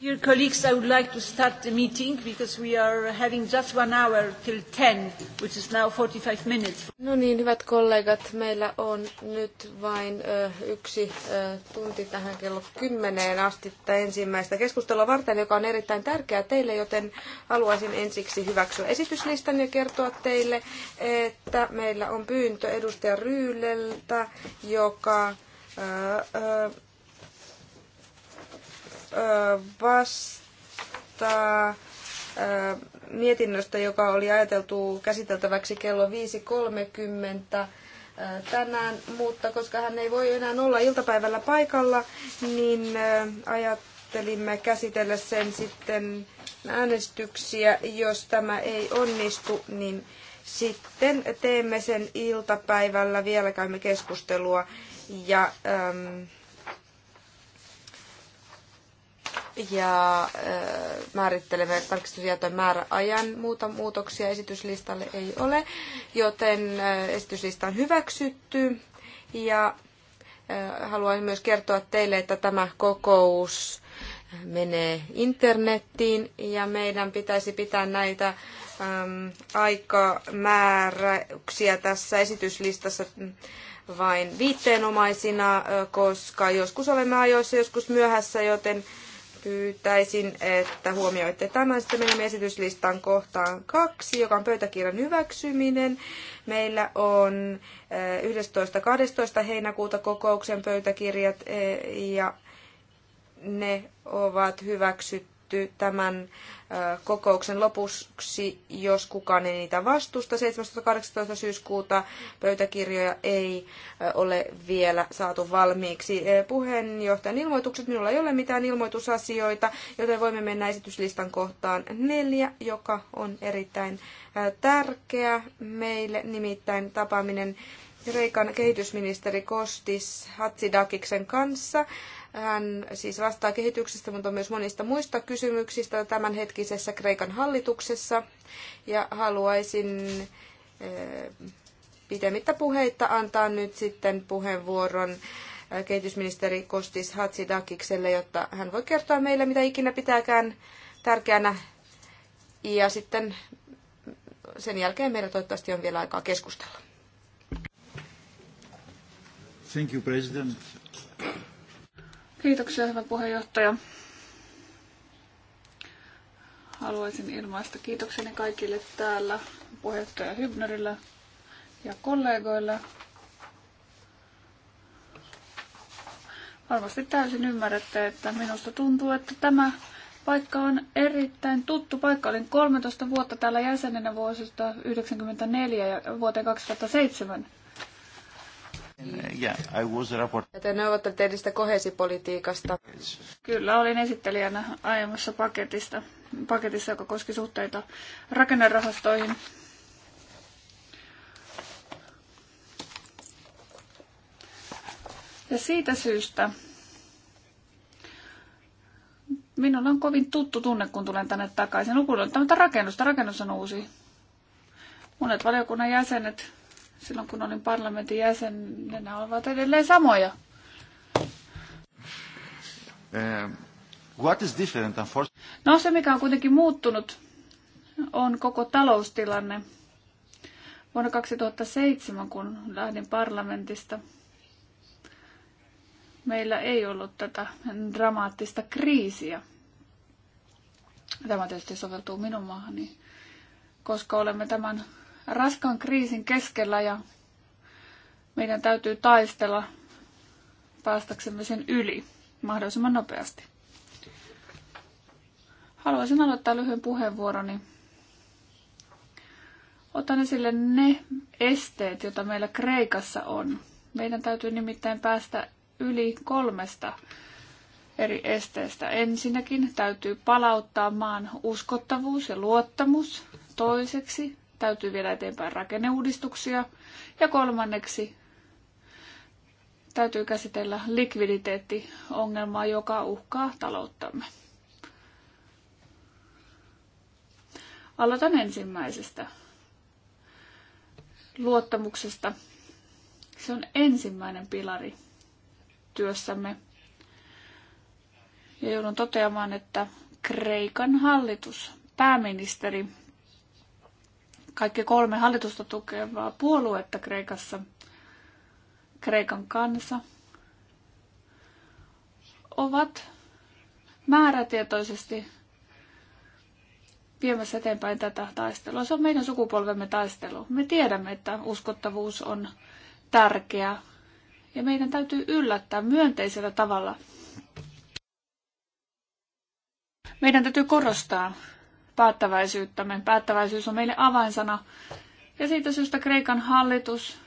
Dear colleagues, I would like to start the meeting because we are having just one hour till 10, which is now 45 minutes. No niin, hyvät kollegat, meillä on nyt vain ö, yksi ö, tunti tähän kello 10 asti tai ensimmäistä keskustelua varten, joka on erittäin tärkeää teille, joten haluaisin ensiksi hyväksyä esityslistan ja kertoa teille, että meillä on pyyntö edustaja Ryyleltä, joka... Ö, ö, vasta mietinnöstä, joka oli ajateltu käsiteltäväksi kello 5.30 tänään, mutta koska hän ei voi enää olla iltapäivällä paikalla, niin ajattelimme käsitellä sen sitten äänestyksiä. Jos tämä ei onnistu, niin sitten teemme sen iltapäivällä, vielä käymme keskustelua ja Ähm, ja äh, määrittelemme tarkistustietojen määräajan. Muuta muutoksia esityslistalle ei ole, joten äh, esityslista on hyväksytty. Ja äh, haluan myös kertoa teille, että tämä kokous menee internettiin ja meidän pitäisi pitää näitä äm, aikamääräyksiä tässä esityslistassa vain viitteenomaisina, koska joskus olemme ajoissa, joskus myöhässä, joten Pyytäisin, että huomioitte tämän. Sitten menemme esityslistan kohtaan kaksi, joka on pöytäkirjan hyväksyminen. Meillä on 11.12. Eh, heinäkuuta kokouksen pöytäkirjat eh, ja ne ovat hyväksytty päätetty tämän kokouksen lopuksi, jos kukaan ei niitä vastusta. 17.18. syyskuuta pöytäkirjoja ei ole vielä saatu valmiiksi. Puheenjohtajan ilmoitukset, minulla ei ole mitään ilmoitusasioita, joten voimme mennä esityslistan kohtaan neljä, joka on erittäin tärkeä meille, nimittäin tapaaminen Kreikan kehitysministeri Kostis Hatsidakiksen kanssa. Hän siis vastaa kehityksestä, mutta myös monista muista kysymyksistä tämänhetkisessä Kreikan hallituksessa. Ja haluaisin eh, pitemmittä puheita antaa nyt sitten puheenvuoron eh, kehitysministeri Kostis Hatsidakikselle, jotta hän voi kertoa meille, mitä ikinä pitääkään tärkeänä. Ja sitten sen jälkeen meillä toivottavasti on vielä aikaa keskustella. Thank you, President. Kiitoksia, hyvä puheenjohtaja. Haluaisin ilmaista kiitokseni kaikille täällä, puheenjohtaja Hybnerillä ja kollegoilla. Varmasti täysin ymmärrätte, että minusta tuntuu, että tämä paikka on erittäin tuttu paikka. Olin 13 vuotta täällä jäsenenä vuosista 1994 ja vuoteen 2007 Uh, yeah, I Ja edistä kohesipolitiikasta. Kyllä, olin esittelijänä aiemmassa paketista, paketissa, joka koski suhteita rakennerahastoihin. Ja siitä syystä minulla on kovin tuttu tunne, kun tulen tänne takaisin. Lukuun rakennusta. Rakennus on uusi. Monet valiokunnan jäsenet silloin kun olin parlamentin jäsen, ne ovat edelleen samoja. Eh, what is different, no se, mikä on kuitenkin muuttunut, on koko taloustilanne. Vuonna 2007, kun lähdin parlamentista, meillä ei ollut tätä dramaattista kriisiä. Tämä tietysti soveltuu minun maahani, koska olemme tämän raskan kriisin keskellä ja meidän täytyy taistella päästäksemme sen yli mahdollisimman nopeasti. Haluaisin aloittaa lyhyen puheenvuoroni. Otan esille ne esteet, joita meillä Kreikassa on. Meidän täytyy nimittäin päästä yli kolmesta eri esteestä. Ensinnäkin täytyy palauttaa maan uskottavuus ja luottamus. Toiseksi täytyy viedä eteenpäin rakenneuudistuksia. Ja kolmanneksi täytyy käsitellä likviditeettiongelmaa, joka uhkaa talouttamme. Aloitan ensimmäisestä luottamuksesta. Se on ensimmäinen pilari työssämme. Ja joudun toteamaan, että Kreikan hallitus, pääministeri kaikki kolme hallitusta tukevaa puoluetta Kreikassa, Kreikan kansa, ovat määrätietoisesti viemässä eteenpäin tätä taistelua. Se on meidän sukupolvemme taistelu. Me tiedämme, että uskottavuus on tärkeä ja meidän täytyy yllättää myönteisellä tavalla. Meidän täytyy korostaa päättäväisyyttämme. Päättäväisyys on meille avainsana. Ja siitä syystä Kreikan hallitus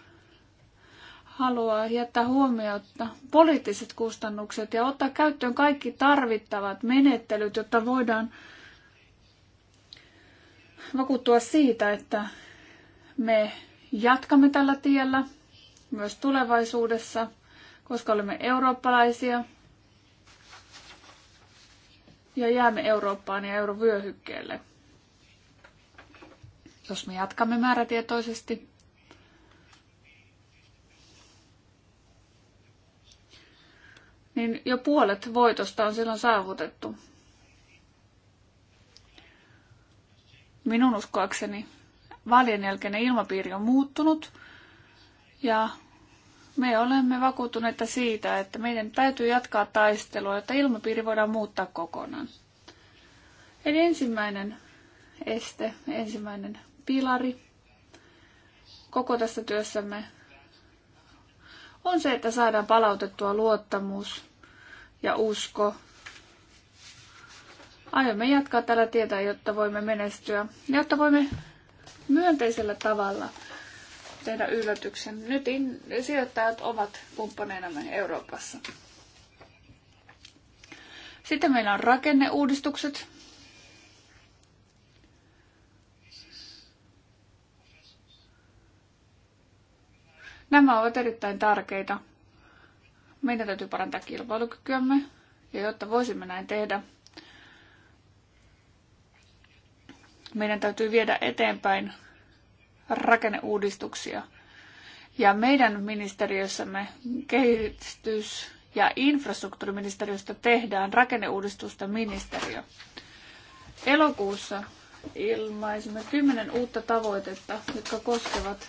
haluaa jättää huomiota poliittiset kustannukset ja ottaa käyttöön kaikki tarvittavat menettelyt, jotta voidaan vakuuttua siitä, että me jatkamme tällä tiellä myös tulevaisuudessa, koska olemme eurooppalaisia ja jäämme Eurooppaan ja eurovyöhykkeelle. Jos me jatkamme määrätietoisesti, niin jo puolet voitosta on silloin saavutettu. Minun uskoakseni vaalien jälkeinen ilmapiiri on muuttunut ja me olemme vakuuttuneita siitä, että meidän täytyy jatkaa taistelua, jotta ilmapiiri voidaan muuttaa kokonaan. Eli ensimmäinen este, ensimmäinen pilari koko tässä työssämme on se, että saadaan palautettua luottamus ja usko. Aiomme jatkaa tällä tietä, jotta voimme menestyä, jotta voimme myönteisellä tavalla tehdä yllätyksen. Nyt in, sijoittajat ovat kumppaneinamme Euroopassa. Sitten meillä on rakenneuudistukset. Nämä ovat erittäin tärkeitä. Meidän täytyy parantaa kilpailukykyämme, ja jotta voisimme näin tehdä, meidän täytyy viedä eteenpäin rakenneuudistuksia. Ja meidän ministeriössämme kehitys- ja infrastruktuuriministeriöstä tehdään rakenneuudistusta ministeriö. Elokuussa ilmaisimme kymmenen uutta tavoitetta, jotka koskevat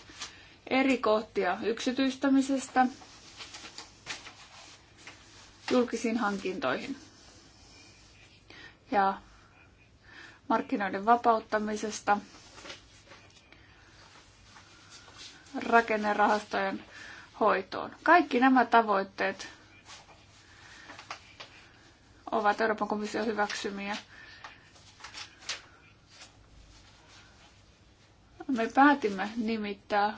eri kohtia yksityistämisestä julkisiin hankintoihin ja markkinoiden vapauttamisesta – rakennerahastojen hoitoon. Kaikki nämä tavoitteet ovat Euroopan komission hyväksymiä. Me päätimme nimittää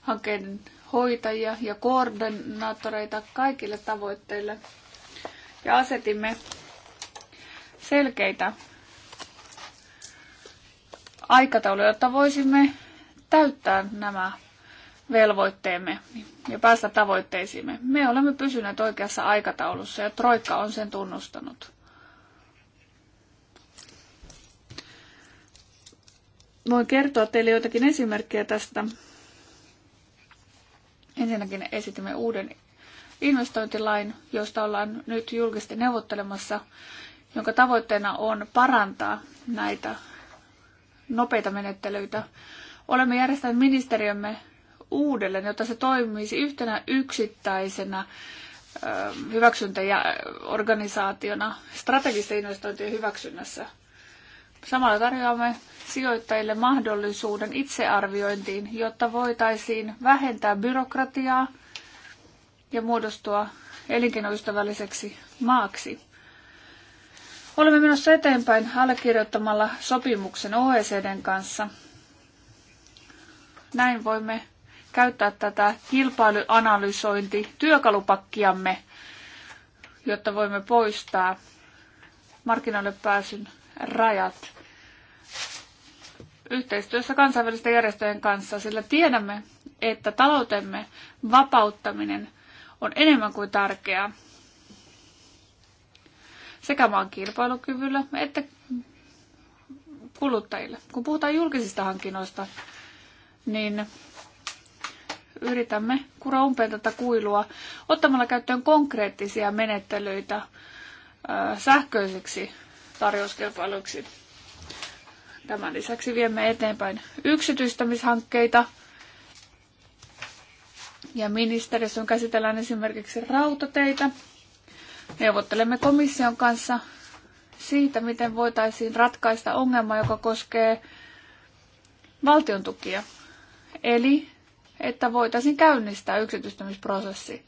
hankkeiden hoitajia ja koordinaattoreita kaikille tavoitteille ja asetimme selkeitä aikatauluja, jotta voisimme täyttää nämä velvoitteemme ja päästä tavoitteisiimme. Me olemme pysyneet oikeassa aikataulussa ja Troikka on sen tunnustanut. Voin kertoa teille joitakin esimerkkejä tästä. Ensinnäkin esitimme uuden investointilain, josta ollaan nyt julkisesti neuvottelemassa, jonka tavoitteena on parantaa näitä nopeita menettelyitä olemme järjestäneet ministeriömme uudelleen, jotta se toimisi yhtenä yksittäisenä hyväksyntäorganisaationa strategisten investointien hyväksynnässä. Samalla tarjoamme sijoittajille mahdollisuuden itsearviointiin, jotta voitaisiin vähentää byrokratiaa ja muodostua elinkeinoystävälliseksi maaksi. Olemme menossa eteenpäin allekirjoittamalla sopimuksen OECDn kanssa – näin voimme käyttää tätä kilpailuanalysointi työkalupakkiamme, jotta voimme poistaa markkinoille pääsyn rajat yhteistyössä kansainvälisten järjestöjen kanssa, sillä tiedämme, että taloutemme vapauttaminen on enemmän kuin tärkeää sekä maan kilpailukyvylle että kuluttajille. Kun puhutaan julkisista hankinnoista, niin yritämme kura umpeen tätä kuilua ottamalla käyttöön konkreettisia menettelyitä sähköisiksi tarjouskilpailuiksi. Tämän lisäksi viemme eteenpäin yksityistämishankkeita. Ja ministeriössä on käsitellään esimerkiksi rautateitä. Neuvottelemme komission kanssa siitä, miten voitaisiin ratkaista ongelma, joka koskee valtion tukia Eli että voitaisiin käynnistää yksityistämisprosessi.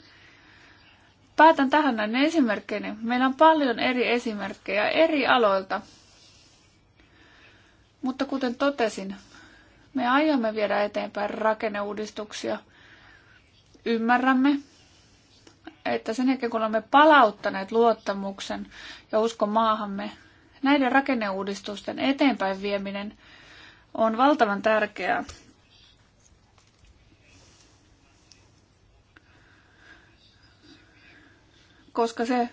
Päätän tähän näin esimerkkeinä. Meillä on paljon eri esimerkkejä eri aloilta. Mutta kuten totesin, me aiomme viedä eteenpäin rakenneuudistuksia. Ymmärrämme, että sen jälkeen kun olemme palauttaneet luottamuksen ja uskon maahamme, näiden rakenneuudistusten eteenpäin vieminen on valtavan tärkeää koska se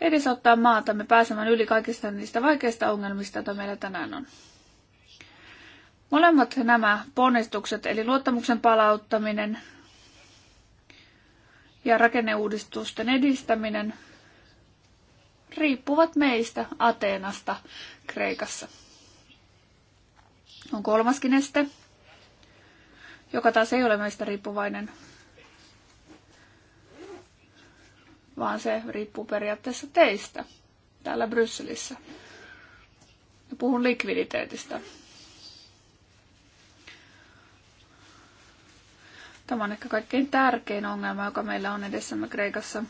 edesauttaa maatamme pääsemään yli kaikista niistä vaikeista ongelmista, joita meillä tänään on. Molemmat nämä ponnistukset, eli luottamuksen palauttaminen ja rakenneuudistusten edistäminen, riippuvat meistä Ateenasta Kreikassa. On kolmaskin este, joka taas ei ole meistä riippuvainen, vaan se riippuu periaatteessa teistä täällä Brysselissä. Ja puhun likviditeetistä. Tämä on ehkä kaikkein tärkein ongelma, joka meillä on edessämme Kreikassa.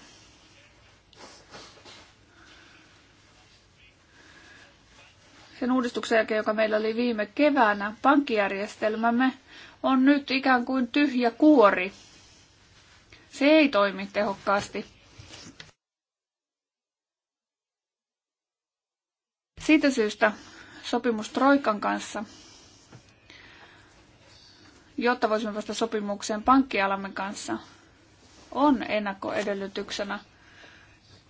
Sen uudistuksen jälkeen, joka meillä oli viime keväänä, pankkijärjestelmämme on nyt ikään kuin tyhjä kuori. Se ei toimi tehokkaasti. Siitä syystä sopimus Troikan kanssa, jotta voisimme vasta sopimukseen pankkialamme kanssa, on ennakkoedellytyksenä,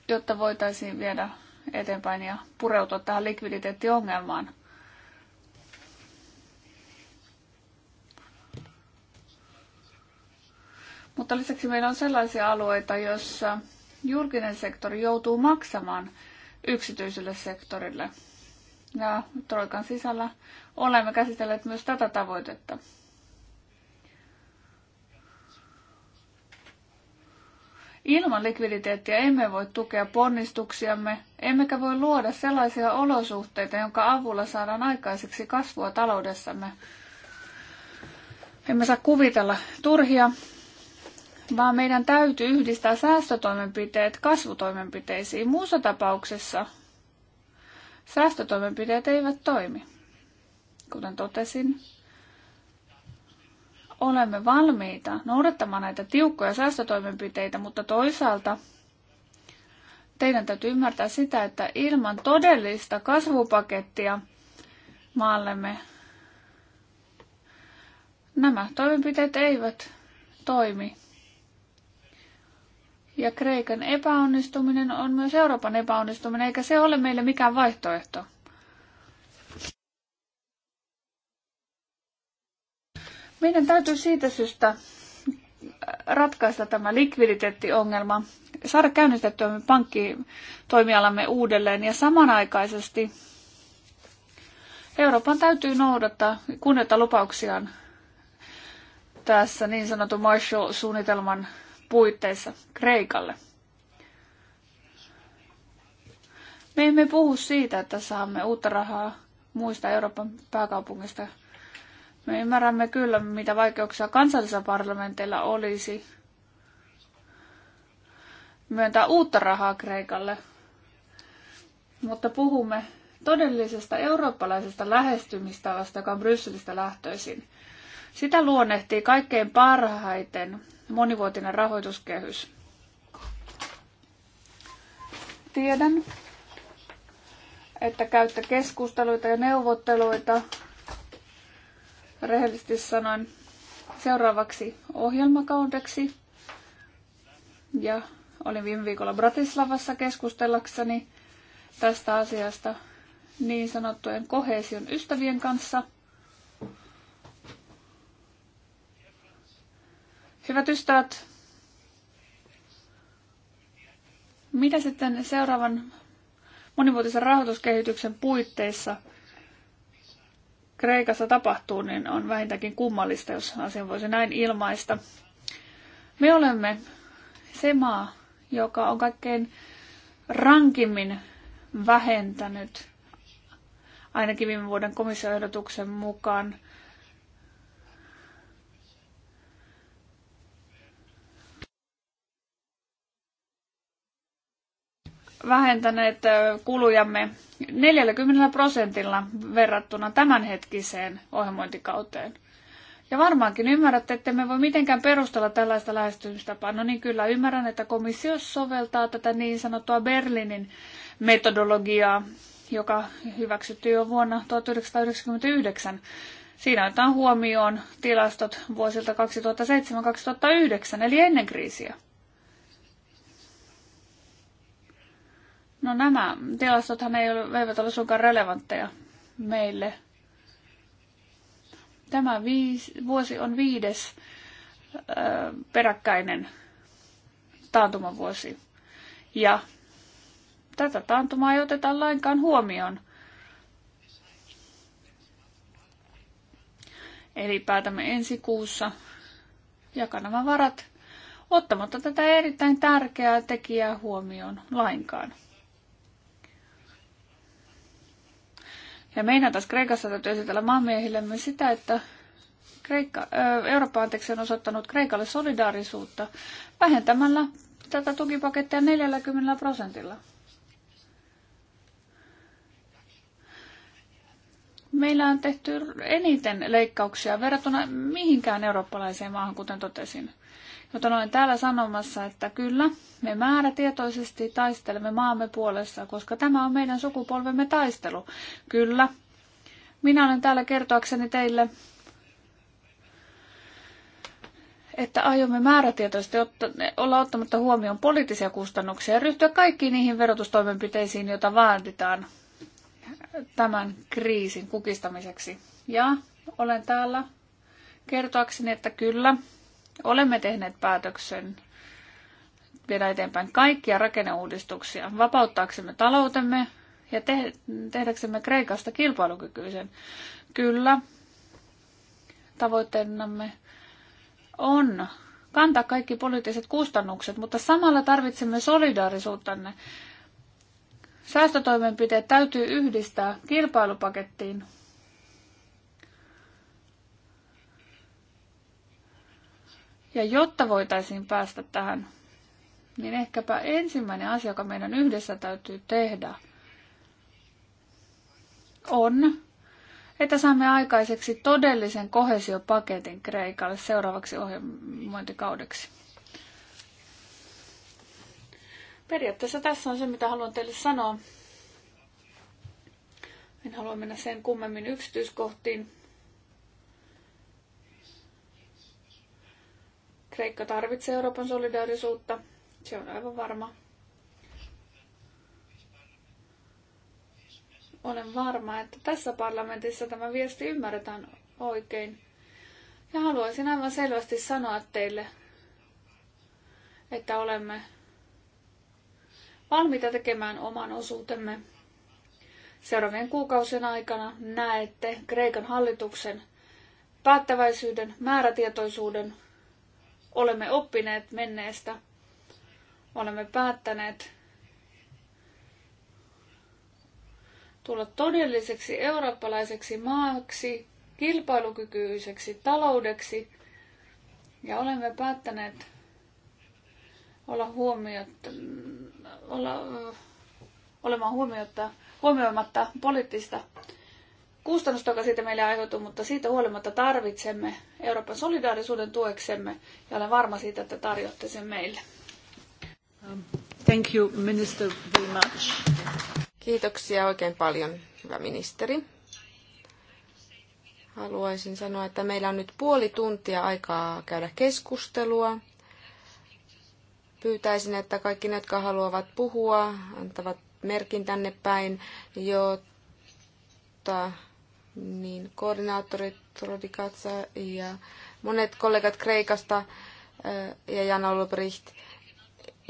jotta voitaisiin viedä eteenpäin ja pureutua tähän likviditeettiongelmaan. Mutta lisäksi meillä on sellaisia alueita, joissa julkinen sektori joutuu maksamaan yksityiselle sektorille – ja Troikan sisällä olemme käsitelleet myös tätä tavoitetta. Ilman likviditeettiä emme voi tukea ponnistuksiamme, emmekä voi luoda sellaisia olosuhteita, jonka avulla saadaan aikaiseksi kasvua taloudessamme. Emme saa kuvitella turhia, vaan meidän täytyy yhdistää säästötoimenpiteet kasvutoimenpiteisiin. Muussa tapauksessa Säästötoimenpiteet eivät toimi. Kuten totesin, olemme valmiita noudattamaan näitä tiukkoja säästötoimenpiteitä, mutta toisaalta teidän täytyy ymmärtää sitä, että ilman todellista kasvupakettia maallemme nämä toimenpiteet eivät toimi. Ja Kreikan epäonnistuminen on myös Euroopan epäonnistuminen, eikä se ole meille mikään vaihtoehto. Meidän täytyy siitä syystä ratkaista tämä likviditeettiongelma, saada käynnistettyä pankkitoimialamme uudelleen ja samanaikaisesti Euroopan täytyy noudattaa kunnioittaa lupauksiaan tässä niin sanotun Marshall-suunnitelman puitteissa Kreikalle. Me emme puhu siitä, että saamme uutta rahaa muista Euroopan pääkaupungista. Me ymmärrämme kyllä, mitä vaikeuksia kansallisilla parlamenteilla olisi myöntää uutta rahaa Kreikalle. Mutta puhumme todellisesta eurooppalaisesta lähestymistavasta, joka on Brysselistä lähtöisin. Sitä luonnehtii kaikkein parhaiten monivuotinen rahoituskehys. Tiedän, että käytte keskusteluita ja neuvotteluita. Rehellisesti sanoin seuraavaksi ohjelmakaudeksi. Ja olin viime viikolla Bratislavassa keskustellakseni tästä asiasta niin sanottujen kohesion ystävien kanssa – Hyvät ystävät, mitä sitten seuraavan monivuotisen rahoituskehityksen puitteissa Kreikassa tapahtuu, niin on vähintäänkin kummallista, jos asian voisi näin ilmaista. Me olemme se maa, joka on kaikkein rankimmin vähentänyt, ainakin viime vuoden komissioehdotuksen mukaan, vähentäneet kulujamme 40 prosentilla verrattuna tämänhetkiseen ohjelmointikauteen. Ja varmaankin ymmärrätte, että me voi mitenkään perustella tällaista lähestymistapaa. No niin, kyllä ymmärrän, että komissio soveltaa tätä niin sanottua Berliinin metodologiaa, joka hyväksyttiin jo vuonna 1999. Siinä otetaan huomioon tilastot vuosilta 2007-2009, eli ennen kriisiä. No nämä tilastothan ei ole, eivät ole suinkaan relevantteja meille. Tämä viis, vuosi on viides ö, peräkkäinen taantumavuosi. Ja tätä taantumaa ei oteta lainkaan huomioon. Eli päätämme ensi kuussa jakaa nämä varat ottamatta tätä erittäin tärkeää tekijää huomioon lainkaan. Ja meidän taas Kreikassa täytyy esitellä myös sitä, että Kreikka, Eurooppa anteeksi, on osoittanut Kreikalle solidaarisuutta vähentämällä tätä tukipakettia 40 prosentilla. Meillä on tehty eniten leikkauksia verrattuna mihinkään eurooppalaiseen maahan, kuten totesin. Joten olen täällä sanomassa, että kyllä, me määrätietoisesti taistelemme maamme puolessa, koska tämä on meidän sukupolvemme taistelu. Kyllä, minä olen täällä kertoakseni teille, että aiomme määrätietoisesti otta, olla ottamatta huomioon poliittisia kustannuksia ja ryhtyä kaikkiin niihin verotustoimenpiteisiin, joita vaaditaan tämän kriisin kukistamiseksi. Ja olen täällä kertoakseni, että kyllä, Olemme tehneet päätöksen viedä eteenpäin kaikkia rakenneuudistuksia vapauttaaksemme taloutemme ja te- tehdäksemme Kreikasta kilpailukykyisen. Kyllä, tavoitteenamme on kantaa kaikki poliittiset kustannukset, mutta samalla tarvitsemme solidaarisuuttanne. Säästötoimenpiteet täytyy yhdistää kilpailupakettiin, Ja jotta voitaisiin päästä tähän, niin ehkäpä ensimmäinen asia, joka meidän yhdessä täytyy tehdä, on, että saamme aikaiseksi todellisen kohesiopaketin Kreikalle seuraavaksi ohjelmointikaudeksi. Periaatteessa tässä on se, mitä haluan teille sanoa. En halua mennä sen kummemmin yksityiskohtiin, Kreikka tarvitsee Euroopan solidaarisuutta, se on aivan varma. Olen varma, että tässä parlamentissa tämä viesti ymmärretään oikein. Ja haluaisin aivan selvästi sanoa teille, että olemme valmiita tekemään oman osuutemme. Seuraavien kuukausien aikana näette Kreikan hallituksen päättäväisyyden, määrätietoisuuden Olemme oppineet menneestä. Olemme päättäneet tulla todelliseksi eurooppalaiseksi maaksi, kilpailukykyiseksi taloudeksi ja olemme päättäneet olla huomiotta, olla, olemaan huomiotta, huomioimatta poliittista kustannusta, joka siitä meille aiheutuu, mutta siitä huolimatta tarvitsemme Euroopan solidaarisuuden tueksemme ja olen varma siitä, että tarjotte sen meille. Um, thank you, Minister, very much. Kiitoksia oikein paljon, hyvä ministeri. Haluaisin sanoa, että meillä on nyt puoli tuntia aikaa käydä keskustelua. Pyytäisin, että kaikki ne, jotka haluavat puhua, antavat merkin tänne päin, jotta niin koordinaattorit Rodikatsa ja monet kollegat Kreikasta eh, ja Jan Olbricht,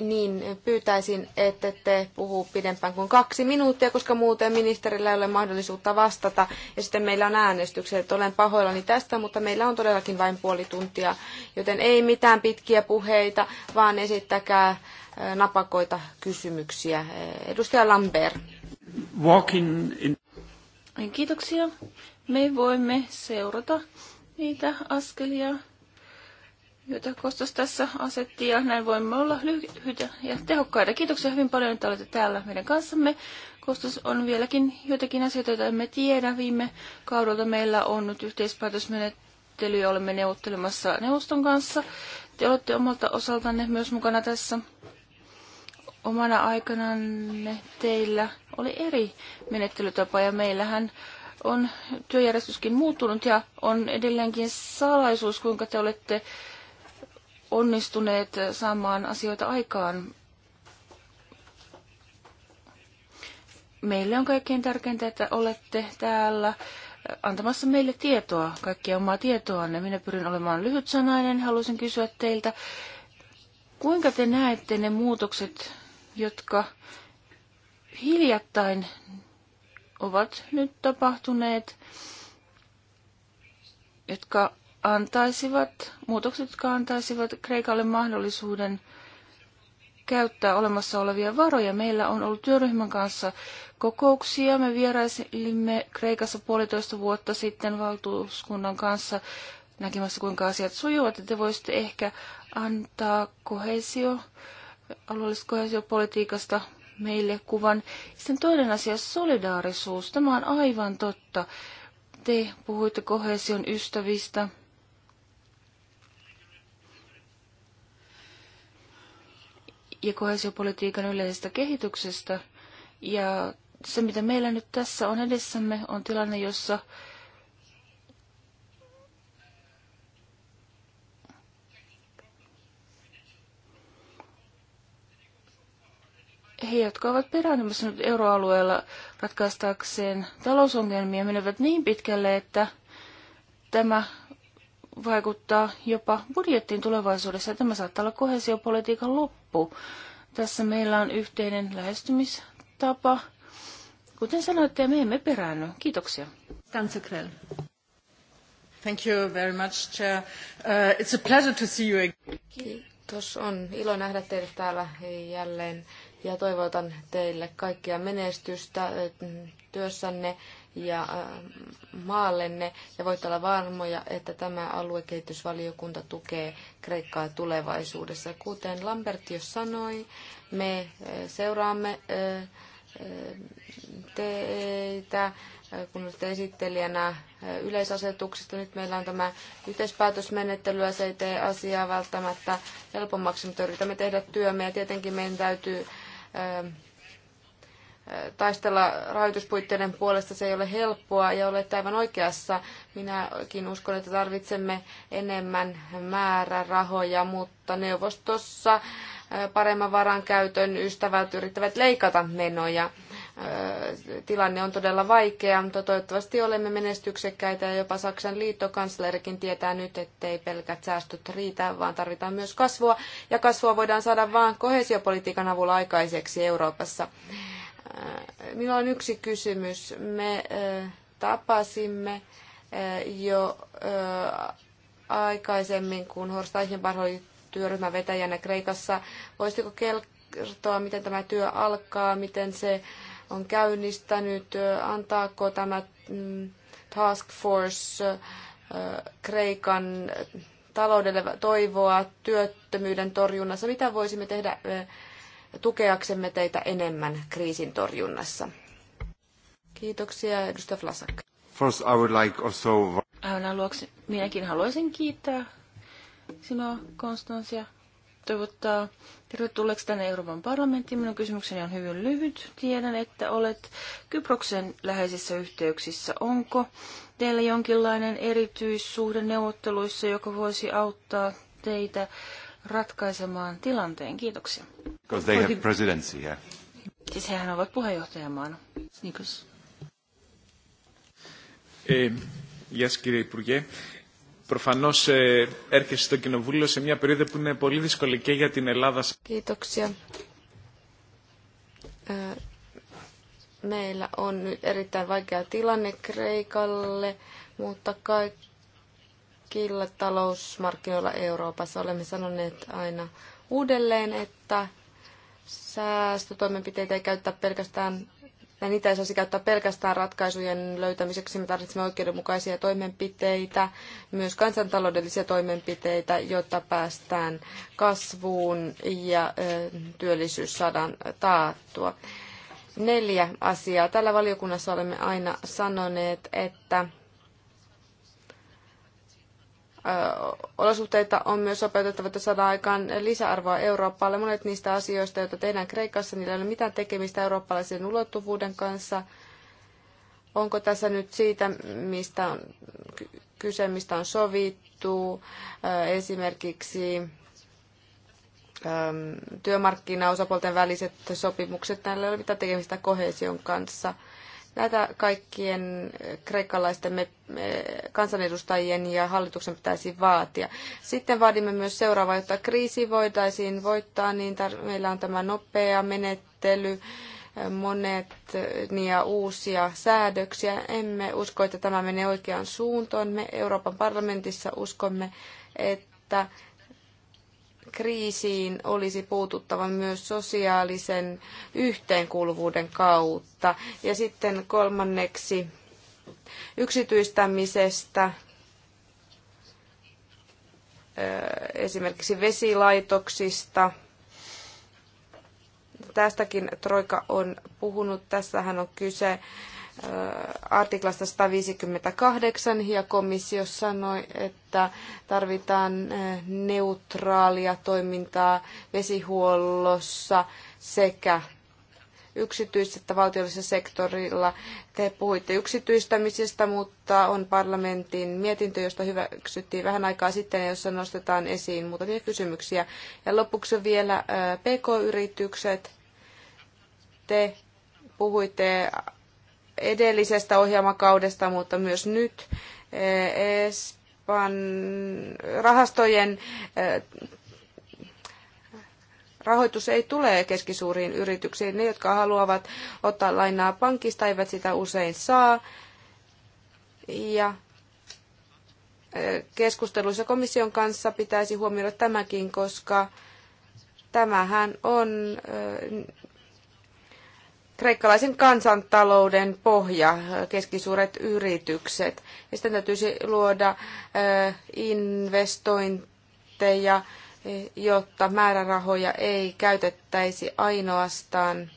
niin pyytäisin, että te puhu pidempään kuin kaksi minuuttia, koska muuten ministerillä ei ole mahdollisuutta vastata. Ja sitten meillä on äänestykset. Olen pahoillani tästä, mutta meillä on todellakin vain puoli tuntia. Joten ei mitään pitkiä puheita, vaan esittäkää eh, napakoita kysymyksiä. Eh, edustaja Lambert. Walking in... Kiitoksia. Me voimme seurata niitä askelia, joita Kostas tässä asetti, ja näin voimme olla lyhyitä ja tehokkaita. Kiitoksia hyvin paljon, että olette täällä meidän kanssamme. Kostas on vieläkin joitakin asioita, joita emme tiedä. Viime kaudelta meillä on nyt yhteispäätösmenettely, ja olemme neuvottelemassa neuvoston kanssa. Te olette omalta osaltanne myös mukana tässä omana aikananne teillä oli eri menettelytapa ja meillähän on työjärjestyskin muuttunut ja on edelleenkin salaisuus, kuinka te olette onnistuneet saamaan asioita aikaan. Meille on kaikkein tärkeintä, että olette täällä antamassa meille tietoa, kaikkia omaa tietoanne. Minä pyrin olemaan lyhytsanainen, haluaisin kysyä teiltä, kuinka te näette ne muutokset, jotka hiljattain ovat nyt tapahtuneet, jotka antaisivat, muutokset, jotka antaisivat Kreikalle mahdollisuuden käyttää olemassa olevia varoja. Meillä on ollut työryhmän kanssa kokouksia. Me vierailimme Kreikassa puolitoista vuotta sitten valtuuskunnan kanssa näkemässä, kuinka asiat sujuvat. Te voisitte ehkä antaa kohesio alueellisesta kohesiopolitiikasta meille kuvan. Sitten toinen asia, solidaarisuus. Tämä on aivan totta. Te puhuitte kohesion ystävistä. ja kohesiopolitiikan yleisestä kehityksestä. Ja se, mitä meillä nyt tässä on edessämme, on tilanne, jossa he, jotka ovat peräänemässä nyt euroalueella ratkaistakseen talousongelmia, menevät niin pitkälle, että tämä vaikuttaa jopa budjettiin tulevaisuudessa. Tämä saattaa olla kohesiopolitiikan loppu. Tässä meillä on yhteinen lähestymistapa. Kuten sanoitte, me emme peräänny. Kiitoksia. Thank you very much, Chair. Uh, it's a pleasure to see you again. Kiitos. On ilo nähdä teidät täällä jälleen ja toivotan teille kaikkia menestystä työssänne ja maallenne ja voitte olla varmoja, että tämä aluekehitysvaliokunta tukee Kreikkaa tulevaisuudessa. Kuten Lambert jo sanoi, me seuraamme teitä, kun olette esittelijänä yleisasetuksesta. Nyt meillä on tämä yhteispäätösmenettely ja se ei tee asiaa välttämättä helpommaksi, mutta yritämme tehdä työmme ja tietenkin meidän täytyy taistella rahoituspuitteiden puolesta se ei ole helppoa ja olette aivan oikeassa. Minäkin uskon, että tarvitsemme enemmän määrärahoja, mutta neuvostossa paremman varankäytön ystävät yrittävät leikata menoja tilanne on todella vaikea, mutta toivottavasti olemme menestyksekkäitä ja jopa Saksan liittokanslerikin tietää nyt, ettei pelkät säästöt riitä, vaan tarvitaan myös kasvua. Ja kasvua voidaan saada vain kohesiopolitiikan avulla aikaiseksi Euroopassa. Minulla on yksi kysymys. Me tapasimme jo aikaisemmin, kun Horst Eichenbach oli työryhmän vetäjänä Kreikassa. Voisitko kertoa, miten tämä työ alkaa, miten se on käynnistänyt, antaako tämä mm, task force Kreikan taloudelle toivoa työttömyyden torjunnassa? Mitä voisimme tehdä tukeaksemme teitä enemmän kriisin torjunnassa? Kiitoksia, edustaja Flasak. First, I would like also... Aina Minäkin haluaisin kiittää sinua, Konstantia, toivottaa Tervetulleeksi tänne Euroopan parlamenttiin. Minun kysymykseni on hyvin lyhyt. Tiedän, että olet Kyproksen läheisissä yhteyksissä. Onko teillä jonkinlainen erityissuhde neuvotteluissa, joka voisi auttaa teitä ratkaisemaan tilanteen? Kiitoksia. Because they have presidency, yeah. Siis hehän ovat puheenjohtajamaana. Nikos. Eh, yes, Purje προφανώ ε, έρχεσαι στο Κοινοβούλιο σε μια περίοδο που είναι πολύ δύσκολη και για την Ελλάδα. Kiitoksia. Meillä on nyt erittäin vaikea tilanne Kreikalle, mutta kaikilla talousmarkkinoilla Euroopassa olemme sanoneet aina uudelleen, että säästötoimenpiteitä ei käyttää pelkästään ja niitä ei saisi käyttää pelkästään ratkaisujen löytämiseksi. Me tarvitsemme oikeudenmukaisia toimenpiteitä, myös kansantaloudellisia toimenpiteitä, jotta päästään kasvuun ja työllisyys saadaan taattua. Neljä asiaa. Tällä valiokunnassa olemme aina sanoneet, että olosuhteita on myös sopeutettava, että saadaan aikaan lisäarvoa Euroopalle. Monet niistä asioista, joita tehdään Kreikassa, niillä ei ole mitään tekemistä eurooppalaisen ulottuvuuden kanssa. Onko tässä nyt siitä, mistä on kyse, mistä on sovittu, esimerkiksi työmarkkinaosapuolten väliset sopimukset, näillä ei ole mitään tekemistä kohesion kanssa – Näitä kaikkien eh, kreikkalaisten eh, kansanedustajien ja hallituksen pitäisi vaatia. Sitten vaadimme myös seuraavaa, jotta kriisi voitaisiin voittaa, niin meillä on tämä nopea menettely, eh, monet ja uusia säädöksiä. Emme usko, että tämä menee oikeaan suuntaan. Me Euroopan parlamentissa uskomme, että kriisiin olisi puututtava myös sosiaalisen yhteenkuuluvuuden kautta. Ja sitten kolmanneksi yksityistämisestä esimerkiksi vesilaitoksista. Tästäkin Troika on puhunut. Tässähän on kyse artiklasta 158 ja komissio sanoi, että tarvitaan neutraalia toimintaa vesihuollossa sekä yksityisellä että valtiollisella sektorilla. Te puhuitte yksityistämisestä, mutta on parlamentin mietintö, josta hyväksyttiin vähän aikaa sitten, jossa nostetaan esiin muutamia kysymyksiä. Ja lopuksi vielä PK-yritykset. Te puhuitte edellisestä ohjelmakaudesta, mutta myös nyt eh, Espan rahastojen eh, rahoitus ei tule keskisuuriin yrityksiin. Ne, jotka haluavat ottaa lainaa pankista, eivät sitä usein saa. Ja eh, keskusteluissa komission kanssa pitäisi huomioida tämäkin, koska tämähän on kreikkalaisen kansantalouden pohja, keskisuuret yritykset. Ja sitten täytyisi luoda investointeja, e, jotta määrärahoja ei käytettäisi ainoastaan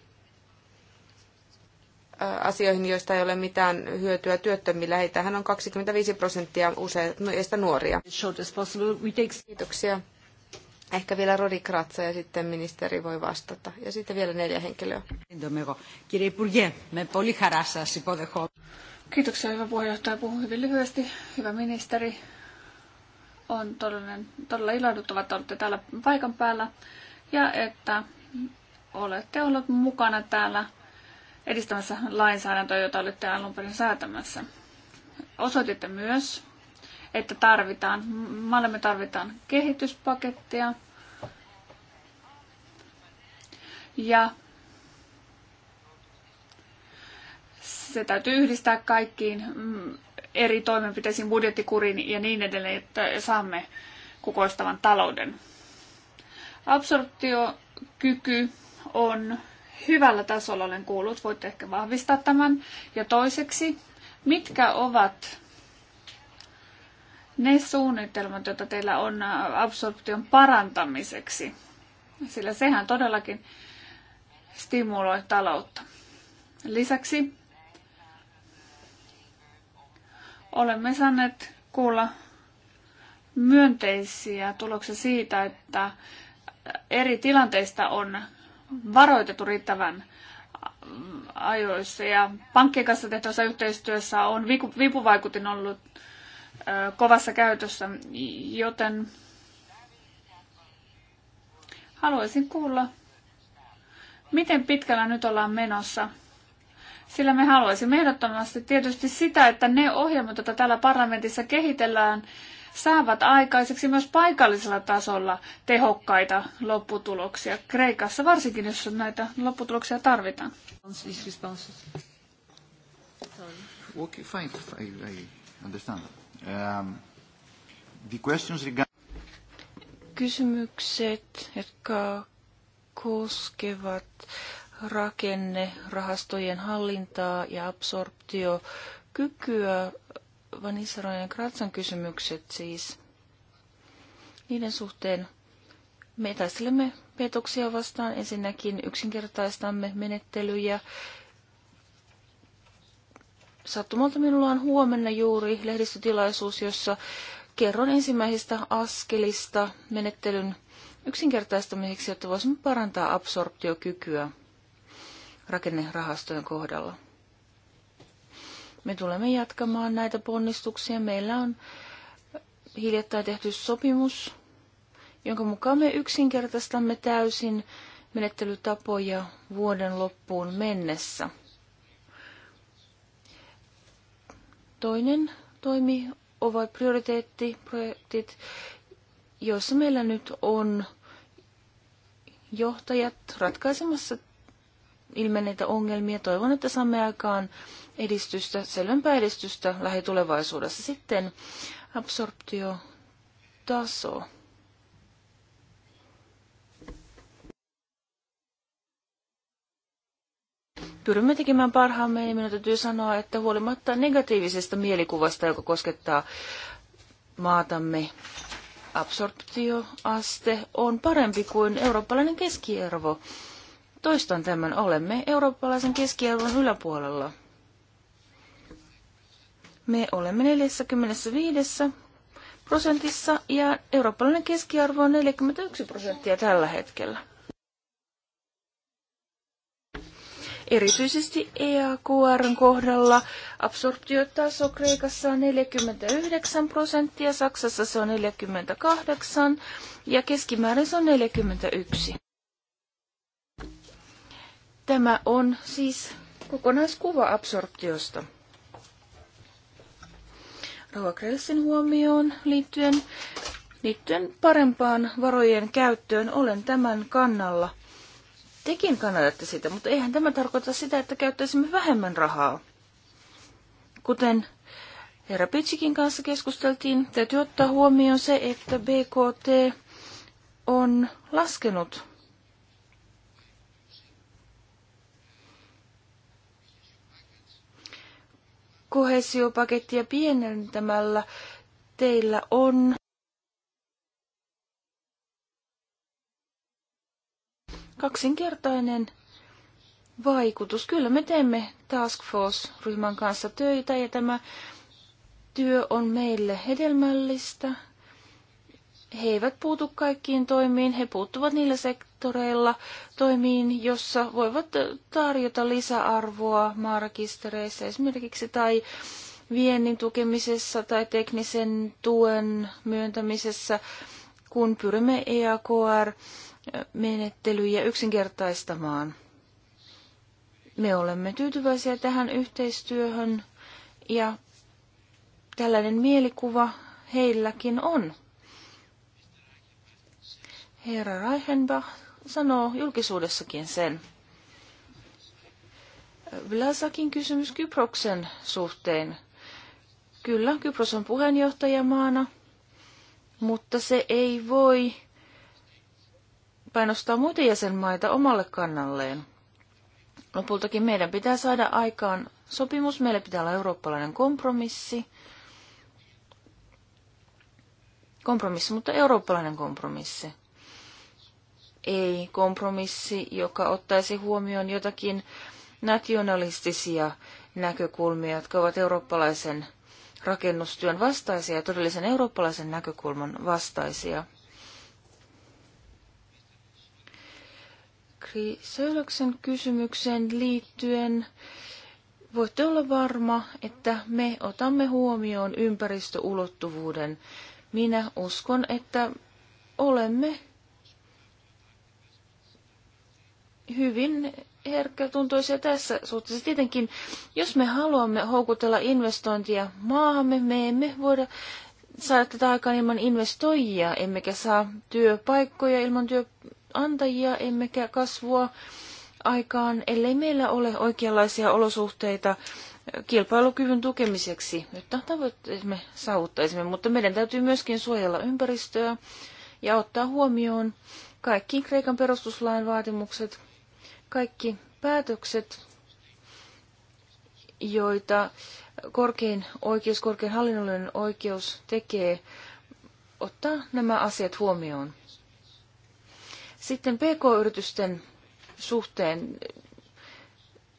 asioihin, joista ei ole mitään hyötyä työttömillä. Heitähän on 25 prosenttia useista nuoria. Kiitoksia. Ehkä vielä Rodi Kratsa ja sitten ministeri voi vastata. Ja sitten vielä neljä henkilöä. Kiitoksia, hyvä puheenjohtaja. Puhun hyvin lyhyesti. Hyvä ministeri. On todellinen, todella ilahduttava, että olette täällä paikan päällä ja että olette olleet mukana täällä edistämässä lainsäädäntöä, jota olette alun perin säätämässä. Osoititte myös että tarvitaan, maallamme tarvitaan kehityspakettia ja se täytyy yhdistää kaikkiin mm, eri toimenpiteisiin, budjettikuriin ja niin edelleen, että saamme kukoistavan talouden. Absorptiokyky on hyvällä tasolla, olen kuullut, voitte ehkä vahvistaa tämän. Ja toiseksi, mitkä ovat ne suunnitelmat, joita teillä on äh, absorption parantamiseksi, sillä sehän todellakin stimuloi taloutta. Lisäksi olemme saaneet kuulla myönteisiä tuloksia siitä, että eri tilanteista on varoitettu riittävän ajoissa ja pankkien kanssa tehtävässä yhteistyössä on vipuvaikutin ollut kovassa käytössä, joten haluaisin kuulla, miten pitkällä nyt ollaan menossa. Sillä me haluaisimme ehdottomasti tietysti sitä, että ne ohjelmat, joita täällä parlamentissa kehitellään, saavat aikaiseksi myös paikallisella tasolla tehokkaita lopputuloksia. Kreikassa varsinkin, jos näitä lopputuloksia tarvitaan. Okay, fine, I, I understand. Ehm, kysymykset, jotka koskevat rakenne, rahastojen hallintaa ja absorptiokykyä, ja Kratsan kysymykset siis. Niiden suhteen me taistelemme petoksia vastaan. Ensinnäkin yksinkertaistamme menettelyjä Sattumalta minulla on huomenna juuri lehdistötilaisuus, jossa kerron ensimmäisistä askelista menettelyn yksinkertaistamiseksi, jotta voisimme parantaa absorptiokykyä rakennerahastojen kohdalla. Me tulemme jatkamaan näitä ponnistuksia. Meillä on hiljattain tehty sopimus, jonka mukaan me yksinkertaistamme täysin menettelytapoja vuoden loppuun mennessä – Toinen toimi ovat prioriteettiprojektit, joissa meillä nyt on johtajat ratkaisemassa ilmenneitä ongelmia. Toivon, että saamme aikaan edistystä, selvempää edistystä lähitulevaisuudessa. Sitten absorptiotaso. pyrimme tekemään parhaamme ja minun täytyy sanoa, että huolimatta negatiivisesta mielikuvasta, joka koskettaa maatamme, absorptioaste on parempi kuin eurooppalainen keskiarvo. Toistan tämän, olemme eurooppalaisen keskiarvon yläpuolella. Me olemme 45 prosentissa ja eurooppalainen keskiarvo on 41 prosenttia tällä hetkellä. erityisesti EAKRn kohdalla absorptiotaso Kreikassa on 49 prosenttia, Saksassa se on 48 ja keskimäärin se on 41. Tämä on siis kokonaiskuva absorptiosta. Rauha Krelsin huomioon liittyen, liittyen parempaan varojen käyttöön olen tämän kannalla – Tekin kannatatte sitä, mutta eihän tämä tarkoita sitä, että käyttäisimme vähemmän rahaa. Kuten herra Pitsikin kanssa keskusteltiin, täytyy ottaa huomioon se, että BKT on laskenut kohesiopakettia pienentämällä teillä on kaksinkertainen vaikutus. Kyllä me teemme Task Force-ryhmän kanssa töitä ja tämä työ on meille hedelmällistä. He eivät puutu kaikkiin toimiin, he puuttuvat niillä sektoreilla toimiin, jossa voivat tarjota lisäarvoa maarekistereissä esimerkiksi tai viennin tukemisessa tai teknisen tuen myöntämisessä, kun pyrimme EAKR menettelyjä yksinkertaistamaan. Me olemme tyytyväisiä tähän yhteistyöhön ja tällainen mielikuva heilläkin on. Herra Reichenbach sanoo julkisuudessakin sen. Vlasakin kysymys Kyproksen suhteen. Kyllä, Kypros on puheenjohtajamaana, mutta se ei voi painostaa muita jäsenmaita omalle kannalleen. Lopultakin meidän pitää saada aikaan sopimus, meillä pitää olla eurooppalainen kompromissi. Kompromissi, mutta eurooppalainen kompromissi. Ei kompromissi, joka ottaisi huomioon jotakin nationalistisia näkökulmia, jotka ovat eurooppalaisen rakennustyön vastaisia ja todellisen eurooppalaisen näkökulman vastaisia. Kriisöylöksen kysymykseen liittyen voitte olla varma, että me otamme huomioon ympäristöulottuvuuden. Minä uskon, että olemme hyvin herkkätuntoisia tässä suhteessa. Tietenkin, jos me haluamme houkutella investointia maahamme, me emme voida saada tätä aikaan ilman investoijia, emmekä saa työpaikkoja ilman työpaikkoja antajia emmekä kasvua aikaan, ellei meillä ole oikeanlaisia olosuhteita kilpailukyvyn tukemiseksi, jotta no, tavoitteemme saavuttaisimme, mutta meidän täytyy myöskin suojella ympäristöä ja ottaa huomioon kaikki Kreikan perustuslain vaatimukset, kaikki päätökset, joita korkein oikeus, korkein hallinnollinen oikeus tekee, ottaa nämä asiat huomioon. Sitten PK-yritysten suhteen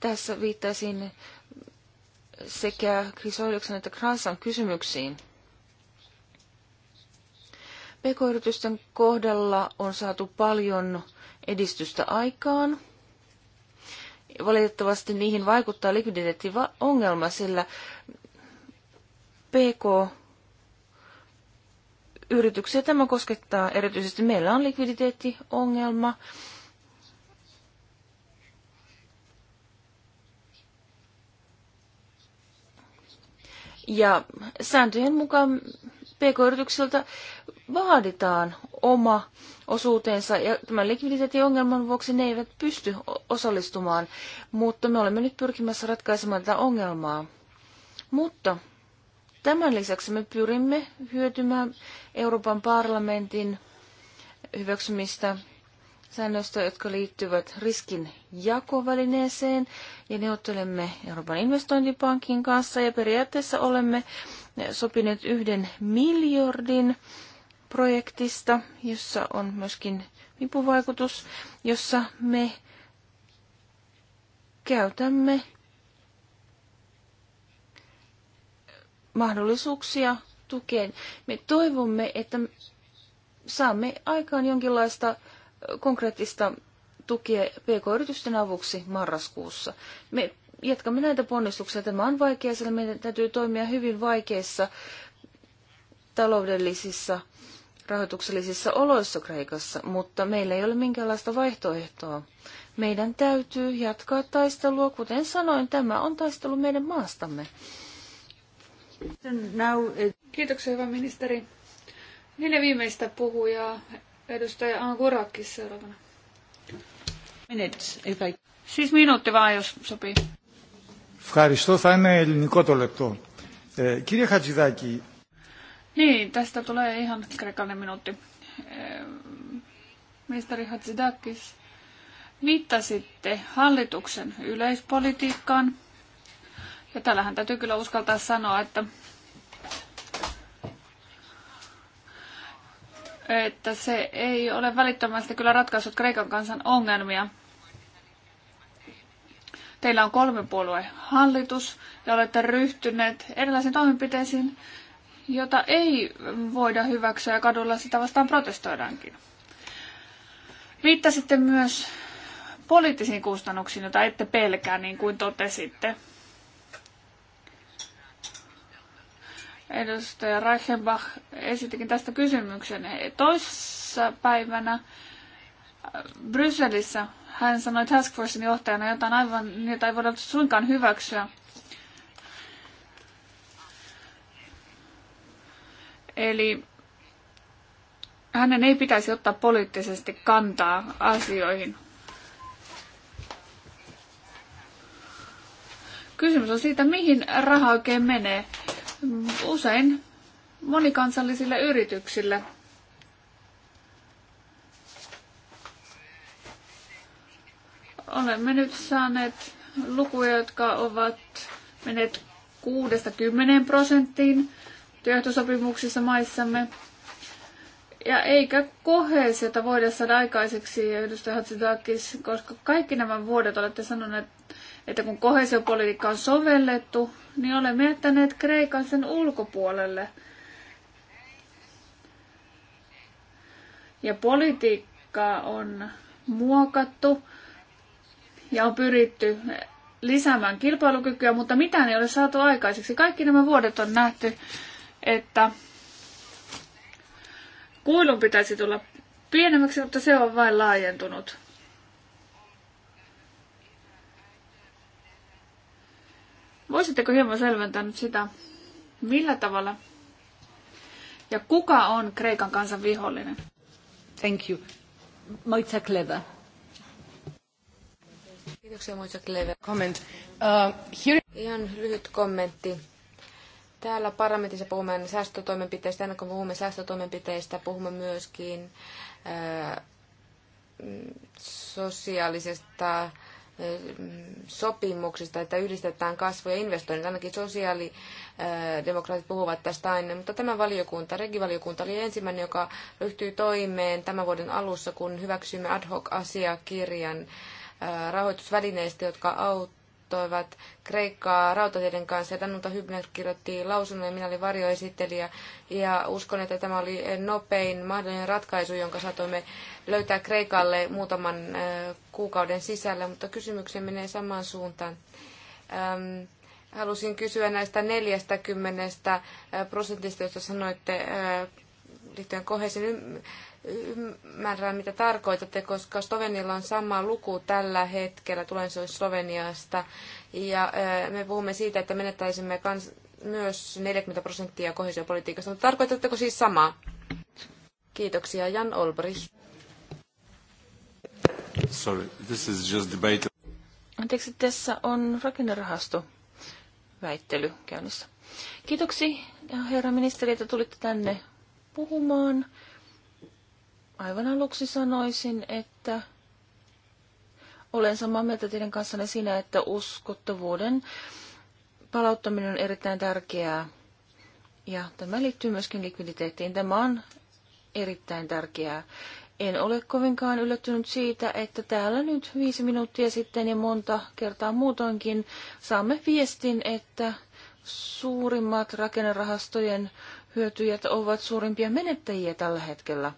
tässä viittaisin sekä Krisoiluksen että Kransan kysymyksiin. PK-yritysten kohdalla on saatu paljon edistystä aikaan. Valitettavasti niihin vaikuttaa likviditeettiongelma, sillä PK yrityksiä tämä koskettaa erityisesti. Meillä on likviditeettiongelma. Ja sääntöjen mukaan PK-yrityksiltä vaaditaan oma osuutensa ja tämän likviditeettiongelman vuoksi ne eivät pysty osallistumaan, mutta me olemme nyt pyrkimässä ratkaisemaan tätä ongelmaa. Mutta Tämän lisäksi me pyrimme hyötymään Euroopan parlamentin hyväksymistä säännöistä, jotka liittyvät riskin jakovälineeseen, ja neuvottelemme Euroopan investointipankin kanssa, ja periaatteessa olemme sopineet yhden miljardin projektista, jossa on myöskin vipuvaikutus, jossa me käytämme mahdollisuuksia tukeen. Me toivomme, että saamme aikaan jonkinlaista konkreettista tukea PK-yritysten avuksi marraskuussa. Me jatkamme näitä ponnistuksia. Tämä on vaikea, sillä meidän täytyy toimia hyvin vaikeissa taloudellisissa rahoituksellisissa oloissa Kreikassa, mutta meillä ei ole minkäänlaista vaihtoehtoa. Meidän täytyy jatkaa taistelua, kuten sanoin, tämä on taistelu meidän maastamme. Kiitoksia, hyvä ministeri. Neljä viimeistä puhujaa. Edustaja Angurakis seuraavana. Minutes, if I... Siis minuutti vaan, jos sopii. Ευχαριστώ, θα είναι ελληνικό το λεπτό. Ε, κύριε Χατζηδάκη. Niin, tästä tulee ihan kreikkalainen minuutti. Ministeri Hatzidakis, viittasitte hallituksen yleispolitiikkaan, ja täällähän täytyy kyllä uskaltaa sanoa, että, että se ei ole välittömästi kyllä ratkaissut Kreikan kansan ongelmia. Teillä on kolme puolue hallitus ja olette ryhtyneet erilaisiin toimenpiteisiin, jota ei voida hyväksyä ja kadulla sitä vastaan protestoidaankin. Viittasitte myös poliittisiin kustannuksiin, joita ette pelkää, niin kuin totesitte. Edustaja Reichenbach esittikin tästä kysymyksen. Toissa päivänä Brysselissä hän sanoi Task Forcein johtajana jotain aivan, jota ei voida suinkaan hyväksyä. Eli hänen ei pitäisi ottaa poliittisesti kantaa asioihin. Kysymys on siitä, mihin raha oikein menee usein monikansallisille yrityksille. Olemme nyt saaneet lukuja, jotka ovat menneet 6-10 prosenttiin työehtosopimuksissa maissamme. Ja eikä koheesiota voida saada aikaiseksi, edustaja Hatsitakis, koska kaikki nämä vuodet olette sanoneet, että kun kohesiopolitiikka on sovellettu, niin olemme jättäneet Kreikan sen ulkopuolelle. Ja politiikkaa on muokattu ja on pyritty lisäämään kilpailukykyä, mutta mitään ei ole saatu aikaiseksi. Kaikki nämä vuodet on nähty, että kuilun pitäisi tulla pienemmäksi, mutta se on vain laajentunut. Voisitteko hieman selventää nyt sitä, millä tavalla ja kuka on Kreikan kansan vihollinen? Thank you. Moitsa Kleva. Kiitoksia Moitsa Kleva. Comment. Uh, here... Ihan lyhyt kommentti. Täällä parlamentissa puhumme säästötoimenpiteistä. Ennen kuin puhumme säästötoimenpiteistä, puhumme myöskin uh, mm, sosiaalisesta sopimuksista, että yhdistetään kasvu ja investoinnit. Ainakin sosiaalidemokraatit puhuvat tästä aina, mutta tämä valiokunta, regivaliokunta oli ensimmäinen, joka ryhtyi toimeen tämän vuoden alussa, kun hyväksyimme ad hoc asiakirjan rahoitusvälineistä, jotka auttavat toivat Kreikkaa rautateiden kanssa. Ja Danuta Hybner kirjoitti lausunnon ja minä olin varjoesittelijä. Ja uskon, että tämä oli nopein mahdollinen ratkaisu, jonka saatoimme löytää Kreikalle muutaman kuukauden sisällä. Mutta kysymyksen menee samaan suuntaan. Ähm, halusin kysyä näistä 40 prosentista, joista sanoitte liittyen koheisiin ymmärrän, mitä tarkoitatte, koska Slovenilla on sama luku tällä hetkellä, tulen se siis Sloveniasta, ja me puhumme siitä, että menettäisimme kans, myös 40 prosenttia kohesiopolitiikasta, mutta tarkoitatteko siis samaa? Kiitoksia, Jan Olbrich. Sorry, this is just debate. Anteeksi, tässä on rakennerahasto väittely käynnissä. Kiitoksia herra ministeri, että tulitte tänne puhumaan. Aivan aluksi sanoisin, että olen samaa mieltä teidän kanssanne siinä, että uskottavuuden palauttaminen on erittäin tärkeää. Ja tämä liittyy myöskin likviditeettiin. Tämä on erittäin tärkeää. En ole kovinkaan yllättynyt siitä, että täällä nyt viisi minuuttia sitten ja monta kertaa muutoinkin saamme viestin, että suurimmat rakennerahastojen hyötyjät ovat suurimpia menettäjiä tällä hetkellä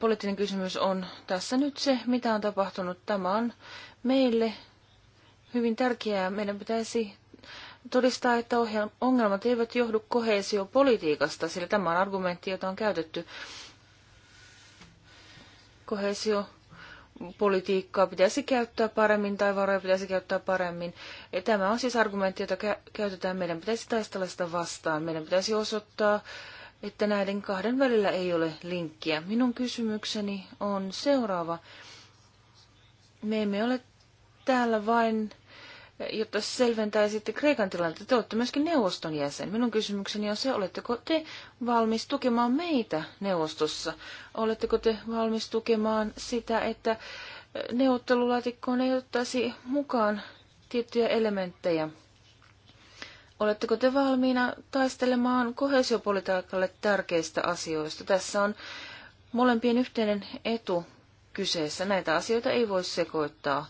poliittinen kysymys on tässä nyt se, mitä on tapahtunut. Tämä on meille hyvin tärkeää. Meidän pitäisi todistaa, että ongelmat eivät johdu kohesiopolitiikasta, sillä tämä on argumentti, jota on käytetty. Kohesiopolitiikkaa pitäisi käyttää paremmin tai varoja pitäisi käyttää paremmin. Ja tämä on siis argumentti, jota käytetään. Meidän pitäisi taistella sitä vastaan. Meidän pitäisi osoittaa että näiden kahden välillä ei ole linkkiä. Minun kysymykseni on seuraava. Me emme ole täällä vain, jotta selventäisitte Kreikan tilannetta. Te olette myöskin neuvoston jäsen. Minun kysymykseni on se, oletteko te valmis tukemaan meitä neuvostossa? Oletteko te valmis tukemaan sitä, että neuvottelulaatikkoon ei ottaisi mukaan tiettyjä elementtejä? Oletteko te valmiina taistelemaan kohesiopolitiikalle tärkeistä asioista? Tässä on molempien yhteinen etu kyseessä. Näitä asioita ei voi sekoittaa.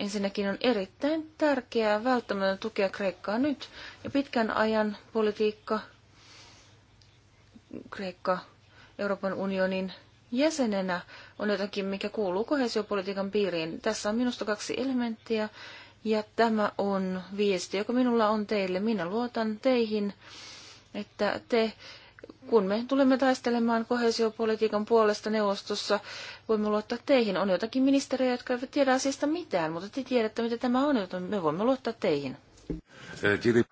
Ensinnäkin on erittäin tärkeää välttämättä tukea Kreikkaa nyt. Ja pitkän ajan politiikka, Kreikka Euroopan unionin jäsenenä on jotakin, mikä kuuluu kohesiopolitiikan piiriin. Tässä on minusta kaksi elementtiä. Ja tämä on viesti, joka minulla on teille. Minä luotan teihin, että te, kun me tulemme taistelemaan kohesiopolitiikan puolesta neuvostossa, voimme luottaa teihin. On jotakin ministeriä, jotka eivät tiedä asiasta mitään, mutta te tiedätte, mitä tämä on, joten me voimme luottaa teihin. Eh,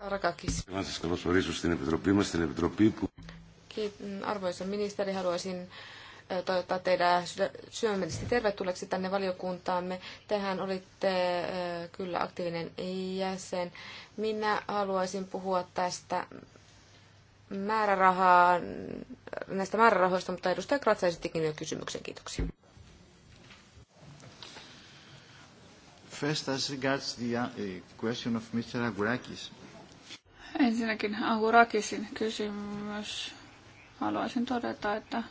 arvoisa ministeri, haluaisin toivottaa teidän syömällisesti tervetulleeksi tänne valiokuntaamme. Tehän olitte kyllä aktiivinen jäsen. Minä haluaisin puhua tästä määrärahaa, näistä määrärahoista, mutta edustaja Kratsa esittikin jo kysymyksen. Kiitoksia. First, as regards the uh, question of Mr. Agurakis. Ensinnäkin Agurakisin kysymys. Haluaisin todeta, että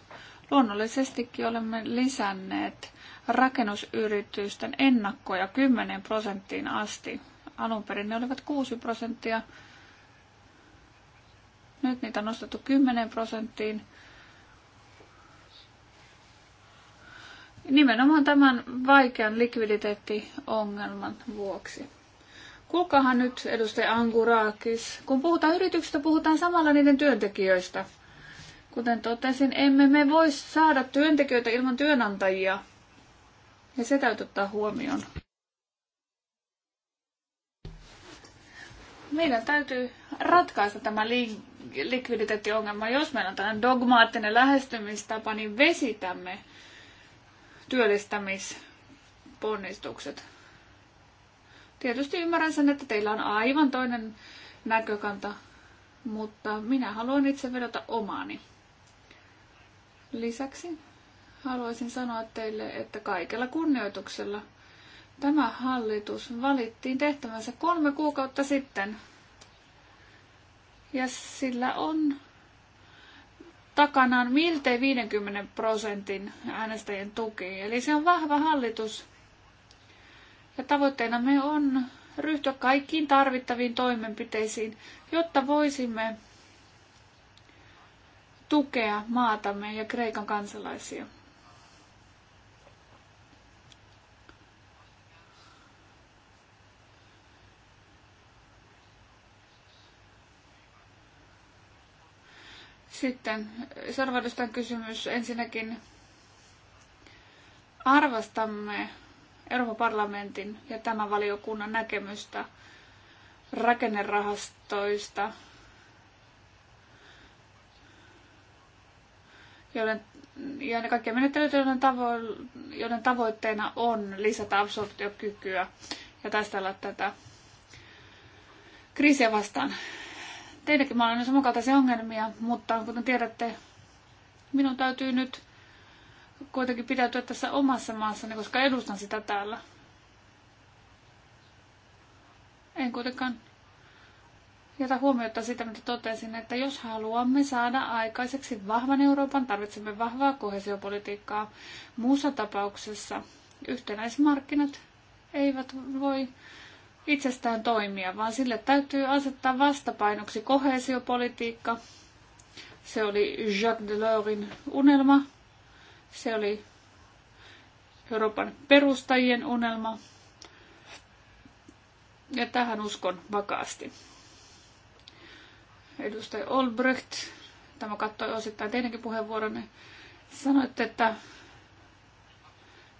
Luonnollisestikin olemme lisänneet rakennusyritysten ennakkoja 10 prosenttiin asti. Alun perin ne olivat 6 prosenttia. Nyt niitä on nostettu 10 prosenttiin. Nimenomaan tämän vaikean likviditeettiongelman vuoksi. Kuulkaahan nyt, edustaja Angurakis, kun puhutaan yrityksistä, puhutaan samalla niiden työntekijöistä – Kuten totesin, emme me voi saada työntekijöitä ilman työnantajia. Ja se täytyy ottaa huomioon. Meidän täytyy ratkaista tämä li- likviditeettiongelma. Jos meillä on tällainen dogmaattinen lähestymistapa, niin vesitämme työllistämisponnistukset. Tietysti ymmärrän sen, että teillä on aivan toinen näkökanta, mutta minä haluan itse vedota omaani. Lisäksi haluaisin sanoa teille, että kaikella kunnioituksella tämä hallitus valittiin tehtävänsä kolme kuukautta sitten. Ja sillä on takanaan miltei 50 prosentin äänestäjien tuki. Eli se on vahva hallitus. Ja tavoitteena me on ryhtyä kaikkiin tarvittaviin toimenpiteisiin, jotta voisimme tukea maatamme ja Kreikan kansalaisia. Sitten seuraavasta kysymys. Ensinnäkin arvostamme Euroopan parlamentin ja tämän valiokunnan näkemystä rakennerahastoista joiden, ja ne kaikkia menettelyitä, joiden, tavo- joiden tavoitteena on lisätä absorptiokykyä ja taistella tätä kriisiä vastaan. Teidänkin mä on samankaltaisia ongelmia, mutta kuten tiedätte, minun täytyy nyt kuitenkin pidäytyä tässä omassa maassani, koska edustan sitä täällä. En kuitenkaan jätä huomiota sitä, mitä totesin, että jos haluamme saada aikaiseksi vahvan Euroopan, tarvitsemme vahvaa kohesiopolitiikkaa. Muussa tapauksessa yhtenäismarkkinat eivät voi itsestään toimia, vaan sille täytyy asettaa vastapainoksi kohesiopolitiikka. Se oli Jacques Delorsin unelma. Se oli Euroopan perustajien unelma. Ja tähän uskon vakaasti edustaja Olbrecht, tämä katsoi osittain teidänkin puheenvuoronne, sanoitte, että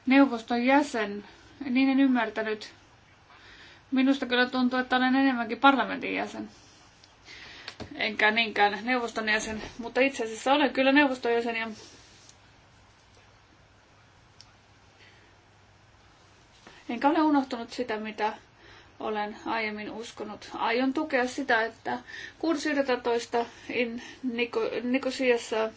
neuvoston jäsen, niin en ymmärtänyt. Minusta kyllä tuntuu, että olen enemmänkin parlamentin jäsen. Enkä niinkään neuvoston jäsen, mutta itse asiassa olen kyllä neuvoston jäsen ja Enkä ole unohtanut sitä, mitä olen aiemmin uskonut. Aion tukea sitä, että toista Niko- Nikosiassa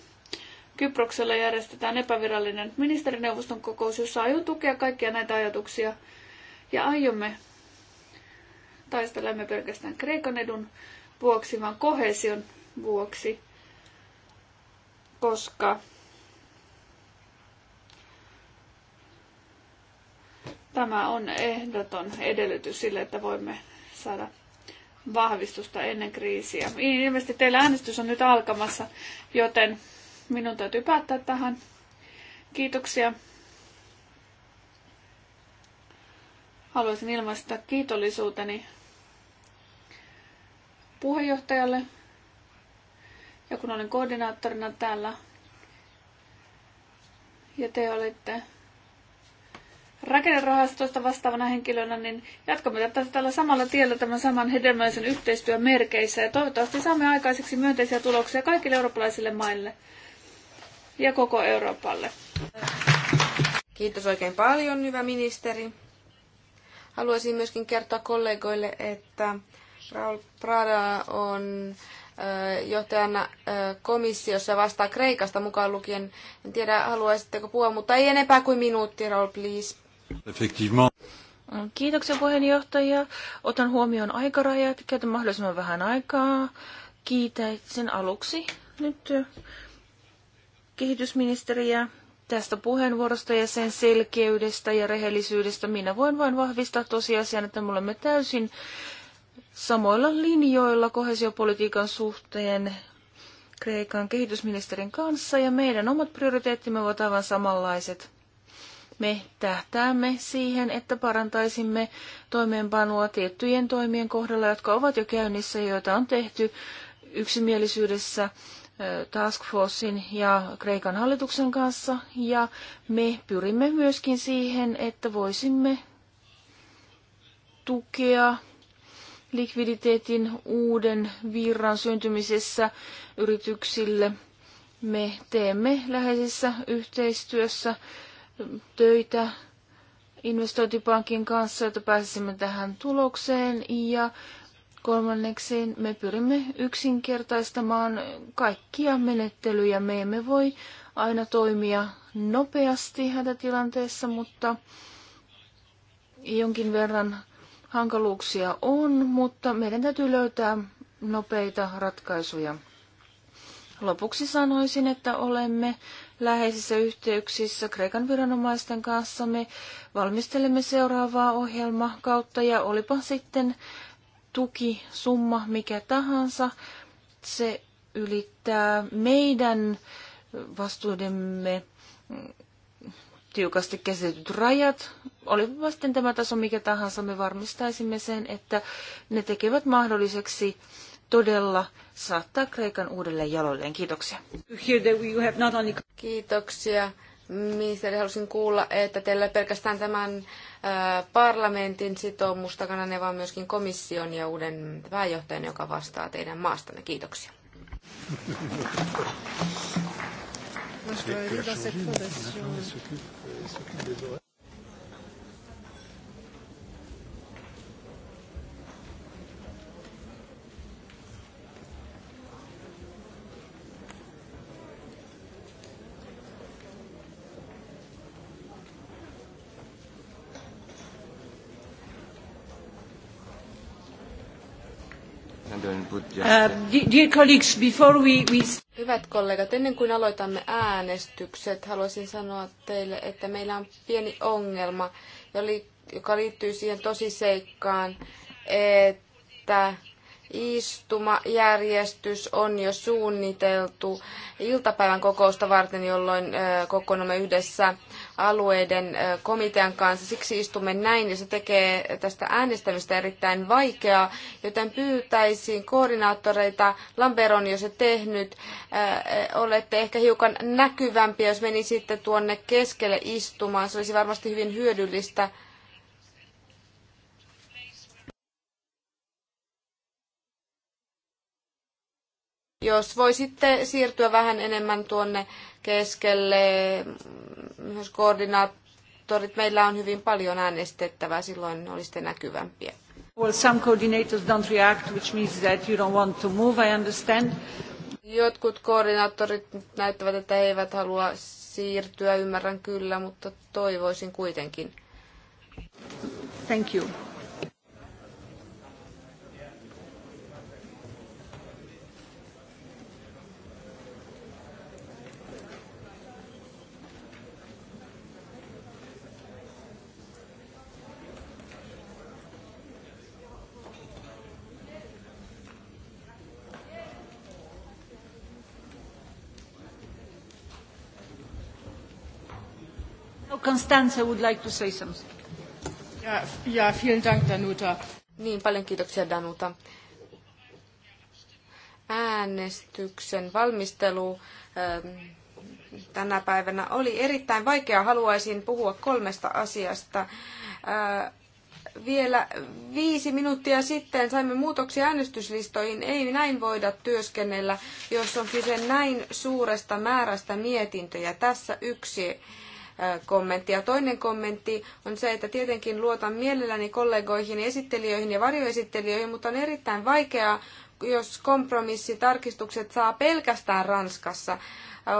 Kyproksella järjestetään epävirallinen ministerineuvoston kokous, jossa aion tukea kaikkia näitä ajatuksia. Ja aiomme taistelemme pelkästään Kreikan edun vuoksi, vaan kohesion vuoksi, koska Tämä on ehdoton edellytys sille, että voimme saada vahvistusta ennen kriisiä. Niin, ilmeisesti teillä äänestys on nyt alkamassa, joten minun täytyy päättää tähän. Kiitoksia. Haluaisin ilmaista kiitollisuuteni puheenjohtajalle. Ja kun olen koordinaattorina täällä, ja te olitte rakennerahastosta vastaavana henkilönä, niin jatkamme tällä samalla tiellä tämän saman hedelmällisen yhteistyön merkeissä ja toivottavasti saamme aikaiseksi myönteisiä tuloksia kaikille eurooppalaisille maille ja koko Euroopalle. Kiitos oikein paljon, hyvä ministeri. Haluaisin myöskin kertoa kollegoille, että Raul Prada on johtajana komissiossa vastaa Kreikasta mukaan lukien. En tiedä, haluaisitteko puhua, mutta ei enempää kuin minuutti, Raul, please. Effectivement. Kiitoksia puheenjohtaja. Otan huomioon aikarajat. Käytän mahdollisimman vähän aikaa. Kiitän sen aluksi nyt kehitysministeriä tästä puheenvuorosta ja sen selkeydestä ja rehellisyydestä. Minä voin vain vahvistaa tosiasian, että me olemme täysin samoilla linjoilla kohesiopolitiikan suhteen Kreikan kehitysministerin kanssa ja meidän omat prioriteettimme ovat aivan samanlaiset. Me tähtäämme siihen, että parantaisimme toimeenpanoa tiettyjen toimien kohdalla, jotka ovat jo käynnissä, joita on tehty yksimielisyydessä Task Forcein ja Kreikan hallituksen kanssa. Ja me pyrimme myöskin siihen, että voisimme tukea likviditeetin uuden virran syntymisessä yrityksille. Me teemme läheisessä yhteistyössä töitä investointipankin kanssa, että pääsisimme tähän tulokseen. Ja kolmanneksi me pyrimme yksinkertaistamaan kaikkia menettelyjä. Me emme voi aina toimia nopeasti hätätilanteessa, mutta jonkin verran hankaluuksia on, mutta meidän täytyy löytää nopeita ratkaisuja. Lopuksi sanoisin, että olemme läheisissä yhteyksissä Kreikan viranomaisten kanssa. Me valmistelemme seuraavaa ohjelmaa kautta ja olipa sitten tuki, summa, mikä tahansa, se ylittää meidän vastuudemme tiukasti käsitetyt rajat, oli vasten tämä taso mikä tahansa, me varmistaisimme sen, että ne tekevät mahdolliseksi todella saattaa Kreikan uudelleen jaloilleen. Kiitoksia. Kiitoksia. Ministeri, halusin kuulla, että teillä pelkästään tämän parlamentin sitoumus takana, ne vaan myöskin komission ja uuden pääjohtajan, joka vastaa teidän maastanne. Kiitoksia. Uh, Hyvät kollegat, ennen kuin aloitamme äänestykset, haluaisin sanoa teille, että meillä on pieni ongelma, joka liittyy siihen tosiseikkaan, että istumajärjestys on jo suunniteltu iltapäivän kokousta varten, jolloin kokoonnumme yhdessä alueiden komitean kanssa. Siksi istumme näin ja se tekee tästä äänestämistä erittäin vaikeaa, joten pyytäisin koordinaattoreita, Lamberon jo se tehnyt, olette ehkä hiukan näkyvämpiä, jos menisitte tuonne keskelle istumaan. Se olisi varmasti hyvin hyödyllistä. jos voisitte siirtyä vähän enemmän tuonne keskelle, myös koordinaattorit, meillä on hyvin paljon äänestettävää, silloin olisitte näkyvämpiä. Well, some coordinators don't react, which means that you don't want to move, I understand. Jotkut koordinaattorit näyttävät, että he eivät halua siirtyä, ymmärrän kyllä, mutta toivoisin kuitenkin. Thank you. Constanze would like to say something. Ja, ja vielen Dank, Danuta. Niin, paljon kiitoksia Danuta. Äänestyksen valmistelu ähm, tänä päivänä oli erittäin vaikea. Haluaisin puhua kolmesta asiasta. Äh, vielä viisi minuuttia sitten saimme muutoksia äänestyslistoihin. Ei näin voida työskennellä, jos on kyse näin suuresta määrästä mietintöjä. Tässä yksi kommentti. Ja toinen kommentti on se, että tietenkin luotan mielelläni kollegoihin, esittelijöihin ja varjoesittelijöihin, mutta on erittäin vaikeaa, jos kompromissitarkistukset saa pelkästään Ranskassa.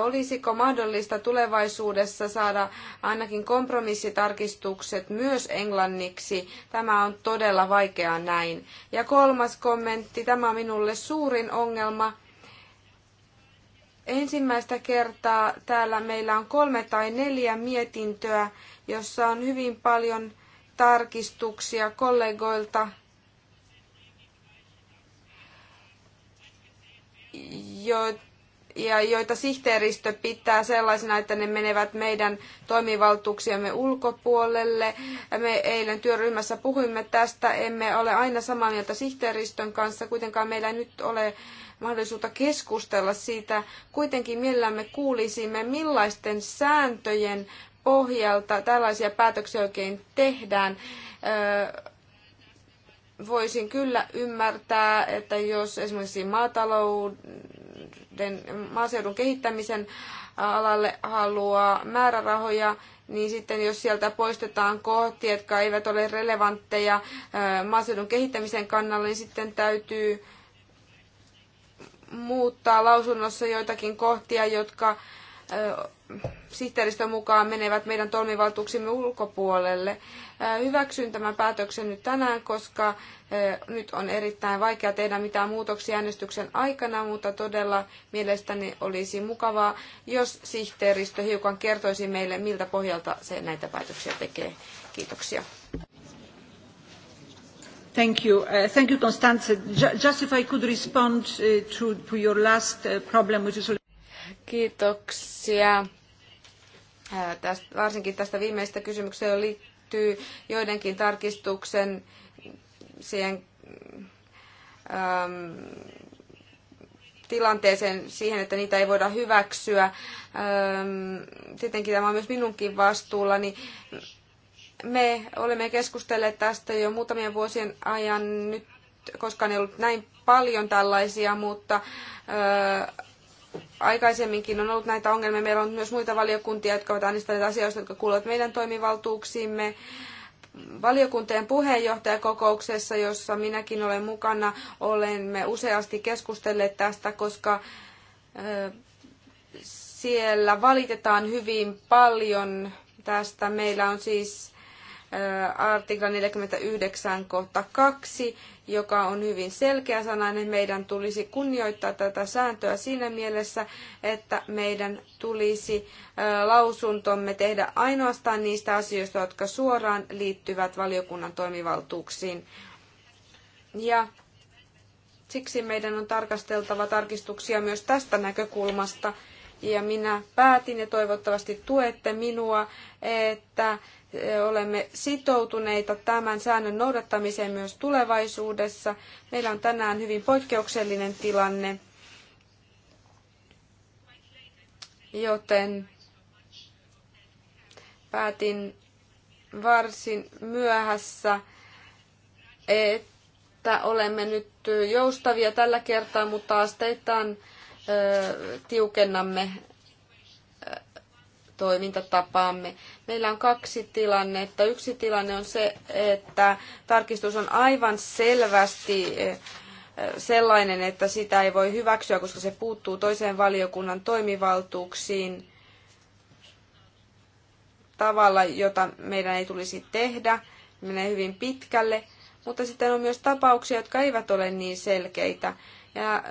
Olisiko mahdollista tulevaisuudessa saada ainakin kompromissitarkistukset myös englanniksi? Tämä on todella vaikeaa näin. Ja kolmas kommentti, tämä on minulle suurin ongelma Ensimmäistä kertaa täällä meillä on kolme tai neljä mietintöä, jossa on hyvin paljon tarkistuksia kollegoilta, joita ja joita sihteeristö pitää sellaisina, että ne menevät meidän toimivaltuuksiemme ulkopuolelle. Me eilen työryhmässä puhuimme tästä, emme ole aina samaa mieltä sihteeristön kanssa, kuitenkaan meillä ei nyt ole mahdollisuutta keskustella siitä. Kuitenkin mielellämme kuulisimme, millaisten sääntöjen pohjalta tällaisia päätöksiä oikein tehdään. Voisin kyllä ymmärtää, että jos esimerkiksi maatalouden, maaseudun kehittämisen alalle haluaa määrärahoja, niin sitten jos sieltä poistetaan kohti, jotka eivät ole relevantteja maaseudun kehittämisen kannalla, niin sitten täytyy muuttaa lausunnossa joitakin kohtia, jotka sihteeristön mukaan menevät meidän toimivaltuuksimme ulkopuolelle. Hyväksyn tämän päätöksen nyt tänään, koska nyt on erittäin vaikea tehdä mitään muutoksia äänestyksen aikana, mutta todella mielestäni olisi mukavaa, jos sihteeristö hiukan kertoisi meille, miltä pohjalta se näitä päätöksiä tekee. Kiitoksia. Uh, thank you. Constanze. just if I could respond uh, to, to your last uh, problem, which is... Kiitoksia. Tästä, varsinkin tästä viimeistä kysymyksestä jo liittyy joidenkin tarkistuksen siihen ähm, tilanteeseen siihen, että niitä ei voida hyväksyä. Ähm, tietenkin tämä on myös minunkin vastuullani. Me olemme keskustelleet tästä jo muutamien vuosien ajan nyt, koskaan ei ollut näin paljon tällaisia, mutta ö, aikaisemminkin on ollut näitä ongelmia. Meillä on myös muita valiokuntia, jotka ovat äänestäneet asioista, jotka kuuluvat meidän toimivaltuuksiimme valiokuntien puheenjohtajakokouksessa, jossa minäkin olen mukana, olemme useasti keskustelleet tästä, koska siellä valitetaan hyvin paljon tästä. Meillä on siis artikla 49 kohta 2, joka on hyvin selkeä sanainen. Meidän tulisi kunnioittaa tätä sääntöä siinä mielessä, että meidän tulisi lausuntomme tehdä ainoastaan niistä asioista, jotka suoraan liittyvät valiokunnan toimivaltuuksiin. Ja siksi meidän on tarkasteltava tarkistuksia myös tästä näkökulmasta. Ja minä päätin, ja toivottavasti tuette minua, että olemme sitoutuneita tämän säännön noudattamiseen myös tulevaisuudessa. Meillä on tänään hyvin poikkeuksellinen tilanne, joten päätin varsin myöhässä, että olemme nyt joustavia tällä kertaa, mutta asteittain tiukennamme toimintatapaamme. Meillä on kaksi tilannetta. Yksi tilanne on se, että tarkistus on aivan selvästi eh, sellainen, että sitä ei voi hyväksyä, koska se puuttuu toiseen valiokunnan toimivaltuuksiin tavalla, jota meidän ei tulisi tehdä. Menee hyvin pitkälle. Mutta sitten on myös tapauksia, jotka eivät ole niin selkeitä. Ja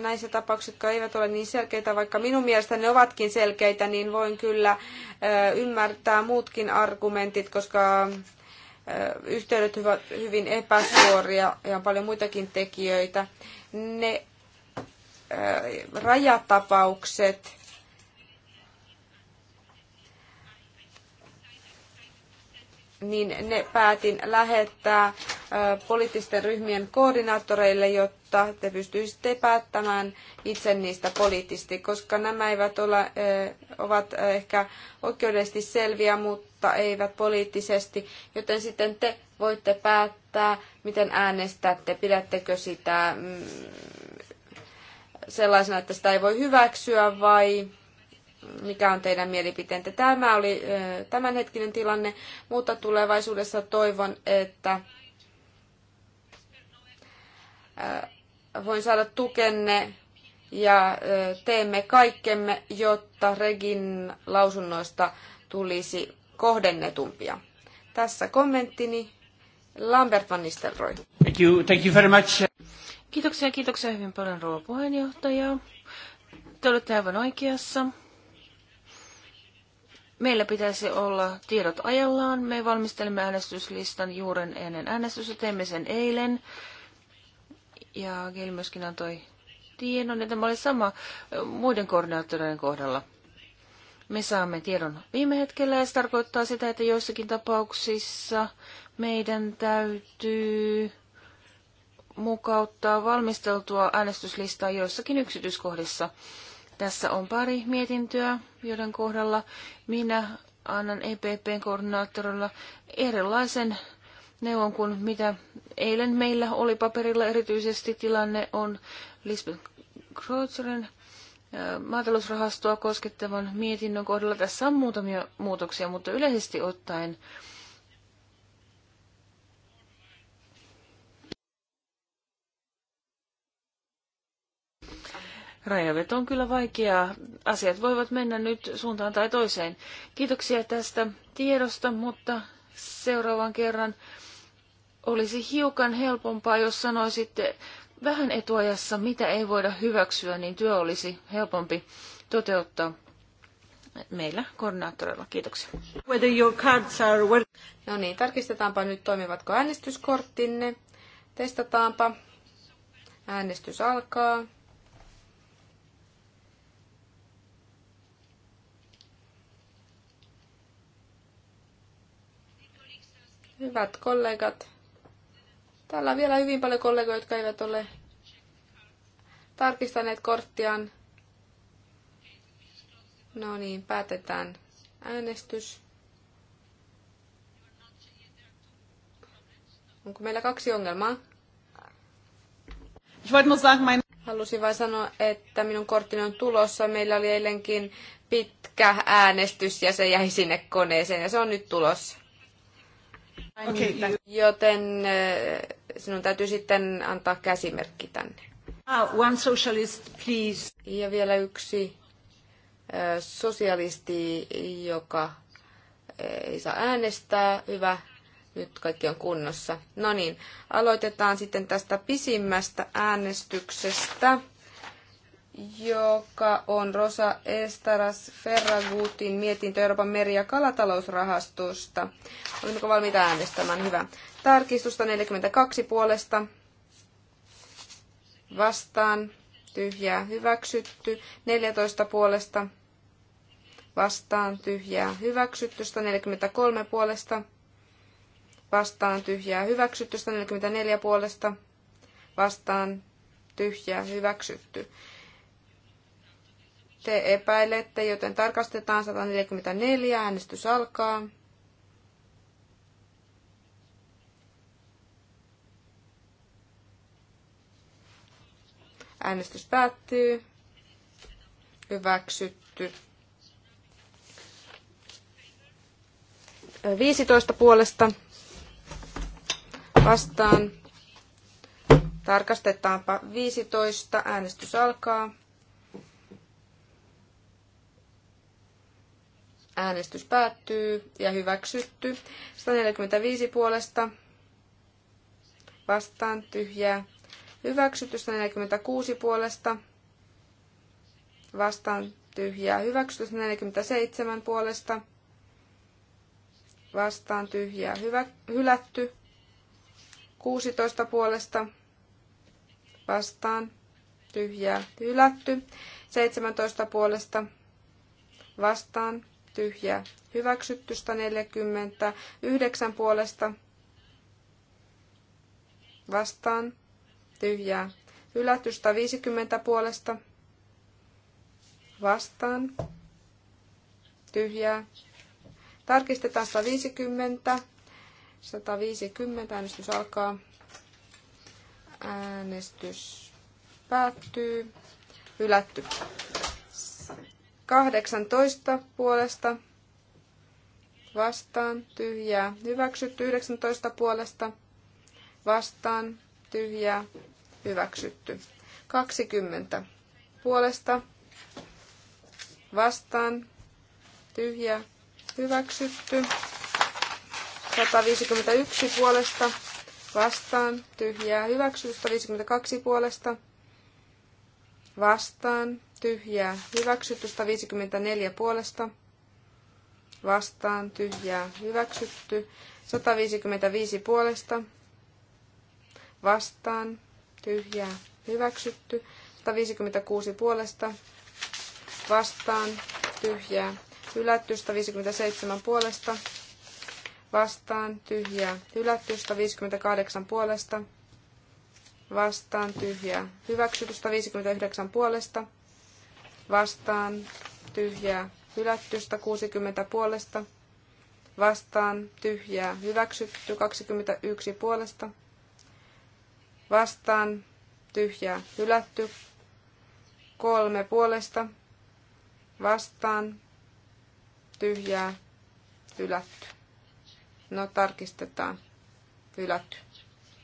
näissä tapauksissa, jotka eivät ole niin selkeitä, vaikka minun mielestä ne ovatkin selkeitä, niin voin kyllä ymmärtää muutkin argumentit, koska yhteydet ovat hyvin epäsuoria ja on paljon muitakin tekijöitä. Ne rajatapaukset, niin ne päätin lähettää poliittisten ryhmien koordinaattoreille, jotta te pystyisitte päättämään itse niistä poliittisesti, koska nämä eivät ole, ovat ehkä oikeudellisesti selviä, mutta eivät poliittisesti, joten sitten te voitte päättää, miten äänestätte, pidättekö sitä mm, sellaisena, että sitä ei voi hyväksyä vai mikä on teidän mielipiteenne. Tämä oli tämänhetkinen tilanne, mutta tulevaisuudessa toivon, että voin saada tukenne ja teemme kaikkemme, jotta Regin lausunnoista tulisi kohdennetumpia. Tässä kommenttini. Lambert van Nistelrooy. Thank you, thank you very much. Kiitoksia, kiitoksia hyvin paljon rouva puheenjohtaja. Te olette aivan oikeassa. Meillä pitäisi olla tiedot ajallaan. Me valmistelemme äänestyslistan juuren ennen äänestystä. Teemme sen eilen ja Gail myöskin antoi tiedon, että tämä oli sama muiden koordinaattoreiden kohdalla. Me saamme tiedon viime hetkellä ja se tarkoittaa sitä, että joissakin tapauksissa meidän täytyy mukauttaa valmisteltua äänestyslistaa joissakin yksityiskohdissa. Tässä on pari mietintöä, joiden kohdalla minä annan EPPn koordinaattorilla erilaisen ne kuin kun mitä eilen meillä oli paperilla erityisesti tilanne on Lisbeth Kreutzerin maatalousrahastoa koskettavan mietinnön kohdalla. Tässä on muutamia muutoksia, mutta yleisesti ottaen Rajaveto on kyllä vaikeaa. Asiat voivat mennä nyt suuntaan tai toiseen. Kiitoksia tästä tiedosta, mutta seuraavan kerran olisi hiukan helpompaa, jos sanoisitte vähän etuajassa, mitä ei voida hyväksyä, niin työ olisi helpompi toteuttaa meillä koordinaattoreilla. Kiitoksia. Whether your cards are... No niin, tarkistetaanpa nyt toimivatko äänestyskorttinne. Testataanpa. Äänestys alkaa. Hyvät kollegat, Täällä on vielä hyvin paljon kollegoja, jotka eivät ole tarkistaneet korttiaan. No niin, päätetään äänestys. Onko meillä kaksi ongelmaa? Halusin vain sanoa, että minun korttini on tulossa. Meillä oli eilenkin pitkä äänestys ja se jäi sinne koneeseen ja se on nyt tulossa. Okay. Joten eh, sinun täytyy sitten antaa käsimerkki tänne. Ah, one socialist, please. Ja vielä yksi sosialisti, joka ei saa äänestää. Hyvä, nyt kaikki on kunnossa. No niin, aloitetaan sitten tästä pisimmästä äänestyksestä, joka on Rosa Estaras Ferragutin mietintö Euroopan meri- ja kalatalousrahastosta. Olemmeko valmiita äänestämään? Hyvä. Tarkistusta 42 puolesta vastaan tyhjää hyväksytty. 14 puolesta vastaan tyhjää hyväksytty. 143 puolesta vastaan tyhjää hyväksytty. 144 puolesta vastaan tyhjää hyväksytty. Te epäilette, joten tarkastetaan 144. Äänestys alkaa. Äänestys päättyy. Hyväksytty. 15 puolesta vastaan. Tarkastetaanpa 15. Äänestys alkaa. Äänestys päättyy ja hyväksytty. 145 puolesta vastaan tyhjää hyväksytystä 146 puolesta, vastaan tyhjää hyväksytystä 147 puolesta, vastaan tyhjää hyvä, hylätty 16 puolesta, vastaan tyhjää hylätty 17 puolesta, vastaan tyhjää hyväksytystä 149 puolesta, vastaan tyhjää. Hylätty 150 puolesta vastaan tyhjää. Tarkistetaan 150. 150 äänestys alkaa. Äänestys päättyy. Hylätty. 18 puolesta vastaan tyhjää. Hyväksytty 19 puolesta vastaan tyhjää, hyväksytty. 20 puolesta, vastaan, tyhjää, hyväksytty. 151 puolesta, vastaan, tyhjää, hyväksytty. 152 puolesta, vastaan, tyhjää, hyväksytty. 154 puolesta, vastaan, tyhjää, hyväksytty. 155 puolesta, vastaan, tyhjää, hyväksytty. 156 puolesta, vastaan, tyhjää, hylätty. 157 puolesta, vastaan, tyhjää, hylätty. 158 puolesta, vastaan, tyhjää, hyväksytty. 159 puolesta, vastaan, tyhjää, hylätty. 160 puolesta, vastaan, tyhjää, hyväksytty. 21 puolesta, vastaan, tyhjää hylätty. Kolme puolesta vastaan, tyhjää hylätty. No tarkistetaan, hylätty.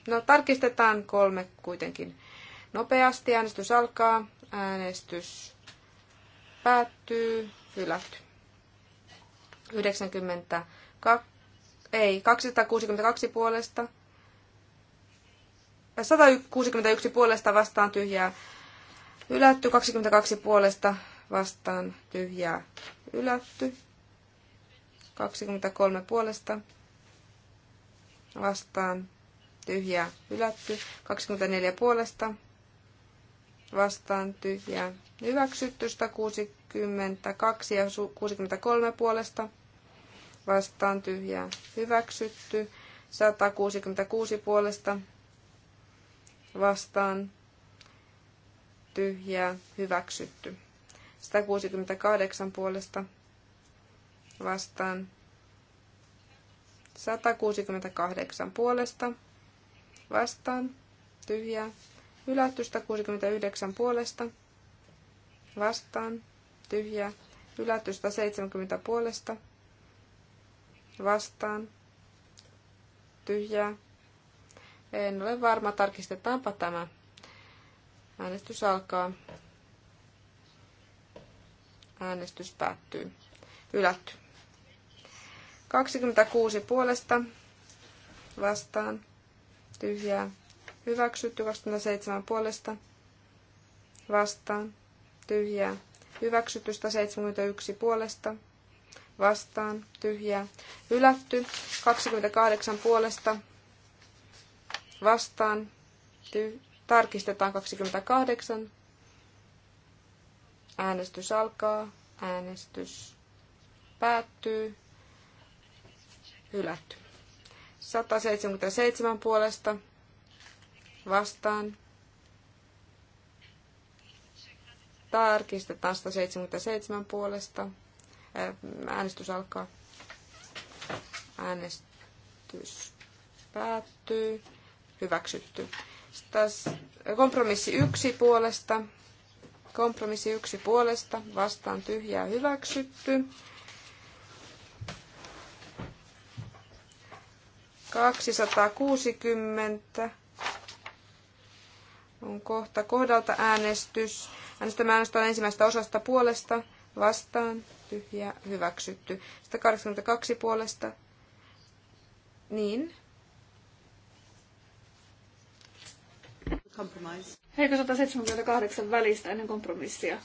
No tarkistetaan kolme kuitenkin. Nopeasti äänestys alkaa, äänestys päättyy, hylätty. 90, ei, 262 puolesta 161 puolesta vastaan tyhjää ylätty 22 puolesta vastaan tyhjää ylätty 23 puolesta vastaan tyhjää ylätty 24 puolesta vastaan tyhjää hyväksytty 162 ja 63 puolesta vastaan tyhjää hyväksytty 166 puolesta vastaan tyhjää hyväksytty. 168 puolesta vastaan 168 puolesta vastaan tyhjää hylätty 169 puolesta vastaan tyhjää hylätty 170 puolesta vastaan tyhjää en ole varma, tarkistetaanpa tämä. Äänestys alkaa. Äänestys päättyy. Ylätty. 26 puolesta vastaan. Tyhjää. Hyväksytty. 27 puolesta vastaan. Tyhjää. Hyväksytty 71 puolesta vastaan. Tyhjää. Ylätty. 28 puolesta vastaan, ty, tarkistetaan 28. Äänestys alkaa, äänestys päättyy, hylätty. 177 puolesta vastaan. Tarkistetaan 177 puolesta. Äänestys alkaa. Äänestys päättyy hyväksytty. Taas kompromissi yksi puolesta, kompromissi yksi puolesta, vastaan tyhjää hyväksytty. 260 on kohta kohdalta äänestys. Äänestämme äänestetään ensimmäistä osasta puolesta, vastaan, tyhjä, hyväksytty. 182 puolesta, niin, Compromise. Eikö 178 välistä ennen kompromissia?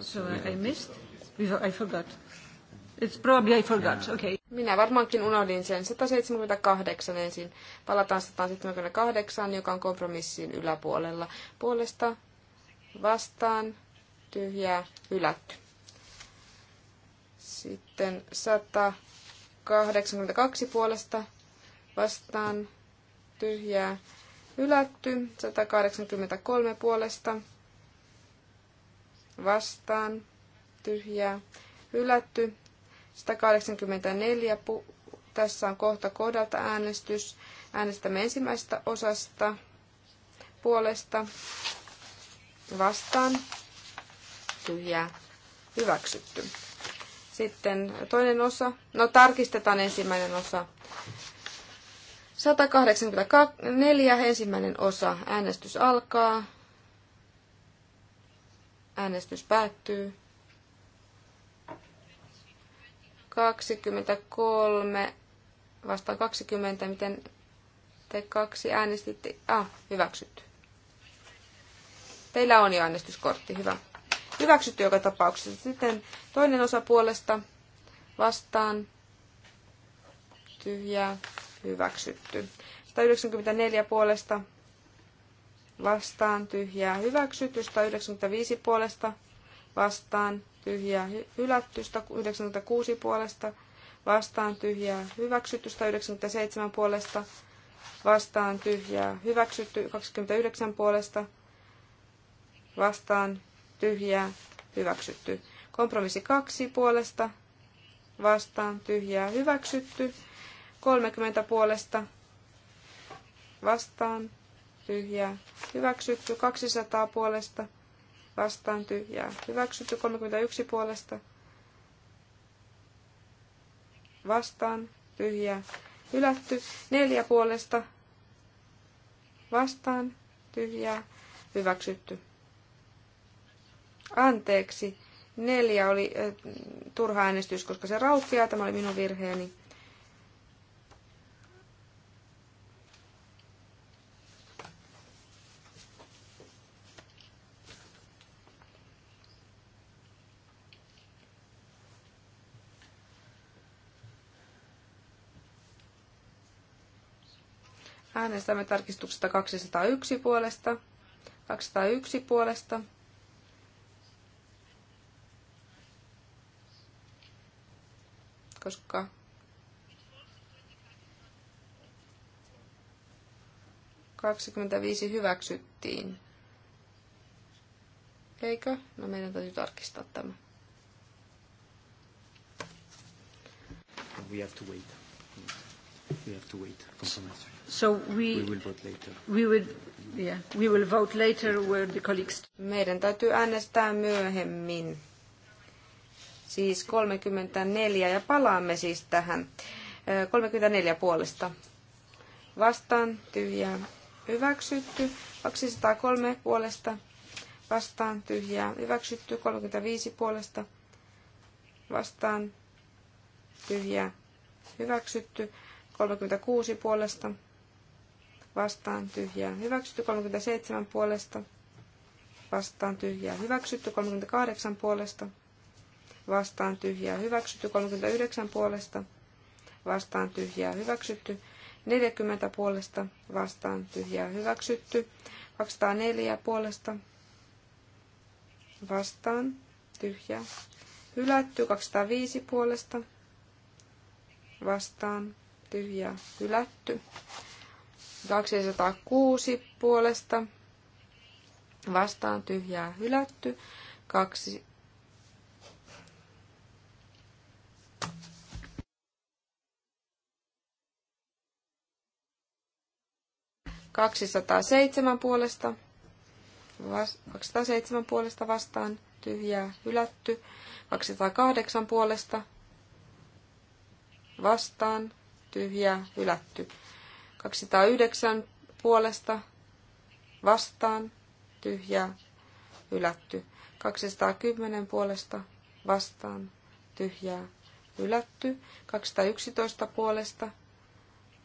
So I missed? I forgot. It's probably I forgot. Okay. Minä varmaankin unohdin sen. 178 ensin. Palataan 178, joka on kompromissin yläpuolella. Puolesta vastaan tyhjää hylätty. Sitten 182 puolesta vastaan tyhjää hylätty. 183 puolesta vastaan tyhjää hylätty. 184 pu- tässä on kohta kohdalta äänestys. Äänestämme ensimmäisestä osasta puolesta vastaan tyhjää hyväksytty. Sitten toinen osa. No tarkistetaan ensimmäinen osa. 184 ensimmäinen osa. Äänestys alkaa. Äänestys päättyy. 23 vastaan 20, miten te kaksi äänestitte? Ah, hyväksytty. Teillä on jo äänestyskortti, hyvä. Hyväksytty joka tapauksessa. Sitten toinen osa puolesta vastaan tyhjää hyväksytty. 194 puolesta vastaan tyhjää hyväksytty, 195 puolesta vastaan tyhjää hylätty, 196 puolesta vastaan tyhjää hyväksytty, 197 puolesta vastaan tyhjää hyväksytty, 29 puolesta vastaan tyhjää hyväksytty. Kompromissi 2 puolesta vastaan tyhjää hyväksytty. 30 puolesta vastaan tyhjää hyväksytty. 200 puolesta vastaan tyhjää hyväksytty. 31 puolesta vastaan tyhjää hylätty. 4 puolesta vastaan tyhjää hyväksytty. Anteeksi. Neljä oli äh, turha äänestys, koska se raukeaa. Tämä oli minun virheeni. Äänestämme tarkistuksesta 201 puolesta. 201 puolesta. Koska kaksikymmentäviisi hyväksyttiin. Eikö? No meidän täytyy tarkistaa tämä. We have to wait. We have to wait. for some answer. So we, we will vote later. We will, yeah, we will vote later where the colleagues... Meidän täytyy äänestää myöhemmin. Siis 34 ja palaamme siis tähän. 34 puolesta. Vastaan tyhjää. Hyväksytty. 203 puolesta. Vastaan tyhjää. Hyväksytty. 35 puolesta. Vastaan tyhjää. Hyväksytty. 36 puolesta vastaan tyhjää hyväksytty, 37 puolesta vastaan tyhjää hyväksytty, 38 puolesta vastaan tyhjää hyväksytty, 39 puolesta vastaan tyhjää hyväksytty, 40 puolesta vastaan tyhjää hyväksytty, 204 puolesta vastaan tyhjää hylätty, 205 puolesta vastaan tyhjää hylätty. 206 puolesta vastaan tyhjää hylätty. 2 207 puolesta, 207 puolesta vastaan, tyhjää, hylätty. 208 puolesta vastaan, tyhjää, hylätty. 209 puolesta vastaan, tyhjää, hylätty. 210 puolesta vastaan, tyhjää, hylätty. 211 puolesta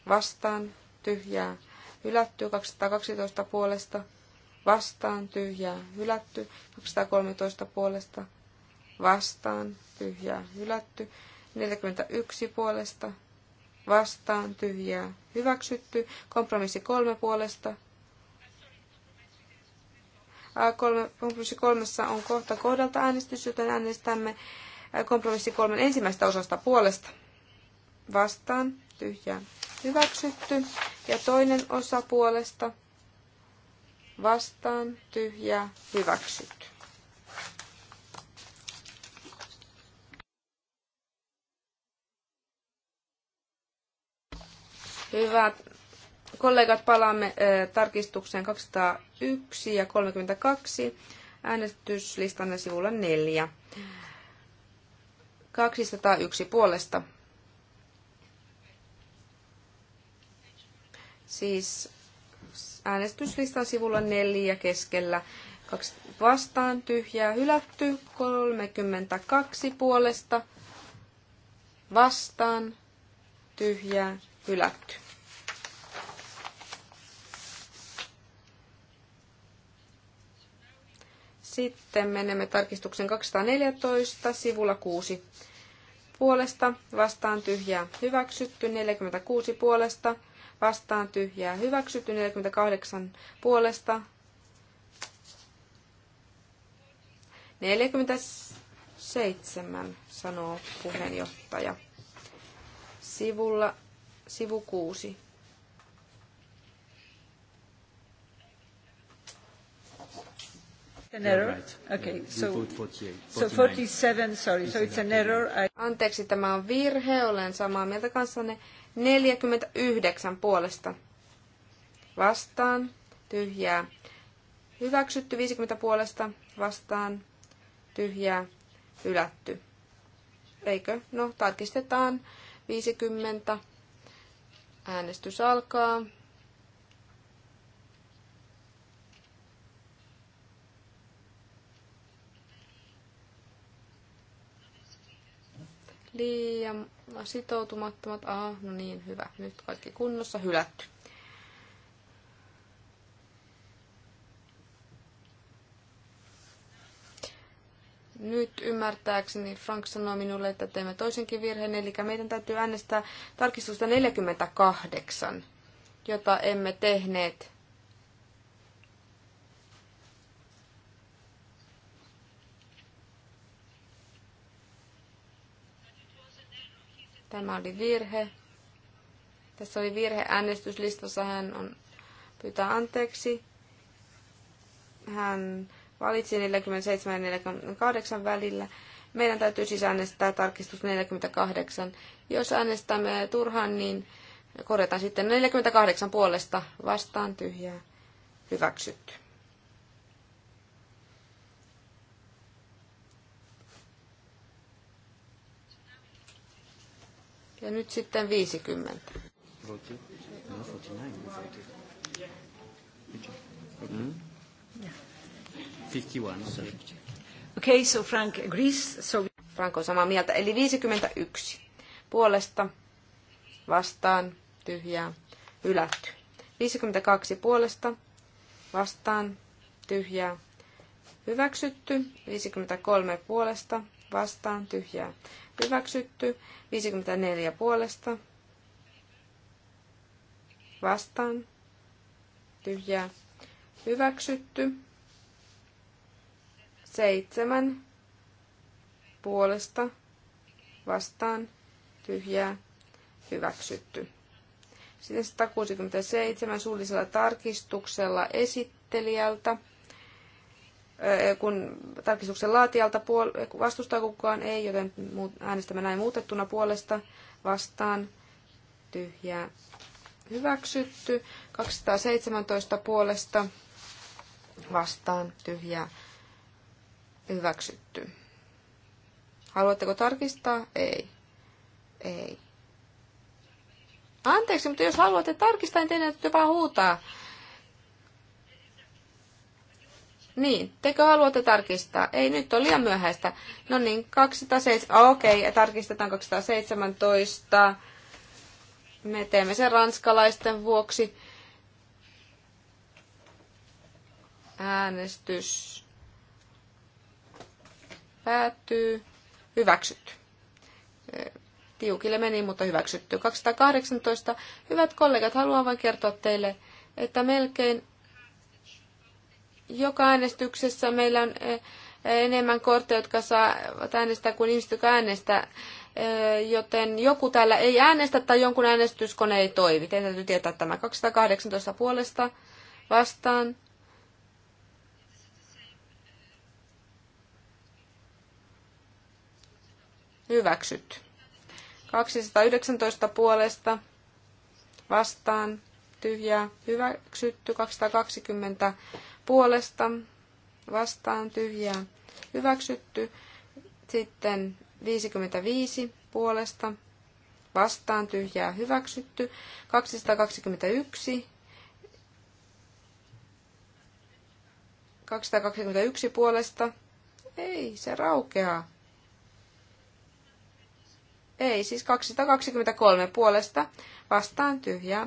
vastaan, tyhjää, hylätty. 212 puolesta vastaan, tyhjää, hylätty. 213 puolesta vastaan, tyhjää, hylätty. 41 puolesta vastaan, tyhjää, hyväksytty. Kompromissi kolme puolesta. kompromissi kolmessa on kohta kohdalta äänestys, joten äänestämme kompromissi kolmen ensimmäistä osasta puolesta. Vastaan, tyhjää, hyväksytty. Ja toinen osa puolesta, vastaan, tyhjää, hyväksytty. Hyvät kollegat, palaamme tarkistukseen 201 ja 32 äänestyslistanne sivulla 4. 201 puolesta. Siis äänestyslistan sivulla 4 keskellä vastaan tyhjää hylätty 32 puolesta vastaan tyhjää hylätty. Sitten menemme tarkistuksen 214 sivulla 6 puolesta, vastaan tyhjää hyväksytty, 46 puolesta, vastaan tyhjää hyväksytty, 48 puolesta, 47 sanoo puheenjohtaja. Sivulla, sivu 6. an error? Right. Okay, so, so 47, sorry, so it's an error. I... Anteeksi, tämä on virhe, olen samaa mieltä kanssanne. 49 puolesta. Vastaan, tyhjää. Hyväksytty 50 puolesta, vastaan, tyhjää, hylätty. Eikö? No, tarkistetaan. 50. Äänestys alkaa. liian sitoutumattomat. Ah, no niin, hyvä. Nyt kaikki kunnossa, hylätty. Nyt ymmärtääkseni Frank sanoi minulle, että teemme toisenkin virheen, eli meidän täytyy äänestää tarkistusta 48, jota emme tehneet Tämä oli virhe. Tässä oli virhe äänestyslistassa. Hän on, pyytää anteeksi. Hän valitsi 47 ja 48 välillä. Meidän täytyy siis äänestää tarkistus 48. Jos äänestämme turhaan, niin korjataan sitten 48 puolesta vastaan tyhjää hyväksytty. Ja nyt sitten 50. Okay, so Frank agrees. So... Frank on samaa mieltä. Eli 51. Puolesta, vastaan, tyhjää, hylätty. 52 puolesta, vastaan, tyhjää, hyväksytty. 53 puolesta, vastaan, tyhjää, hyväksytty. 54 puolesta vastaan tyhjää hyväksytty. 7 puolesta vastaan tyhjää hyväksytty. Sitten 167 suullisella tarkistuksella esittelijältä. E, kun tarkistuksen laatijalta puol- e, vastustaa kukaan ei, joten äänestämme näin muutettuna puolesta vastaan tyhjää hyväksytty. 217 puolesta vastaan tyhjää hyväksytty. Haluatteko tarkistaa? Ei. Ei. Anteeksi, mutta jos haluatte tarkistaa, niin teidän täytyy vaan huutaa. Niin, tekö haluatte tarkistaa? Ei, nyt on liian myöhäistä. No niin, 207, ah, okei, okay, tarkistetaan 217. Me teemme sen ranskalaisten vuoksi. Äänestys päättyy. Hyväksytty. Tiukille meni, mutta hyväksytty. 218. Hyvät kollegat, haluan vain kertoa teille, että melkein joka äänestyksessä meillä on eh, enemmän kortteja, jotka saavat äänestää kuin ihmiset, jotka äänestää. Eh, joten joku täällä ei äänestä tai jonkun äänestyskone ei toimi. Teidän täytyy tietää tämä 218 puolesta vastaan. Hyväksyt. 219 puolesta vastaan tyhjää hyväksytty. 220 puolesta vastaan tyhjää hyväksytty. Sitten 55 puolesta vastaan tyhjää hyväksytty. 221 221 puolesta. Ei, se raukeaa. Ei, siis 223 puolesta vastaan tyhjää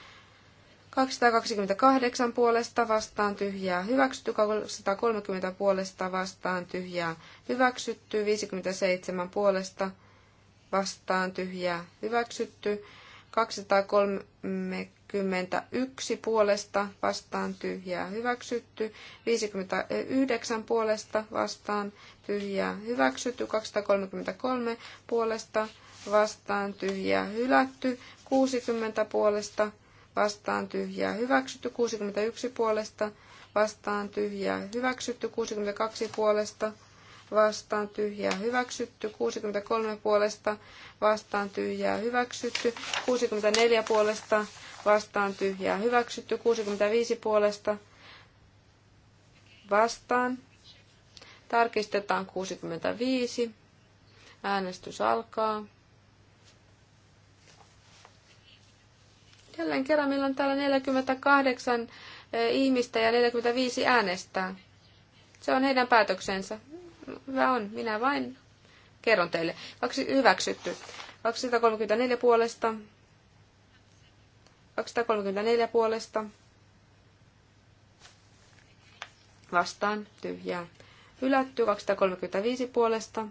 228 puolesta vastaan tyhjää hyväksytty, 230 puolesta vastaan tyhjää hyväksytty, 57 puolesta vastaan tyhjää hyväksytty, 231 puolesta vastaan tyhjää hyväksytty, 59 puolesta vastaan tyhjää hyväksytty, 233 puolesta vastaan tyhjää hylätty, 60 puolesta vastaan tyhjää hyväksytty 61 puolesta, vastaan tyhjää hyväksytty 62 puolesta, vastaan tyhjää hyväksytty 63 puolesta, vastaan tyhjää hyväksytty 64 puolesta, vastaan tyhjää hyväksytty 65 puolesta, vastaan. Tarkistetaan 65. Äänestys alkaa. Jälleen kerran meillä on täällä 48 eh, ihmistä ja 45 äänestää. Se on heidän päätöksensä. Hyvä on, minä vain kerron teille. Kaksi hyväksytty. 234 puolesta. 234 puolesta. Vastaan tyhjää. Hylätty 235 puolesta.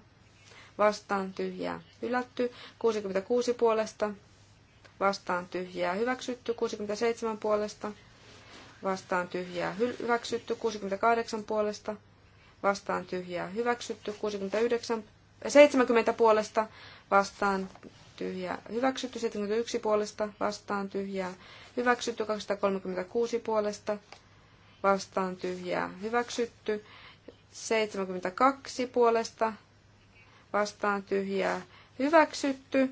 Vastaan tyhjää. Hylätty 66 puolesta vastaan tyhjää hyväksytty 67 puolesta, vastaan tyhjää hyväksytty 68 eh, puolesta, vastaan tyhjää hyväksytty 69, 70 puolesta, vastaan tyhjää hyväksytty 71 puolesta, vastaan tyhjää hyväksytty 236 puolesta, vastaan tyhjää hyväksytty 72 puolesta, vastaan tyhjää hyväksytty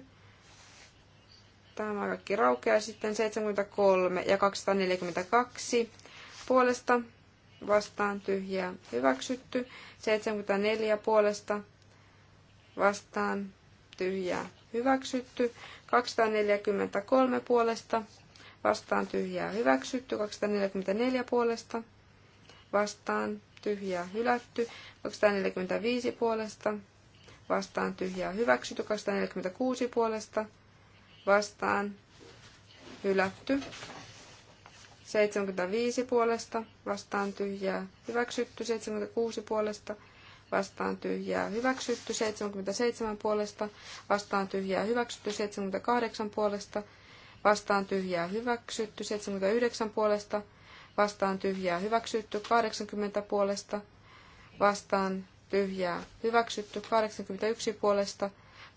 Tämä kaikki raukeaa sitten 73 ja 242 puolesta vastaan tyhjää hyväksytty. 74 puolesta vastaan tyhjää hyväksytty. 243 puolesta vastaan tyhjää hyväksytty. 244 puolesta vastaan tyhjää hylätty. 245 puolesta vastaan tyhjää hyväksytty. 246 puolesta vastaan hylätty. 75 puolesta vastaan tyhjää hyväksytty. 76 puolesta vastaan tyhjää hyväksytty. 77 puolesta vastaan tyhjää hyväksytty. 78 puolesta vastaan tyhjää hyväksytty. 79 puolesta vastaan tyhjää hyväksytty. 80 puolesta vastaan tyhjää hyväksytty. 81 puolesta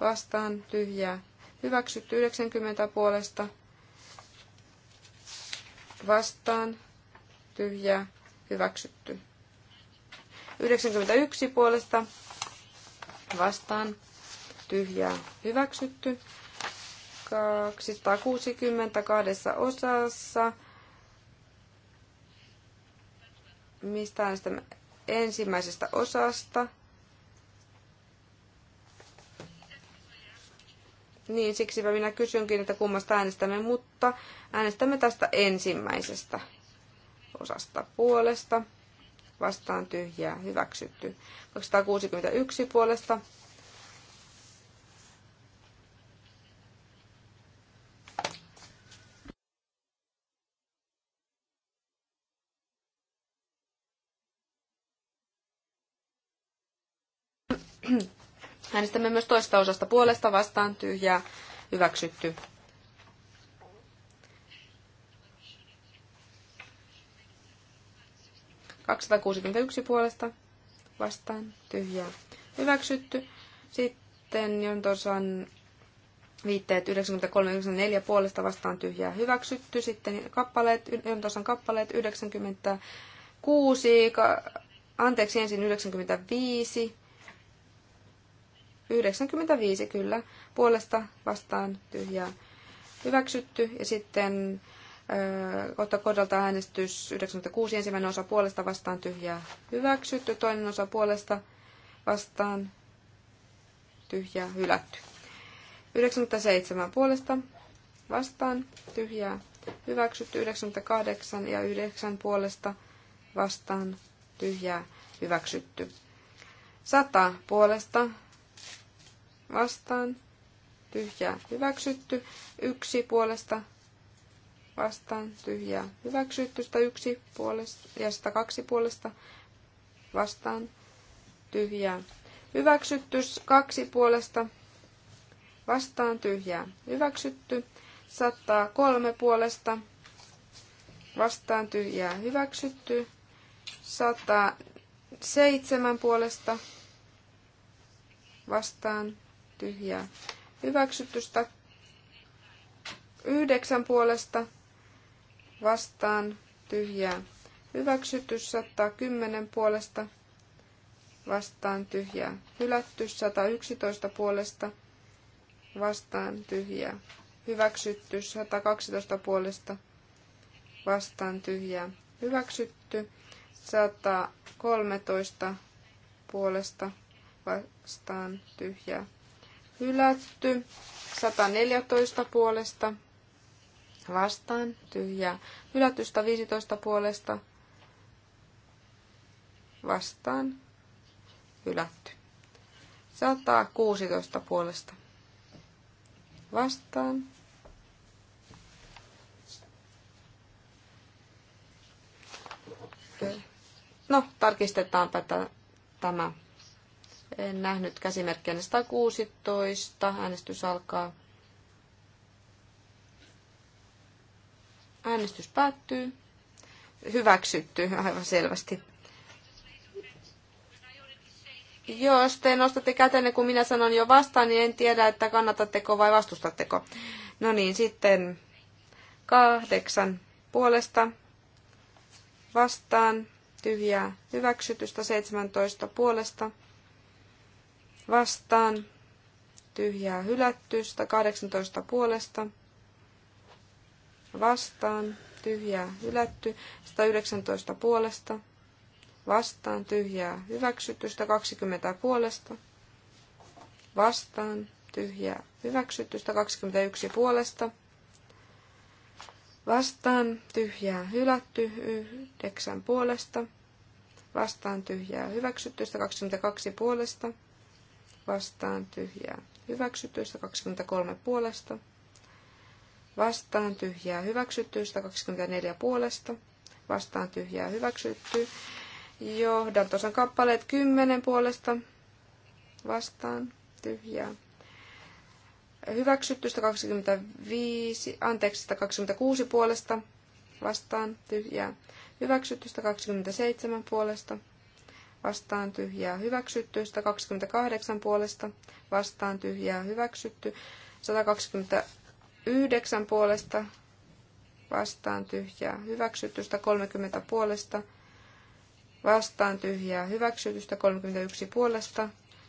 vastaan tyhjää hyväksytty 90 puolesta vastaan tyhjää hyväksytty 91 puolesta vastaan tyhjää hyväksytty 260 kahdessa osassa mistä äänestämme ensimmäisestä osasta Niin, siksipä minä kysynkin, että kummasta äänestämme, mutta äänestämme tästä ensimmäisestä osasta puolesta. Vastaan tyhjää, hyväksytty. 261 puolesta. Mm-hmm. Äänestämme myös toista osasta puolesta vastaan tyhjää hyväksytty. yksi puolesta vastaan tyhjää hyväksytty. Sitten jontosan viitteet 93-94 puolesta vastaan tyhjää hyväksytty. Sitten kappaleet, jontosan kappaleet 96, anteeksi ensin 95 95 kyllä puolesta vastaan tyhjää hyväksytty. Ja sitten kohta kohdalta äänestys 96 ensimmäinen osa puolesta vastaan tyhjää hyväksytty, toinen osa puolesta vastaan tyhjää hylätty. 97 puolesta vastaan tyhjää hyväksytty, 98 ja 9 puolesta vastaan tyhjää hyväksytty. 100 puolesta vastaan, tyhjää hyväksytty, yksi puolesta vastaan, tyhjää hyväksytty, yksi puolesta ja kaksi puolesta vastaan, tyhjää hyväksytty, kaksi puolesta vastaan, tyhjää hyväksytty, 103 puolesta vastaan, tyhjää hyväksytty, 107 puolesta vastaan, tyhjää hyväksytystä yhdeksän puolesta vastaan tyhjää hyväksytty. 110 puolesta vastaan tyhjää hylätty. 111 puolesta vastaan tyhjää hyväksytty. 112 puolesta vastaan tyhjää hyväksytty. 113 puolesta vastaan tyhjää hylätty. 114 puolesta vastaan tyhjää. Hylätystä 15 puolesta vastaan hylätty. 116 puolesta vastaan No, tarkistetaanpa tämä en nähnyt käsimerkkiä 116. Äänestys alkaa. Äänestys päättyy. Hyväksytty aivan selvästi. Jos te nostatte kätenne, kun minä sanon jo vastaan, niin en tiedä, että kannatatteko vai vastustatteko. No niin, sitten kahdeksan puolesta vastaan, tyhjää hyväksytystä, 17 puolesta vastaan, tyhjää hylätty, 118 puolesta vastaan, tyhjää hylätty, 119 puolesta vastaan, tyhjää hyväksytty, 120 puolesta vastaan, tyhjää hyväksytty, 121 puolesta vastaan, tyhjää hylätty, 9 puolesta vastaan, tyhjää hyväksytty, 122 puolesta vastaan tyhjää hyväksytyistä 23 puolesta, vastaan tyhjää hyväksytyistä 24 puolesta, vastaan tyhjää hyväksytty, johdantosan kappaleet 10 puolesta, vastaan tyhjää hyväksyttystä 25, anteeksi 26 puolesta, vastaan tyhjää hyväksytystä 27 puolesta, vastaan tyhjää hyväksytty, 128 puolesta vastaan tyhjää hyväksytty, 129 puolesta vastaan tyhjää hyväksytty, 130 puolesta vastaan tyhjää hyväksytty, 31 puolesta,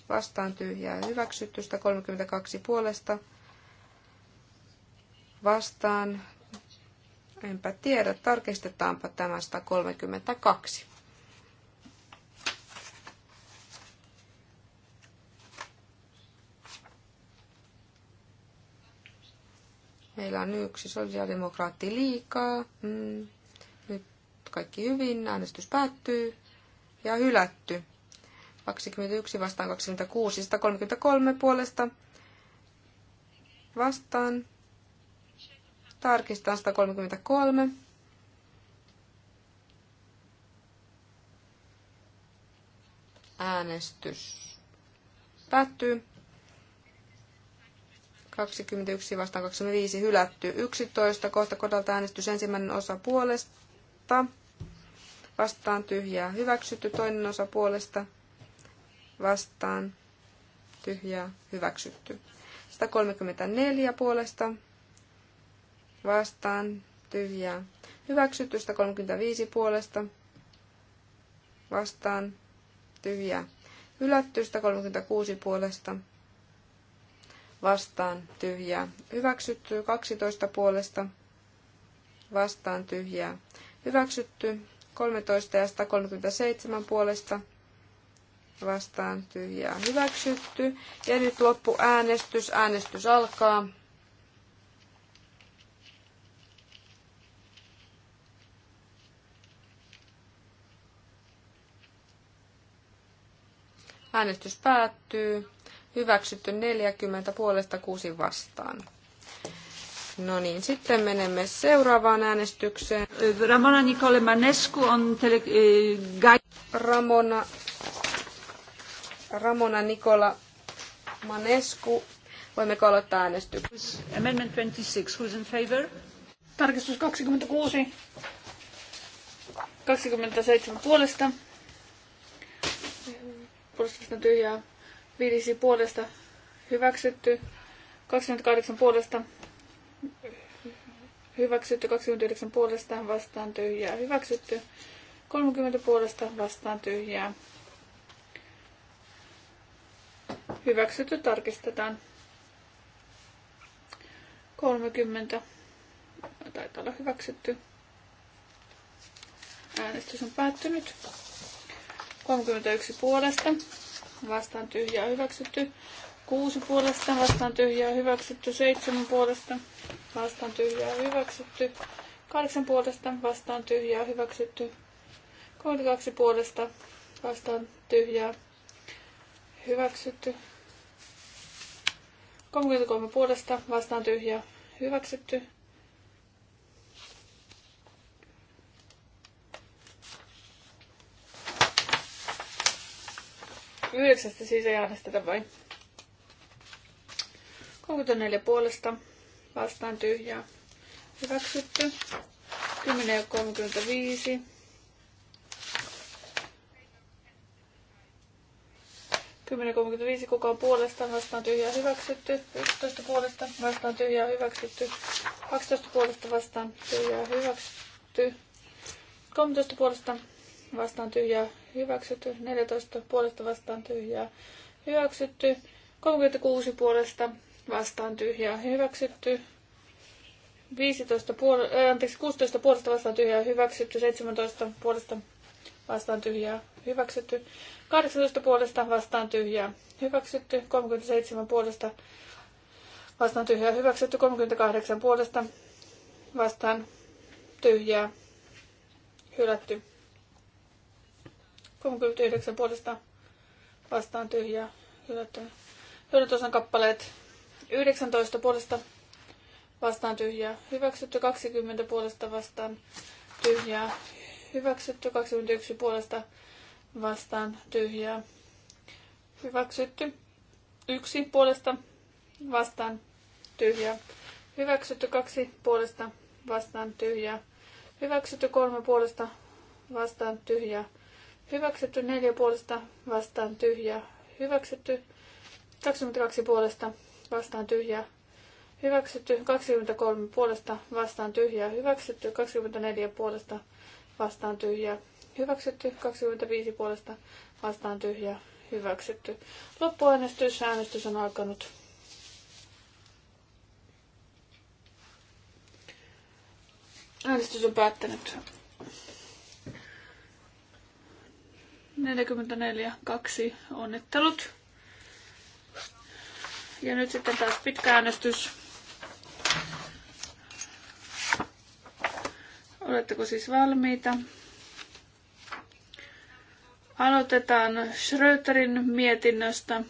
vastaan tyhjää hyväksytty, 32 puolesta, vastaan, enpä tiedä, tarkistetaanpa tämä 132. Meillä on yksi sosiaalidemokraatti liikaa. Mm. Nyt kaikki hyvin, äänestys päättyy ja hylätty. 21 vastaan 26, 133 puolesta vastaan. Tarkistan 133. Äänestys päättyy. 21 vastaan 25 hylätty. 11 kohta kodalta äänestys ensimmäinen osa puolesta. Vastaan tyhjää hyväksytty. Toinen osa puolesta. Vastaan tyhjää hyväksytty. 134 puolesta. Vastaan tyhjää hyväksytty. 135 puolesta. Vastaan tyhjää hylätty. 136 puolesta vastaan tyhjää. Hyväksytty 12 puolesta vastaan tyhjää. Hyväksytty 13 ja 137 puolesta vastaan tyhjää. Hyväksytty. Ja nyt loppu äänestys. Äänestys alkaa. Äänestys päättyy hyväksytty 40 puolesta 6 vastaan. No niin, sitten menemme seuraavaan äänestykseen. Ramona Nicole Manescu on tele... Eh, Ramona... Ramona Nikola Manescu. Voimmeko aloittaa äänestyksen? Amendment 26. Who's in favor? Tarkistus 26. 27 puolesta. Puolesta tyhjää 5 puolesta hyväksytty, 28 puolesta hyväksytty, 29 puolesta vastaan tyhjää hyväksytty, 30 puolesta vastaan tyhjää hyväksytty tarkistetaan. 30 taitaa olla hyväksytty. Äänestys on päättynyt. 31 puolesta, vastaan tyhjää hyväksytty. Kuusi puolesta vastaan tyhjää hyväksytty. Seitsemän puolesta vastaan tyhjää hyväksytty. Kahdeksan puolesta vastaan tyhjää hyväksytty. 32 puolesta vastaan tyhjää hyväksytty. 33 puolesta vastaan tyhjää hyväksytty. Yhdeksästä sisäjäänestä vai äänestetä vai? 34 puolesta vastaan tyhjää. Hyväksytty. 10 ja 35. Kymmenen kuka on puolesta vastaan tyhjää hyväksytty. 11 puolesta vastaan tyhjää hyväksytty. 12 puolesta vastaan tyhjää hyväksytty. 13 puolesta vastaan tyhjää hyväksytty, 14 puolesta vastaan tyhjää hyväksytty, 36 puolesta vastaan tyhjää hyväksytty, 15 puol- äh, anteeksi, 16 puolesta vastaan tyhjää hyväksytty, 17 puolesta vastaan tyhjää hyväksytty, 18 puolesta vastaan tyhjää hyväksytty, 37 puolesta vastaan tyhjää hyväksytty, 38 puolesta vastaan tyhjää hylätty. 39 puolesta vastaan tyhjää hylätty. osan kappaleet 19 puolesta vastaan tyhjää hyväksytty, 20 puolesta vastaan tyhjää hyväksytty, 21 puolesta vastaan tyhjää hyväksytty, 1 puolesta vastaan tyhjää hyväksytty, 2 puolesta vastaan tyhjää hyväksytty, 3 puolesta vastaan tyhjää Hyväksytty neljä puolesta vastaan tyhjä. Hyväksytty 22 puolesta vastaan tyhjä. Hyväksytty 23 puolesta vastaan tyhjä. Hyväksytty 24 puolesta vastaan tyhjä. Hyväksytty 25 puolesta vastaan tyhjä. Hyväksytty. Loppuäänestys. Äänestys on alkanut. Äänestys on päättänyt. 44, 2, onnittelut. Ja nyt sitten taas pitkä äänestys. Oletteko siis valmiita? Aloitetaan Schröterin mietinnöstä.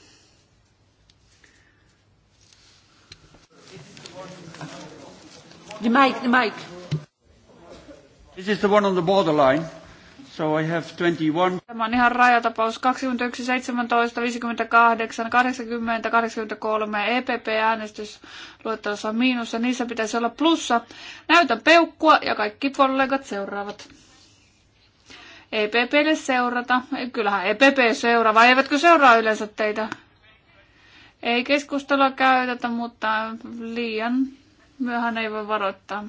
The mic, the mic. This is the one on the borderline. So I have 21. Tämä on ihan rajatapaus. 21, 17, 58, 80, 83, EPP-äänestys luettelossa on miinus ja niissä pitäisi olla plussa. Näytä peukkua ja kaikki kollegat seuraavat. EPPlle seurata. Kyllähän EPP seuraa, vai eivätkö seuraa yleensä teitä? Ei keskustelua käytetä, mutta liian myöhään ei voi varoittaa.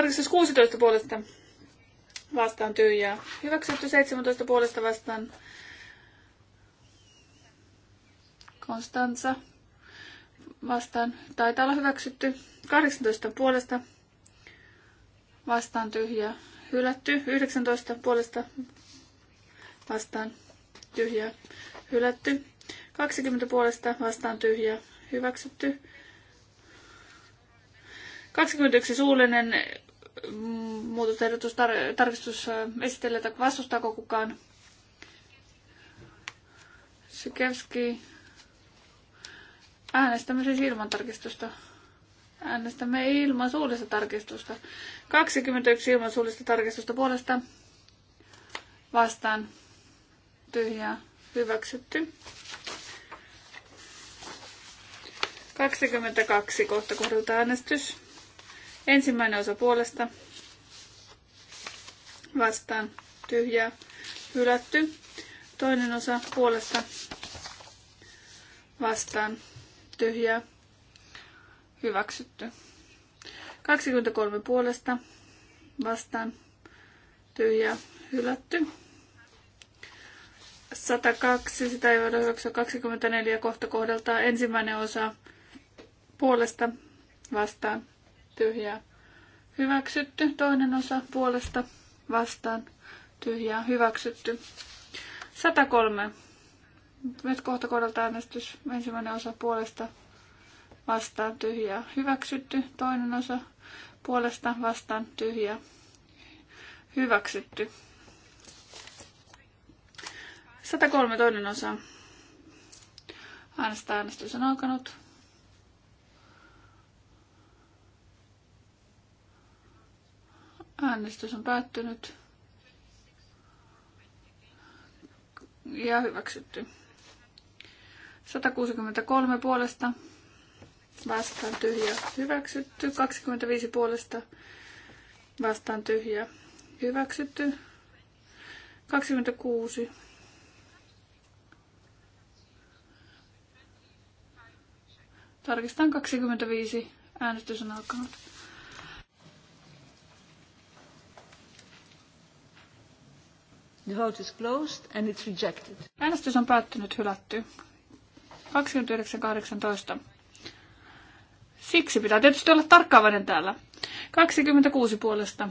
Tarkistus 16 puolesta vastaan tyhjää. Hyväksytty 17 puolesta vastaan Konstansa vastaan. Taitaa olla hyväksytty 18 puolesta vastaan tyhjää. Hylätty 19 puolesta vastaan tyhjää. Hylätty 20 puolesta vastaan tyhjää. Hyväksytty 21 suullinen muutosehdotus tar- tarkistus äh, esitellä, että vastustaako kukaan. Sikevski. Äänestämme siis ilman tarkistusta. Äänestämme ilman suullista tarkistusta. 21 ilman suullista tarkistusta puolesta. Vastaan. Tyhjää. Hyväksytty. 22 kohta kohdalta äänestys. Ensimmäinen osa puolesta vastaan tyhjää hylätty. Toinen osa puolesta vastaan tyhjää hyväksytty. 23 puolesta vastaan tyhjää hylätty. 102, sitä ei voida hyväksyä 24 kohta kohdaltaan ensimmäinen osa puolesta vastaan tyhjää, hyväksytty. Toinen osa puolesta vastaan, tyhjää, hyväksytty. 103. Nyt kohta kohdalta äänestys. Ensimmäinen osa puolesta vastaan tyhjää hyväksytty. Toinen osa puolesta vastaan tyhjää hyväksytty. 103 toinen osa. Äänestä äänestys on alkanut. Äänestys on päättynyt. Ja hyväksytty. 163 puolesta. Vastaan tyhjä. Hyväksytty. 25 puolesta. Vastaan tyhjä. Hyväksytty. 26. Tarkistan 25. Äänestys on alkanut. The vote is closed and it's rejected. Äänestys on päättynyt hylätty. 29.18. Siksi pitää tietysti olla tarkkaavainen täällä. 26 puolesta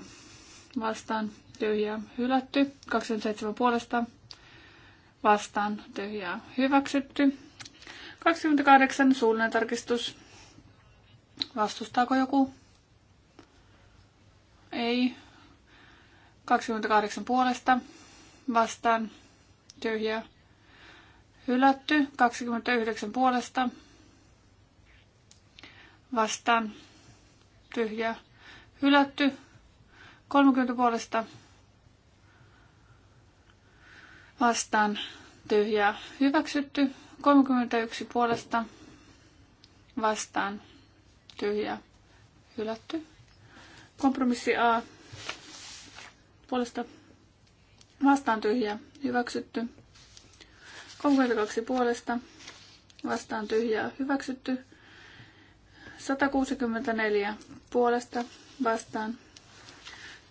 vastaan tyhjää hylätty. 27 puolesta vastaan tyhjää hyväksytty. 28 suullinen tarkistus. Vastustaako joku? Ei. 28 puolesta vastaan tyhjä hylätty. 29 puolesta vastaan tyhjä hylätty. 30 puolesta vastaan tyhjä hyväksytty. 31 puolesta vastaan tyhjä hylätty. Kompromissi A puolesta Vastaan tyhjä. Hyväksytty. 32 puolesta. Vastaan tyhjä Hyväksytty. 164 puolesta. Vastaan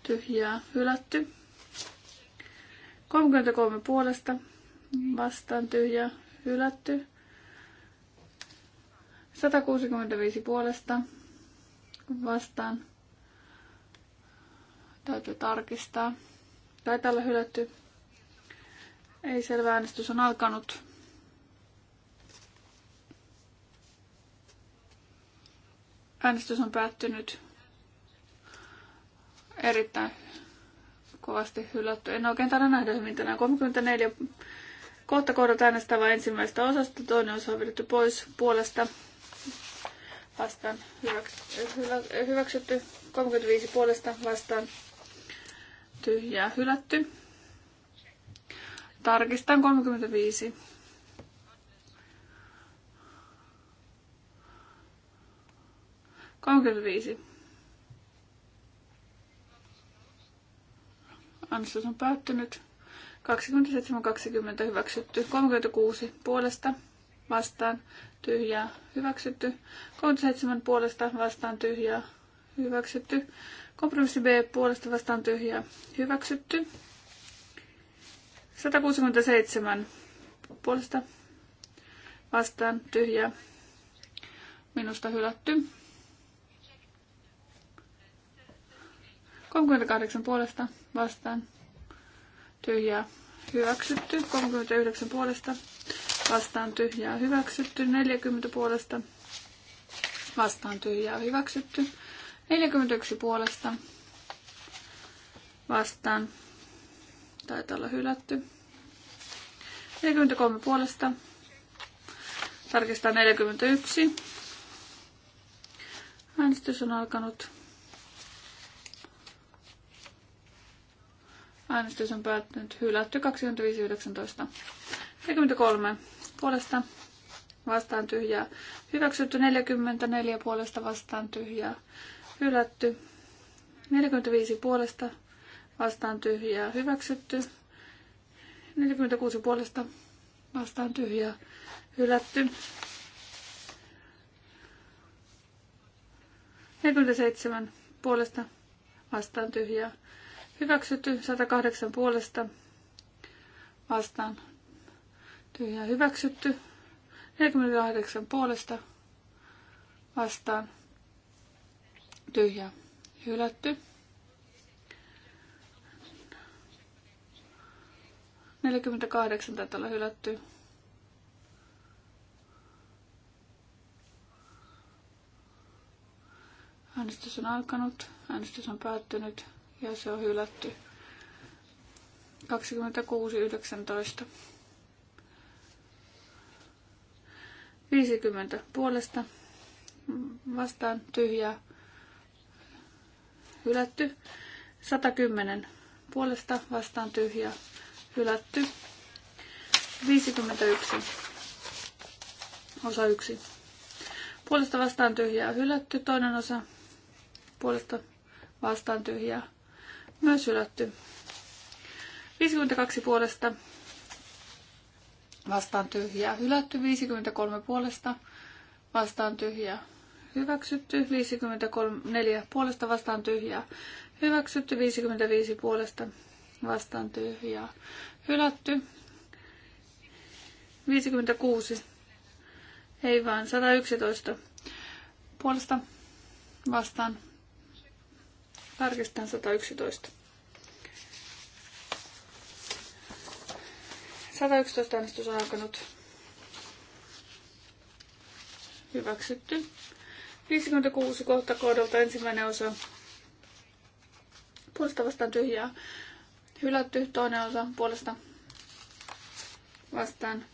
tyhjä Hylätty. 33 puolesta. Vastaan tyhjä, Hylätty. 165 puolesta. Vastaan. Täytyy tarkistaa. Taitaa olla hylätty. Ei selvä äänestys on alkanut. Äänestys on päättynyt. Erittäin kovasti hylätty. En oikein taida nähdä hyvin tänään. 34 kohta kohdat äänestävä ensimmäistä osasta, toinen osa on vedetty pois puolesta. Vastaan hyväksytty 35 puolesta vastaan Tyhjää hylätty. Tarkistan 35. viisi. on päättynyt. 27.20 hyväksytty. 36 puolesta vastaan tyhjää hyväksytty. 37 puolesta vastaan tyhjää hyväksytty. Kompromissi B puolesta vastaan tyhjä hyväksytty. 167 puolesta vastaan tyhjä minusta hylätty. 38 puolesta vastaan tyhjä hyväksytty. 39 puolesta vastaan tyhjää hyväksytty. 40 puolesta vastaan tyhjää hyväksytty. 41 puolesta vastaan. Taitaa olla hylätty. 43 puolesta. Tarkistaa 41. Äänestys on alkanut. Äänestys on päättynyt. Hylätty 25.19. 43 puolesta vastaan tyhjää. Hyväksytty 44 puolesta vastaan tyhjää hylätty. 45 puolesta vastaan tyhjää hyväksytty. 46 puolesta vastaan tyhjää hylätty. 47 puolesta vastaan tyhjää hyväksytty. 108 puolesta vastaan tyhjää hyväksytty. 48 puolesta vastaan tyhjä, hylätty. 48 taitaa olla hylätty. Äänestys on alkanut, äänestys on päättynyt ja se on hylätty. 26.19. 50 puolesta vastaan tyhjää hylätty. 110 puolesta vastaan tyhjä, hylätty. 51, osa 1. Puolesta vastaan tyhjää, hylätty. Toinen osa, puolesta vastaan tyhjää, myös hylätty. 52 puolesta vastaan tyhjää, hylätty. 53 puolesta vastaan tyhjää, hyväksytty, 54 puolesta vastaan tyhjää, hyväksytty, 55 puolesta vastaan tyhjää, hylätty, 56, ei vaan 111 puolesta vastaan, tarkistan 111. 111 äänestys on alkanut. Hyväksytty. 56 kohta kohdalta ensimmäinen osa. Puolesta vastaan tyhjää. Hylätty toinen osa puolesta vastaan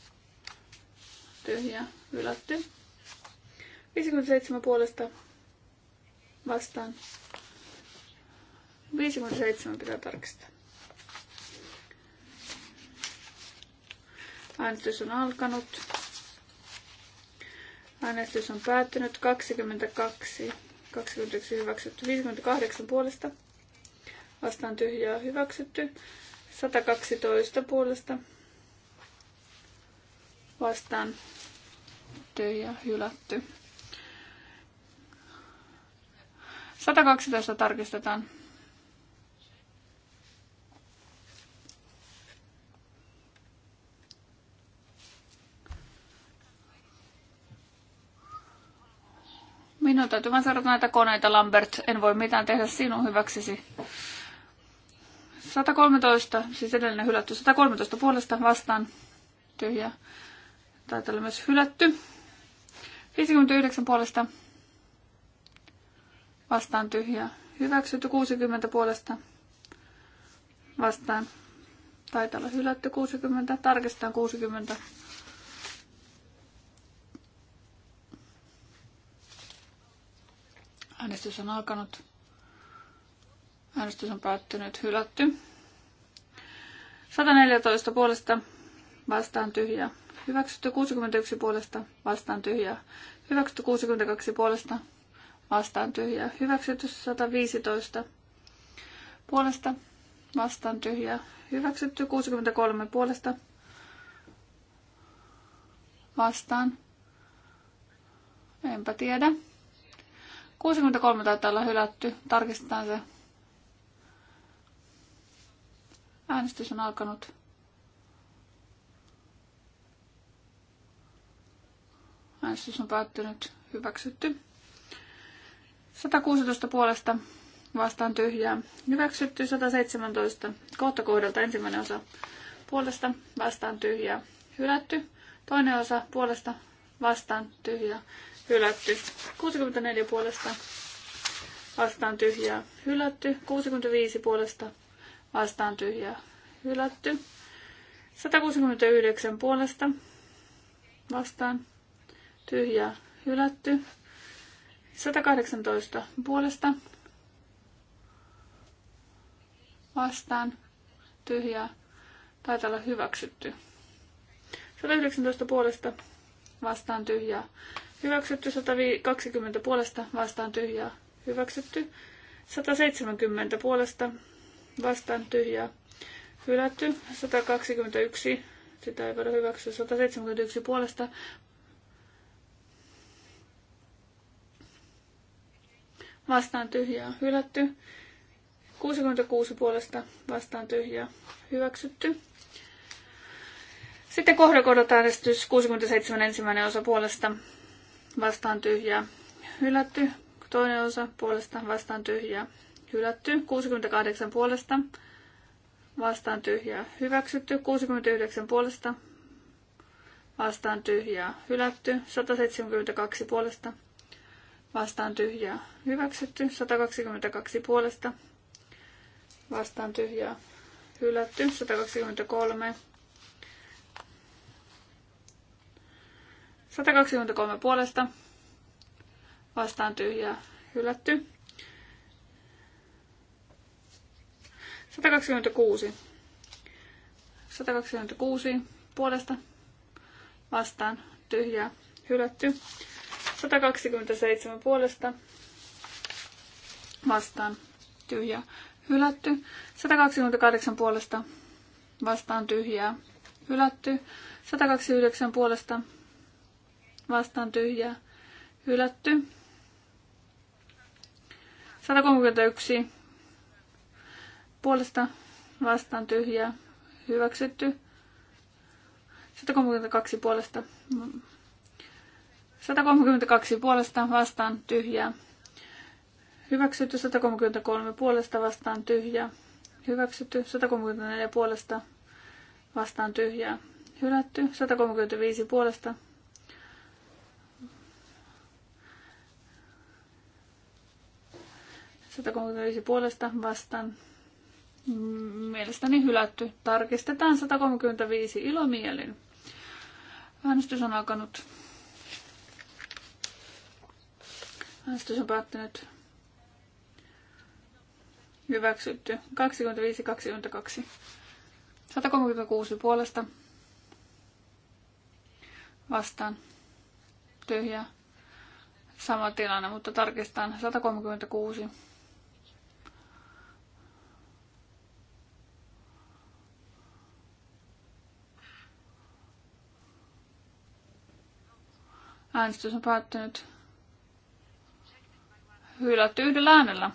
tyhjää. Hylätty. 57 puolesta vastaan. 57 pitää tarkistaa. Äänestys on alkanut. Äänestys on päättynyt 22, 29 hyväksytty, 58 puolesta. Vastaan tyhjää hyväksytty, 112 puolesta. Vastaan tyhjää hylätty. 112 tarkistetaan. Minun täytyy vain saada näitä koneita, Lambert. En voi mitään tehdä sinun hyväksesi. 113, siis edellinen hylätty. 113 puolesta vastaan. Tyhjä. Taitaa olla myös hylätty. 59 puolesta vastaan tyhjä. Hyväksytty 60 puolesta vastaan. Taitaa olla hylätty 60. Tarkistetaan 60. Äänestys on alkanut. Äänestys on päättynyt. Hylätty. 114 puolesta vastaan tyhjä. Hyväksytty 61 puolesta vastaan tyhjä. Hyväksytty 62 puolesta vastaan tyhjä. Hyväksytty 115 puolesta vastaan tyhjä. Hyväksytty 63 puolesta vastaan. Enpä tiedä. 63 taitaa olla hylätty. Tarkistetaan se. Äänestys on alkanut. Äänestys on päättynyt. Hyväksytty. 116 puolesta vastaan tyhjää. Hyväksytty 117. Kohta kohdalta ensimmäinen osa puolesta vastaan tyhjää. Hylätty. Toinen osa puolesta vastaan tyhjää hylätty. 64 puolesta vastaan tyhjää, hylätty. 65 puolesta vastaan tyhjää, hylätty. 169 puolesta vastaan tyhjää, hylätty. 118 puolesta vastaan tyhjää, taitaa olla hyväksytty. 119 puolesta vastaan tyhjää, Hyväksytty 120 puolesta vastaan tyhjää. Hyväksytty 170 puolesta vastaan tyhjää. Hylätty 121. Sitä ei voida hyväksyä 171 puolesta vastaan tyhjää. Hylätty 66 puolesta vastaan tyhjää. Hyväksytty. Sitten kohdakohdat äänestys 67 ensimmäinen osa puolesta vastaan tyhjää, hylätty. Toinen osa puolesta vastaan tyhjää, hylätty. 68 puolesta vastaan tyhjää, hyväksytty. 69 puolesta vastaan tyhjää, hylätty. 172 puolesta vastaan tyhjää, hyväksytty. 122 puolesta vastaan tyhjää, hylätty. 123 123 puolesta vastaan tyhjää hylätty. 126. 126 puolesta vastaan tyhjää hylätty. 127 puolesta vastaan tyhjää hylätty. 128 puolesta vastaan tyhjää hylätty. 129 puolesta vastaan tyhjää hylätty. 131 puolesta vastaan tyhjää hyväksytty. 132 puolesta 132 puolesta vastaan tyhjää. Hyväksytty 133 puolesta vastaan tyhjää. Hyväksytty 134 puolesta vastaan tyhjää. Hylätty 135 puolesta 135 puolesta vastaan. Mielestäni hylätty. Tarkistetaan 135 ilomielin. Äänestys on alkanut. Äänestys on päättynyt. Hyväksytty. 25-22. 136 puolesta. Vastaan. tyhjä Sama tilanne, mutta tarkistan 136. Äänestys on päättynyt. Hylätty yhdellä äänellä.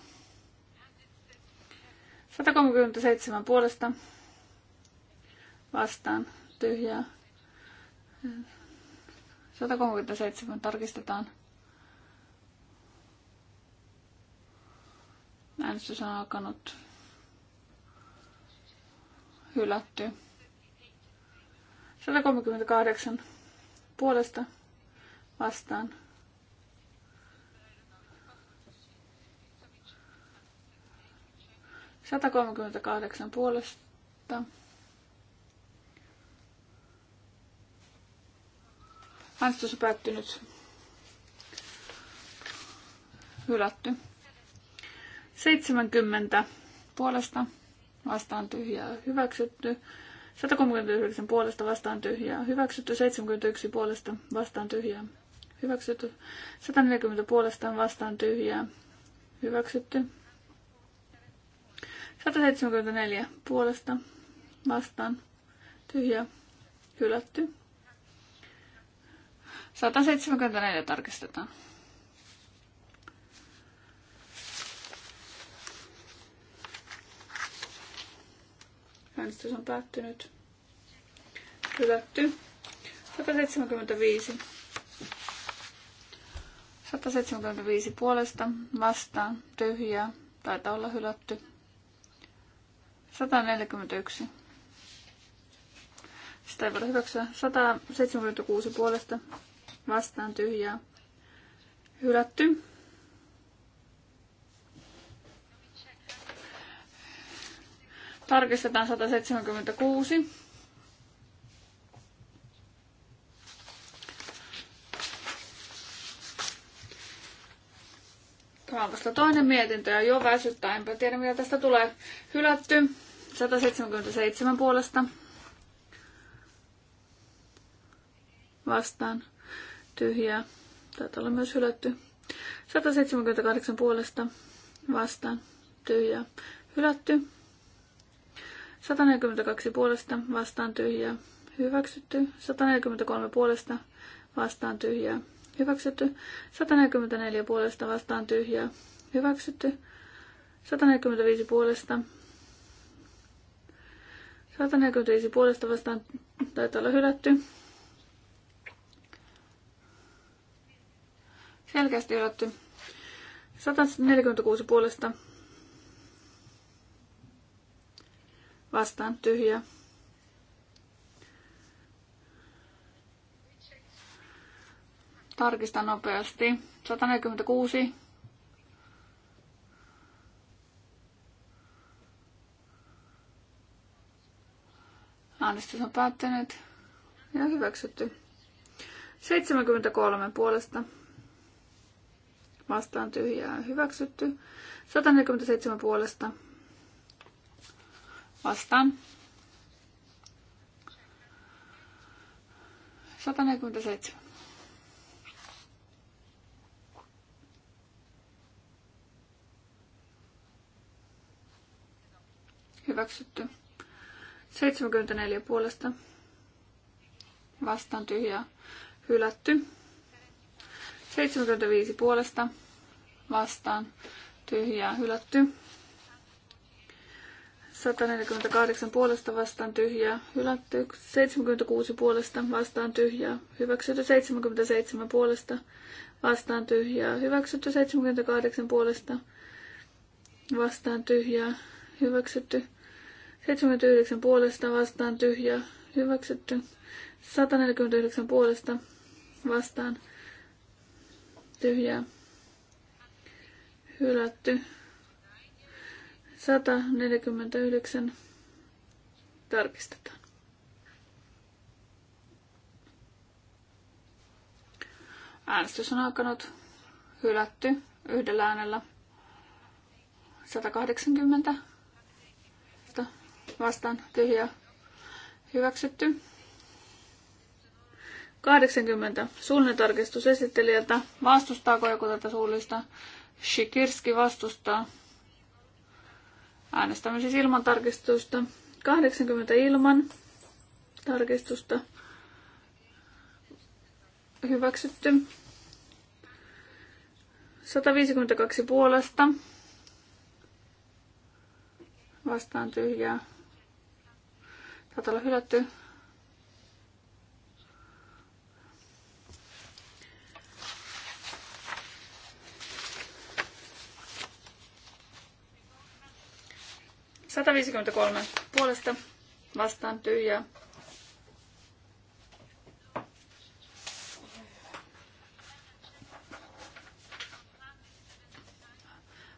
137 puolesta. Vastaan. Tyhjää. 137 tarkistetaan. Äänestys on alkanut. Hylätty. 138 puolesta vastaan. Sata kahdeksan puolesta. Äänestys on päättynyt. Hylätty. 70 puolesta vastaan tyhjää hyväksytty. 139 puolesta vastaan tyhjää hyväksytty. 71 puolesta vastaan tyhjää Hyväksytty. 140 puolestaan vastaan tyhjää. Hyväksytty. 174 puolesta vastaan tyhjä Hylätty. 174 tarkistetaan. Äänestys on päättynyt. Hylätty. 175 175 puolesta vastaan tyhjää. Taitaa olla hylätty. 141. Sitä ei voida hyväksyä. 176 puolesta vastaan tyhjää. Hylätty. Tarkistetaan 176. Tämä on vasta toinen mietintö ja jo väsyttää. Enpä tiedä mitä tästä tulee. Hylätty 177 puolesta. Vastaan. Tyhjää. Täältä olla myös hylätty. 178 puolesta. Vastaan. Tyhjää. Hylätty. 142 puolesta. Vastaan tyhjää. Hyväksytty. 143 puolesta. Vastaan tyhjää hyväksytty. 144 puolesta vastaan tyhjää, hyväksytty. 145 puolesta. 145 puolesta vastaan taitaa olla hylätty. Selkeästi hylätty. 146 puolesta vastaan tyhjää. Tarkistan nopeasti. 146. Äänestys on päättynyt ja hyväksytty. 73 puolesta vastaan tyhjää hyväksytty. 147 puolesta vastaan. 147. Hyväksytty. 74 puolesta. Vastaan tyhjä Hylätty. 75 puolesta. Vastaan tyhjää. Hylätty. 148 puolesta vastaan tyhjää, hylätty 76 puolesta vastaan tyhjää, hyväksytty 77 puolesta vastaan tyhjää, hyväksytty 78 puolesta vastaan tyhjää, hyväksytty 79 puolesta vastaan tyhjä hyväksytty. 149 puolesta vastaan tyhjää hylätty. 149 tarkistetaan. Äänestys on alkanut hylätty yhdellä äänellä 180 vastaan tyhjä hyväksytty. 80. Suullinen tarkistus esittelijältä. Vastustaako joku tätä suullista? Shikirski vastustaa. Äänestämme siis ilman tarkistusta. 80 ilman tarkistusta. Hyväksytty. 152 puolesta. Vastaan tyhjää. Taitaa olla hylätty. kolme puolesta vastaan tyhjää.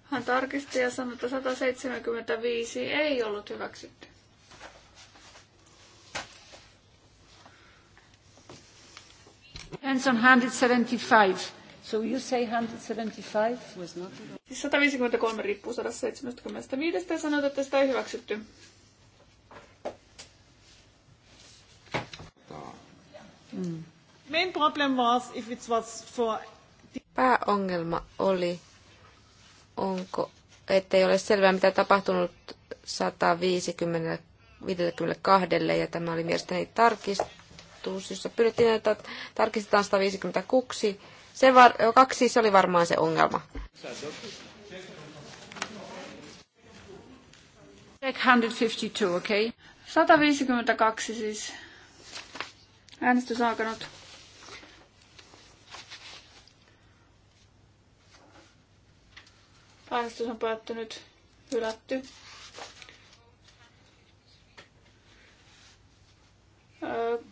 Hän tarkisti ja sanoi, että 175 ei ollut hyväksytty. amendments on 175. So you say 175 was not... 153 siis riippuu 175 ja että sitä ei hyväksytty. Mm. Main problem was if it was for... Pääongelma oli, onko, ettei ole selvää, mitä tapahtunut 150-500 52, ja tämä oli mielestäni tarkistettu tapahtuisi, jossa pyydettiin, että tarkistetaan 156. Se var, kaksi, se oli varmaan se ongelma. Check 152, okei. Okay. 152 siis. Äänestys alkanut. Äänestys on päättynyt. Hylätty.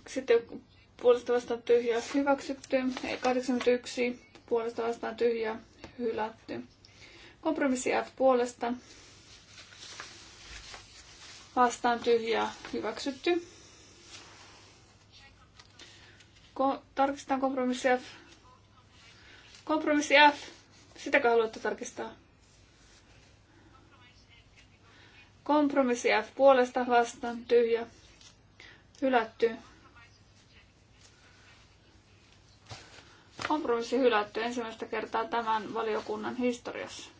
Sitten puolesta vastaan tyhjä hyväksytty. 81 puolesta vastaan tyhjä hylätty. Kompromissi F puolesta vastaan tyhjä hyväksytty. Ko- tarkistetaan kompromissi F. Kompromissi F. Sitäkö haluatte tarkistaa? Kompromissi F puolesta vastaan tyhjä Hylätty. Kompromissi hylätty ensimmäistä kertaa tämän valiokunnan historiassa.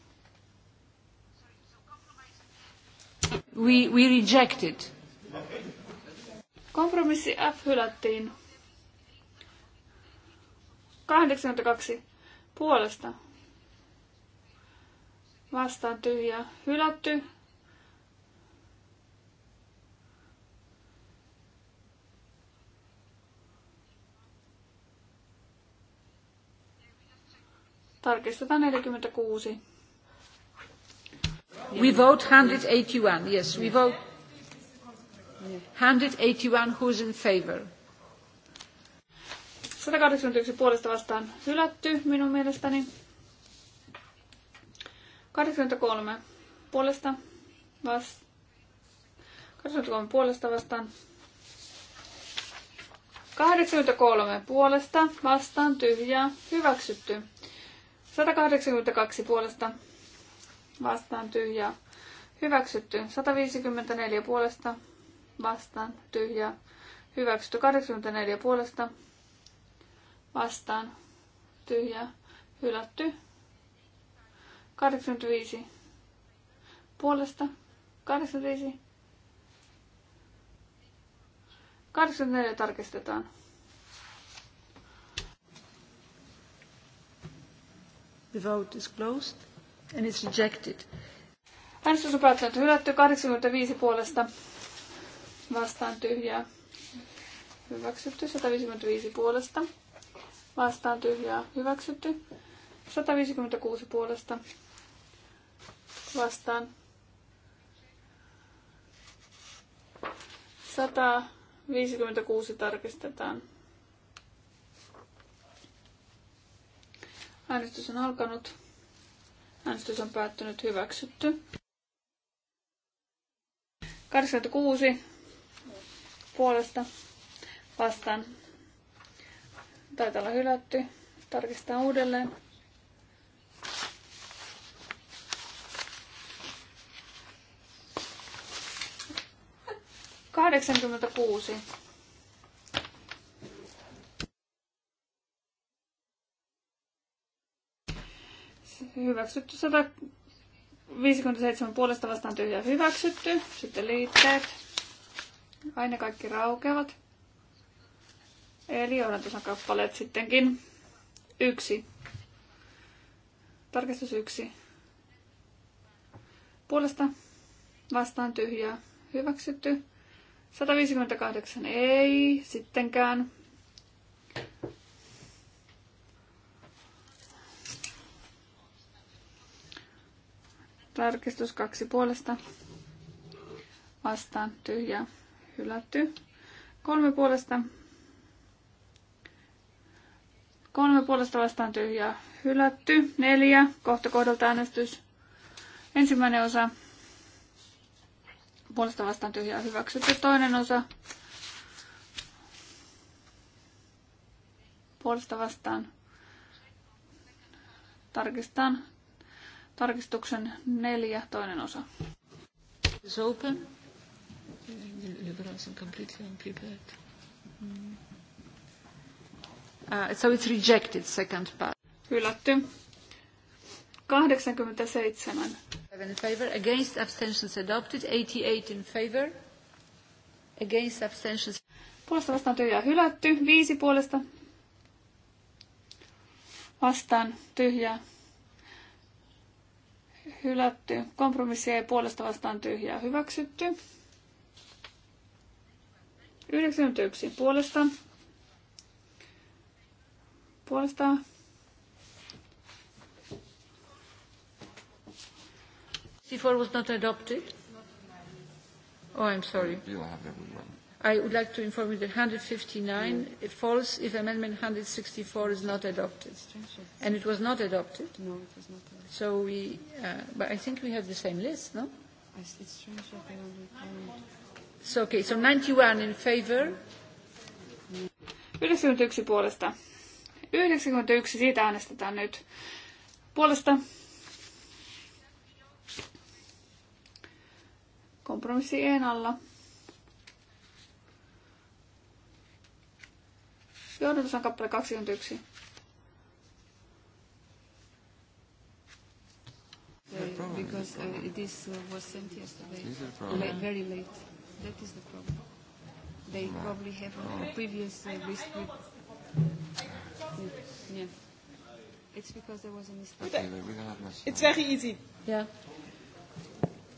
We, we rejected. Kompromissi F hylättiin. 82 puolesta. Vastaan tyhjä. Hylätty. Tarkistetaan 46. We vote 181. Yes, we vote 181. Who's in favor? 181 puolesta vastaan hylätty minun mielestäni. 83 puolesta vastaan. 83 puolesta vastaan. 83 puolesta vastaan tyhjää hyväksytty. 182 puolesta vastaan tyhjää. Hyväksytty 154 puolesta vastaan tyhjää. Hyväksytty 84 puolesta vastaan tyhjää. Hylätty 85 puolesta 85. 84 tarkistetaan. The vote is closed and it's rejected. Äänestys on päättänyt hylätty 85 puolesta vastaan tyhjää. Hyväksytty 155 puolesta. Vastaan tyhjää. Hyväksytty 156 puolesta. Vastaan 156 tarkistetaan. Äänestys on alkanut. Äänestys on päättynyt. Hyväksytty. 86 puolesta vastaan. Taitaa olla hylätty. Tarkistaa uudelleen. Kahdeksankymmentäkuusi. hyväksytty 157 puolesta vastaan tyhjä hyväksytty. Sitten liitteet. Aina kaikki raukeavat. Eli johdatusan kappaleet sittenkin. Yksi. Tarkistus yksi. Puolesta vastaan tyhjä hyväksytty. 158 ei sittenkään. Tarkistus kaksi puolesta. Vastaan tyhjä. Hylätty. Kolme puolesta. Kolme puolesta vastaan tyhjä, Hylätty. Neljä. Kohta kohdalta äänestys. Ensimmäinen osa. Puolesta vastaan tyhjä, hyväksytty. Toinen osa. Puolesta vastaan. Tarkistan Tarkistuksen neljä, toinen osa. Is open. Liberals completely unprepared. Mm. Uh, so it's rejected, second part. Hylätty. 87. In favor, against abstentions adopted, 88 in favor, against abstentions. Puolesta vastaan tyhjää hylätty, viisi puolesta vastaan tyhjää hylätty. Kompromissi ei puolesta vastaan tyhjää hyväksytty. 91 puolesta. Puolesta. C4 was not adopted. Oh, I'm sorry. You have everyone. I would like to inform you that 159 mm. falls if Amendment 164 is not adopted. And it was not adopted. No, it was not adopted. So we, uh, but I think we have the same list, no? It's strange that I don't So okay, so 91 in favor. 91 puolesta. 91, siitä äänestetään nyt. Puolesta. Kompromissi en alla. Johdatus on kappale 21. Because uh, this uh, was sent yesterday, late, very late. That is the problem. They no. probably have a, a previous uh, list. With, yeah. It's because there was a mistake. It's very easy. Yeah.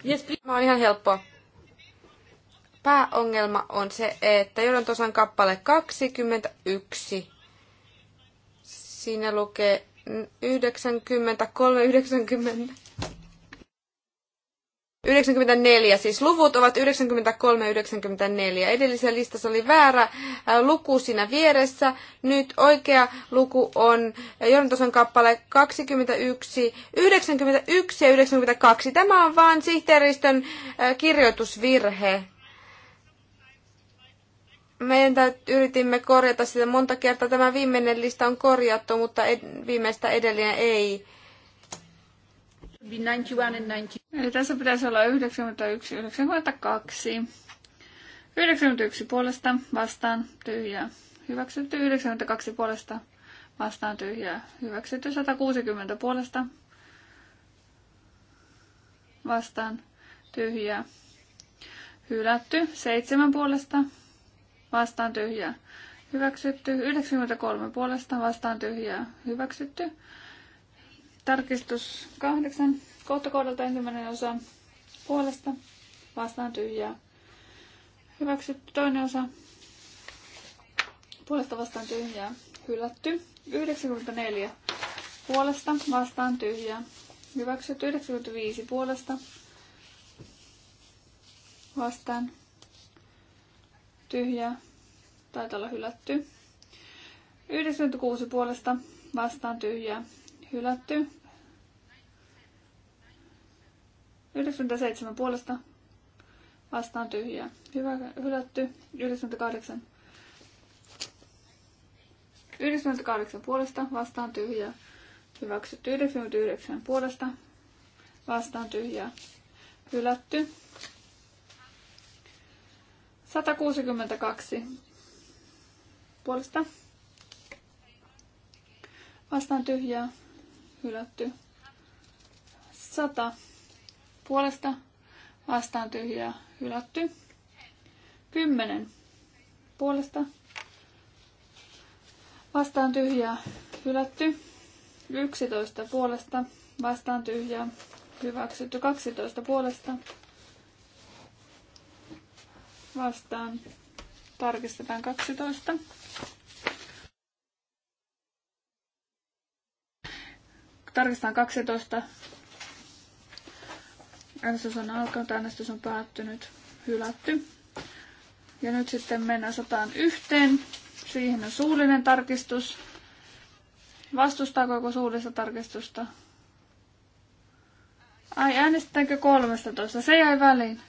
Yes, please. Tämä ihan helppoa. Pääongelma on se, että joudun johdantosan kappale 21. Siinä lukee 93, 90. 94, siis luvut ovat 93-94. Edellisessä listassa oli väärä luku siinä vieressä. Nyt oikea luku on Jontoson kappale 21, 91 ja 92. Tämä on vain sihteeristön kirjoitusvirhe. Meidän yritimme korjata sitä monta kertaa. Tämä viimeinen lista on korjattu, mutta ed- viimeistä edellinen ei. Eli tässä pitäisi olla 91, 92. 91 puolesta vastaan tyhjää. Hyväksytty 92 puolesta vastaan tyhjää. Hyväksytty 160 puolesta vastaan tyhjää. Hylätty 7 puolesta vastaan tyhjää. Hyväksytty. 93 puolesta vastaan tyhjää. Hyväksytty. Tarkistus 8. Kohta kohdalta ensimmäinen osa puolesta vastaan tyhjää. Hyväksytty toinen osa puolesta vastaan tyhjää. Hylätty. 94 puolesta vastaan tyhjää. Hyväksytty 95 puolesta vastaan tyhjää, taitaa olla hylätty. 96 puolesta vastaan tyhjää, hylätty. 97 puolesta vastaan tyhjää, hyvä, hylätty. 98 98 puolesta vastaan tyhjää, hyväksytty. 99 puolesta vastaan tyhjää, hylätty. 162 puolesta. Vastaan tyhjää, hylätty. 100 puolesta. Vastaan tyhjää, hylätty. 10 puolesta. Vastaan tyhjää, hylätty. 11 puolesta. Vastaan tyhjää, hyväksytty. 12 puolesta vastaan. Tarkistetaan 12. Tarkistetaan 12. Äänestys on alkanut, äänestys on päättynyt, hylätty. Ja nyt sitten mennään 101. Siihen on suullinen tarkistus. Vastustaako koko suullista tarkistusta? Ai, äänestetäänkö 13? Se jäi väliin.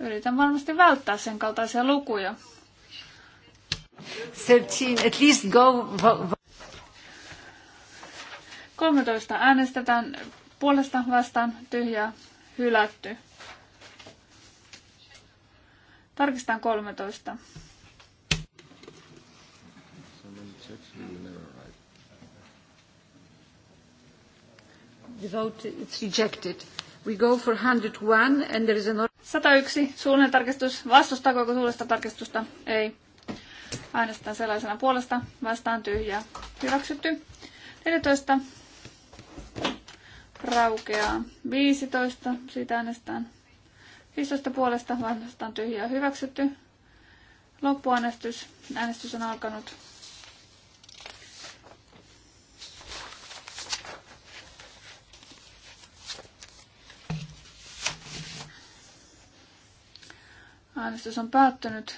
Yritän varmasti välttää sen kaltaisia lukuja. 13, at least go... 13 äänestetään puolesta vastaan tyhjää hylätty. Tarkistetaan 13. The vote is rejected. We go for 101 and there is an... 101. Suullinen tarkistus. Vastustaako koko suullista tarkistusta? Ei. Äänestetään sellaisena puolesta. Vastaan tyhjää. Hyväksytty. 14. Raukeaa. 15. Siitä äänestetään. 15 puolesta vastaan tyhjää. Hyväksytty. Loppuäänestys. Äänestys on alkanut. Äänestys on päättynyt.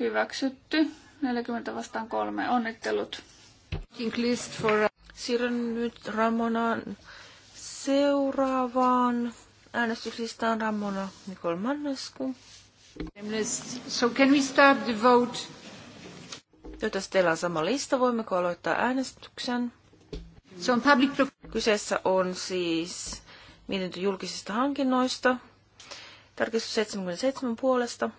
Hyväksytty. 40 vastaan 3. Onnittelut. Siirryn nyt Ramonaan seuraavaan äänestyslistaan Ramona Nicole Mannesku. So can we start the vote? Jos teillä on sama lista, voimmeko aloittaa äänestyksen? Se on public... Kyseessä on siis mietintö julkisista hankinnoista. Tarkistus 77 puolesta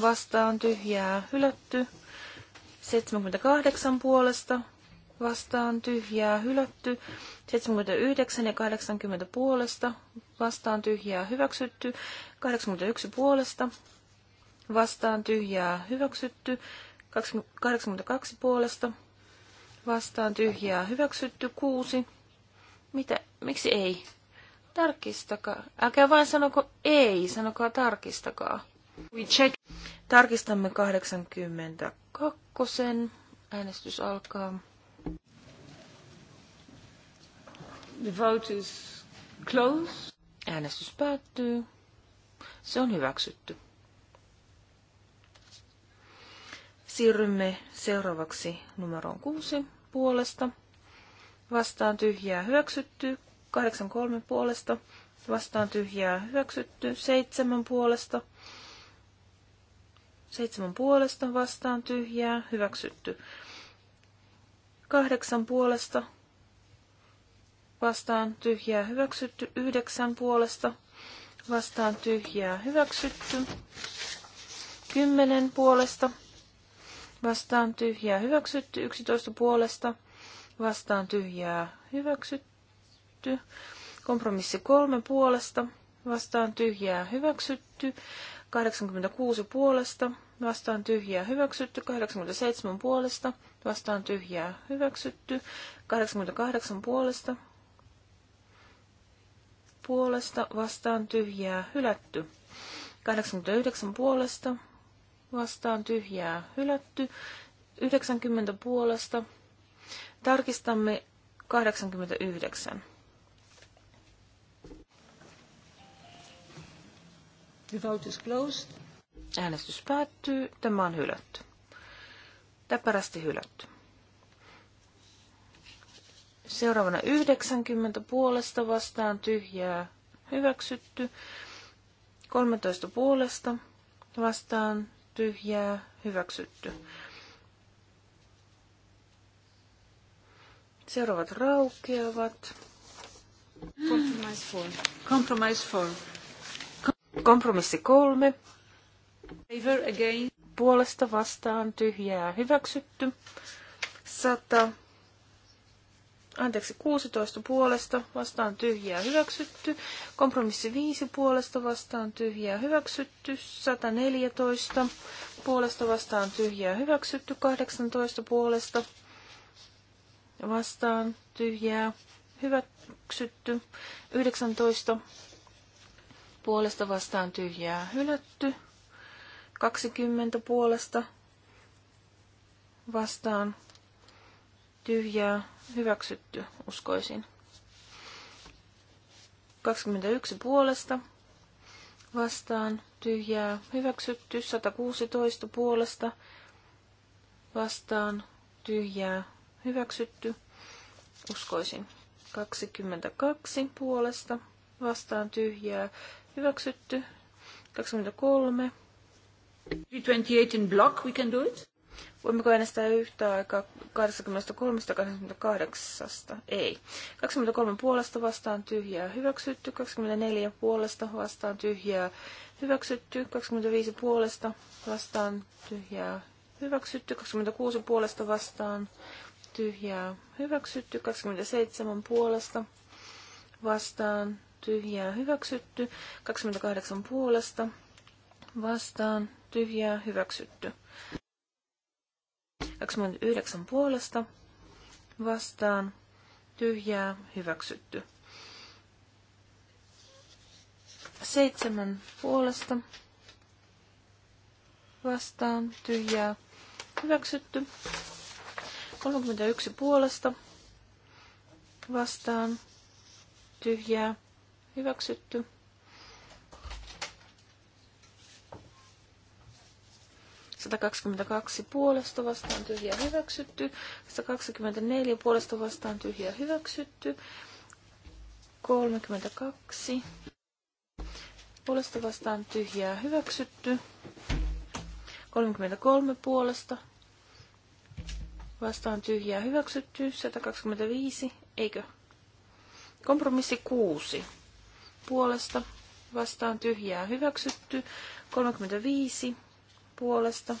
vastaan tyhjää hylätty. 78 puolesta vastaan tyhjää hylätty. 79 ja 80 puolesta vastaan tyhjää hyväksytty. 81 puolesta vastaan tyhjää hyväksytty. 82 puolesta vastaan tyhjää hyväksytty. 6. Mitä? Miksi ei? Tarkistakaa. Älkää vain sanoko ei, sanokaa tarkistakaa. We check. Tarkistamme 82. Äänestys alkaa. The vote is closed. Äänestys päättyy. Se on hyväksytty. Siirrymme seuraavaksi numeroon kuusi puolesta. Vastaan tyhjää hyväksytty kahdeksan kolmen puolesta vastaan tyhjää hyväksytty. seitsemän puolesta. seitsemän puolesta vastaan tyhjää hyväksytty. kahdeksan puolesta vastaan tyhjää hyväksytty. yhdeksän puolesta vastaan tyhjää hyväksytty. kymmenen puolesta vastaan tyhjää hyväksytty. Yksitoista puolesta vastaan tyhjää hyväksytty hyväksytty. Kompromissi kolme puolesta vastaan tyhjää hyväksytty. 86 puolesta vastaan tyhjää hyväksytty. 87 puolesta vastaan tyhjää hyväksytty. 88 puolesta puolesta vastaan tyhjää hylätty. 89 puolesta vastaan tyhjää hylätty. 90 puolesta. Tarkistamme 89. The vote is closed. Äänestys päättyy. Tämä on hylätty. Täpärästi hylätty. Seuraavana 90 puolesta vastaan tyhjää hyväksytty. 13 puolesta vastaan tyhjää hyväksytty. Seuraavat raukeavat. Compromise for. Compromise for. Kompromissi kolme. Favor again. Puolesta vastaan tyhjää hyväksytty. 100. Anteeksi, 16 puolesta vastaan tyhjää hyväksytty. Kompromissi 5 puolesta vastaan tyhjää hyväksytty. 114 puolesta vastaan tyhjää hyväksytty. 18 puolesta vastaan tyhjää hyväksytty. 19 puolesta vastaan tyhjää hylätty. 20 puolesta vastaan tyhjää hyväksytty, uskoisin. 21 puolesta vastaan tyhjää hyväksytty, 116 puolesta vastaan tyhjää hyväksytty, uskoisin. 22 puolesta vastaan tyhjää Hyväksytty. 23. 328 in block, we can do it. Voimmeko äänestää yhtä aikaa 23 ja 28? Ei. 23 puolesta vastaan tyhjää hyväksytty, 24 puolesta vastaan tyhjää hyväksytty, 25 puolesta vastaan tyhjää hyväksytty, 26 puolesta vastaan tyhjää hyväksytty, 27 puolesta vastaan tyhjää hyväksytty. 28 puolesta vastaan tyhjää hyväksytty. 29 puolesta vastaan tyhjää hyväksytty. 7 puolesta vastaan tyhjää hyväksytty. 31 puolesta vastaan tyhjää hyväksytty. kaksi puolesta vastaan tyhjä hyväksytty. 124 puolesta vastaan tyhjä hyväksytty. 32 puolesta vastaan tyhjää hyväksytty. 33 puolesta vastaan tyhjää hyväksytty. 125, eikö? Kompromissi 6 puolesta vastaan tyhjää hyväksytty. 35 puolesta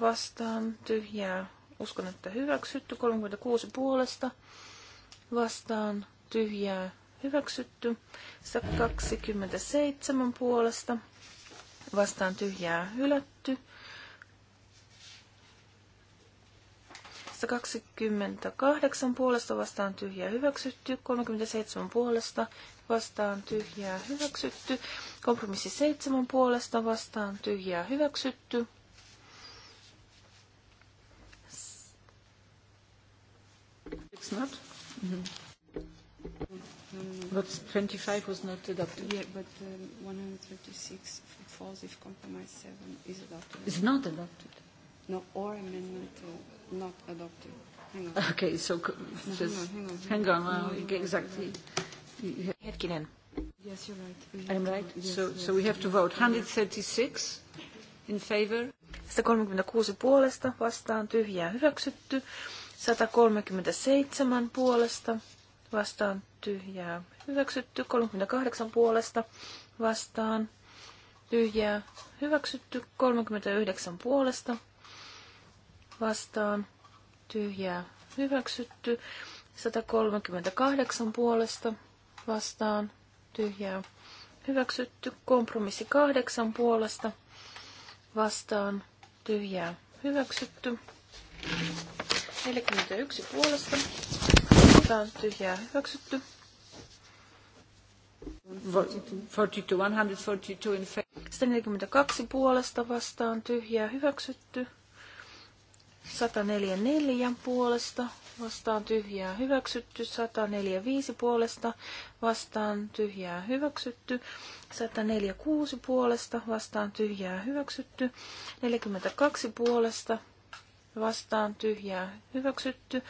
vastaan tyhjää uskon, että hyväksytty. 36 puolesta vastaan tyhjää hyväksytty. 127 puolesta vastaan tyhjää hylätty. 28 puolesta vastaan tyhjää hyväksytty, 37 puolesta vastaan tyhjää hyväksytty. Kompromissi 7 puolesta vastaan tyhjää hyväksytty. It's not. Mm-hmm. But 25 was not adopted. Yeah, but um, 136 falls if compromise 7 is adopted. It's not adopted. No, or amendment uh, not adopted. Hang on. Okay, so no, just no, hang on. Hang on. Hang on. Hang on. Exactly. Hetkinen. Yes, you're right. I'm right. So, so we have to vote. 136 in favor. 136 puolesta vastaan tyhjää hyväksytty. 137 puolesta vastaan tyhjää hyväksytty. 38 puolesta vastaan tyhjää hyväksytty. 39 puolesta vastaan tyhjää hyväksytty. 138 puolesta vastaan tyhjää hyväksytty. Kompromissi kahdeksan puolesta vastaan tyhjää hyväksytty. 41 puolesta vastaan tyhjää hyväksytty. 42, 142 puolesta vastaan tyhjää hyväksytty. 144 puolesta vastaan tyhjää hyväksytty, 145 puolesta vastaan tyhjää hyväksytty, 146 puolesta vastaan tyhjää hyväksytty, 42 puolesta vastaan tyhjää hyväksytty,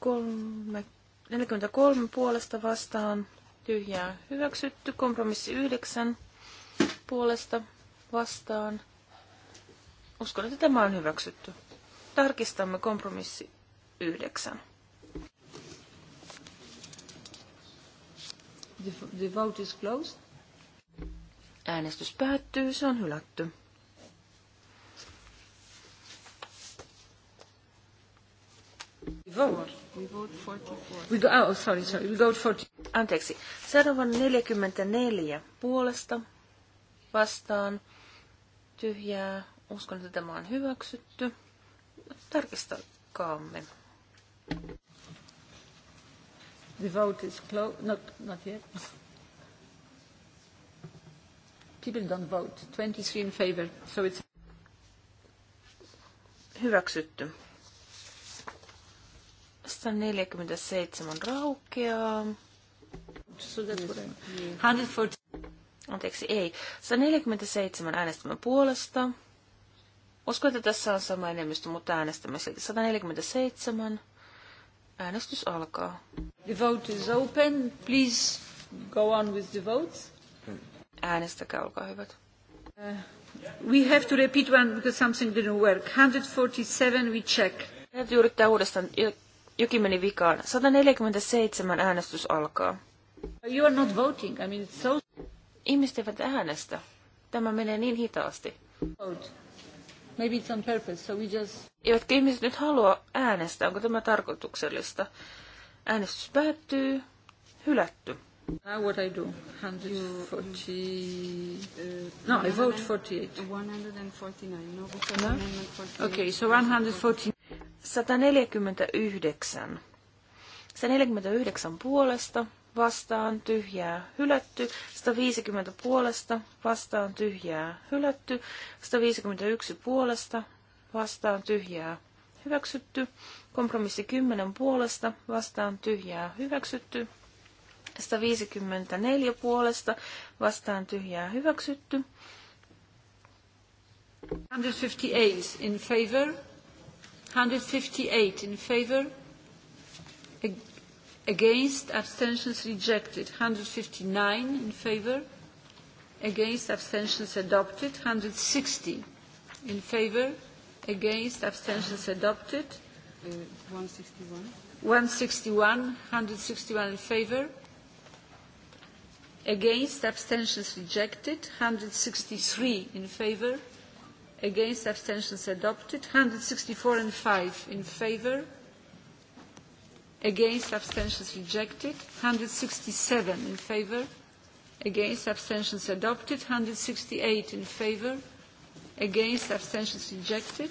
3, 43 puolesta vastaan tyhjää hyväksytty, kompromissi 9 puolesta vastaan Uskon, että tämä on hyväksytty. Tarkistamme kompromissi yhdeksän. The, the vote is closed. Äänestys päättyy, se on hylätty. Vote. We vote 44. We go, oh, sorry, sorry. We go 40. Anteeksi. Seuraavan 44 puolesta vastaan tyhjää Uskon, että tämä on hyväksytty. Tarkistakaamme. The vote is closed. Not, not yet. People don't vote. 23 in favor, so it's... Hyväksytty. 147 raukeaa. So that's what I'm... 140. Anteeksi, ei. 147 äänestämme puolesta Uskon, että tässä on sama enemmistö, mutta äänestämme silti. 147. Äänestys alkaa. The vote is open. Please go on with the votes. Äänestäkää, olkaa hyvät. Uh, we have to repeat one because something didn't work. 147 we check. Täytyy yrittää uudestaan. Jokin meni vikaan. 147 äänestys alkaa. You are not voting. I mean, it's so... Ihmiset eivät äänestä. Tämä menee niin hitaasti. Vote. Maybe it's on purpose, so we just... Eivätkä ihmiset nyt halua äänestää, onko tämä tarkoituksellista? Äänestys päättyy. Hylätty. Now what I do? 140... No, I vote 48. 149. No, because no? amendment 48. Okay, so 149. 149. 149 puolesta vastaan tyhjää hylätty, 150 puolesta vastaan tyhjää hylätty, 151 puolesta vastaan tyhjää hyväksytty, kompromissi 10 puolesta vastaan tyhjää hyväksytty, 154 puolesta vastaan tyhjää hyväksytty. 158 in favor. 158 in favor against abstentions rejected 159 in favor against abstentions adopted 160 in favor against abstentions adopted uh, 161 161 161 in favor against abstentions rejected 163 in favor against abstentions adopted 164 and 5 in favor against abstentions rejected 167 in favor against abstentions adopted 168 in favor against abstentions rejected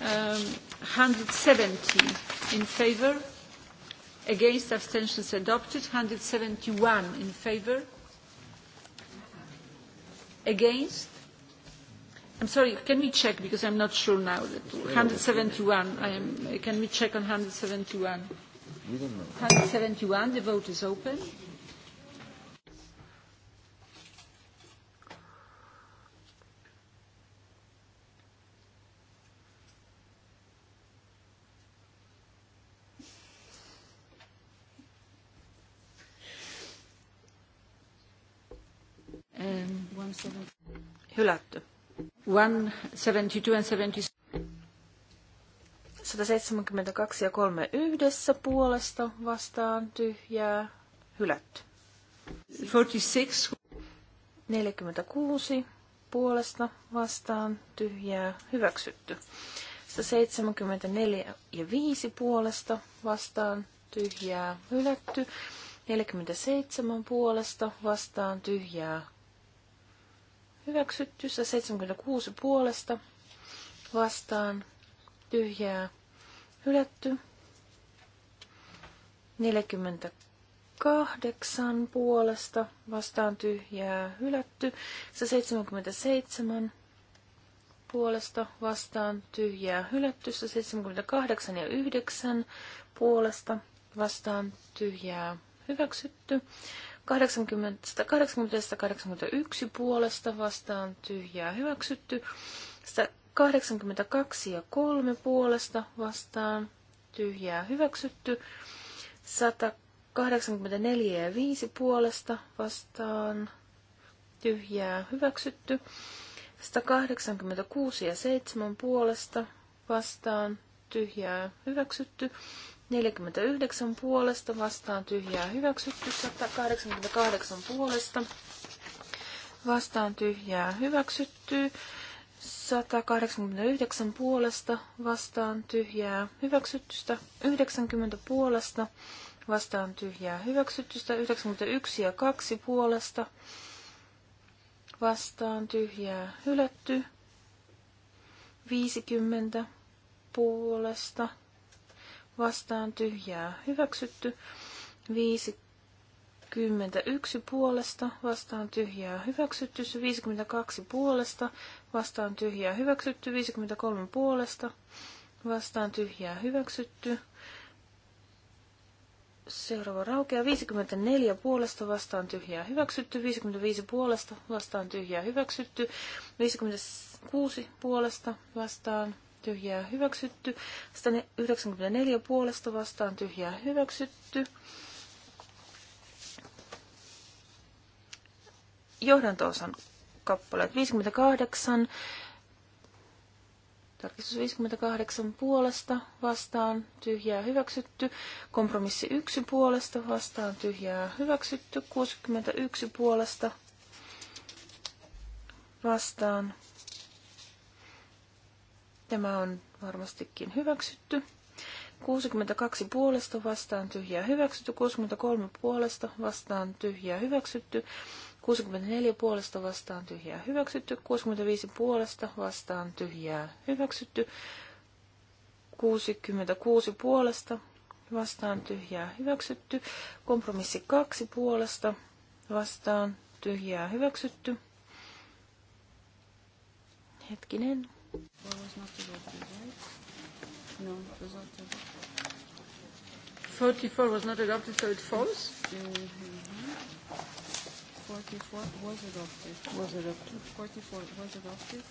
um, 170 in favor against abstentions adopted 171 in favor against I'm sorry, can we check because I'm not sure now. That 171, I am, can we check on 171? We don't know. 171, the vote is open. Um, Hylätty. 172 and 70. 172 ja 3 yhdessä puolesta vastaan tyhjää hylätty. 46. 46 puolesta vastaan tyhjää hyväksytty. 174 ja 5 puolesta vastaan tyhjää hylätty. 47 puolesta vastaan tyhjää hyväksyttyssä 76 puolesta vastaan tyhjää hylätty, 48 puolesta vastaan tyhjää hylätty, 177 puolesta vastaan tyhjää hylätty, 78 ja 9 puolesta vastaan tyhjää hyväksytty, 80-81 puolesta vastaan tyhjää hyväksytty. 182 ja 3 puolesta vastaan tyhjää hyväksytty. 184 ja 5 puolesta vastaan tyhjää hyväksytty. 186 ja 7 puolesta vastaan tyhjää hyväksytty. 49 puolesta vastaan tyhjää hyväksytty. 188 puolesta vastaan tyhjää hyväksytty. 189 puolesta vastaan tyhjää hyväksytystä. 90 puolesta vastaan tyhjää hyväksytystä. 91 ja 2 puolesta vastaan tyhjää hylätty. 50 puolesta vastaan tyhjää hyväksytty. 51 puolesta vastaan tyhjää hyväksytty. 52 puolesta vastaan tyhjää hyväksytty. 53 puolesta vastaan tyhjää hyväksytty. Seuraava raukea. 54 puolesta vastaan tyhjää hyväksytty. 55 puolesta vastaan tyhjää hyväksytty. 56 puolesta vastaan tyhjää hyväksytty. 194 puolesta vastaan tyhjää hyväksytty. Johdanto-osan kappaleet 58. Tarkistus 58 puolesta vastaan tyhjää hyväksytty. Kompromissi 1 puolesta vastaan tyhjää hyväksytty. 61 puolesta vastaan Tämä on varmastikin hyväksytty. 62 puolesta vastaan tyhjää hyväksytty, 63 puolesta vastaan tyhjää hyväksytty, 64 puolesta vastaan tyhjää hyväksytty, 65 puolesta vastaan tyhjää hyväksytty, 66 puolesta vastaan tyhjää hyväksytty, kompromissi 2 puolesta vastaan tyhjää hyväksytty. Hetkinen was not adopted. 44 was not adopted, so it falls? Mm-hmm. 44 was adopted. Was adopted. 44 was adopted.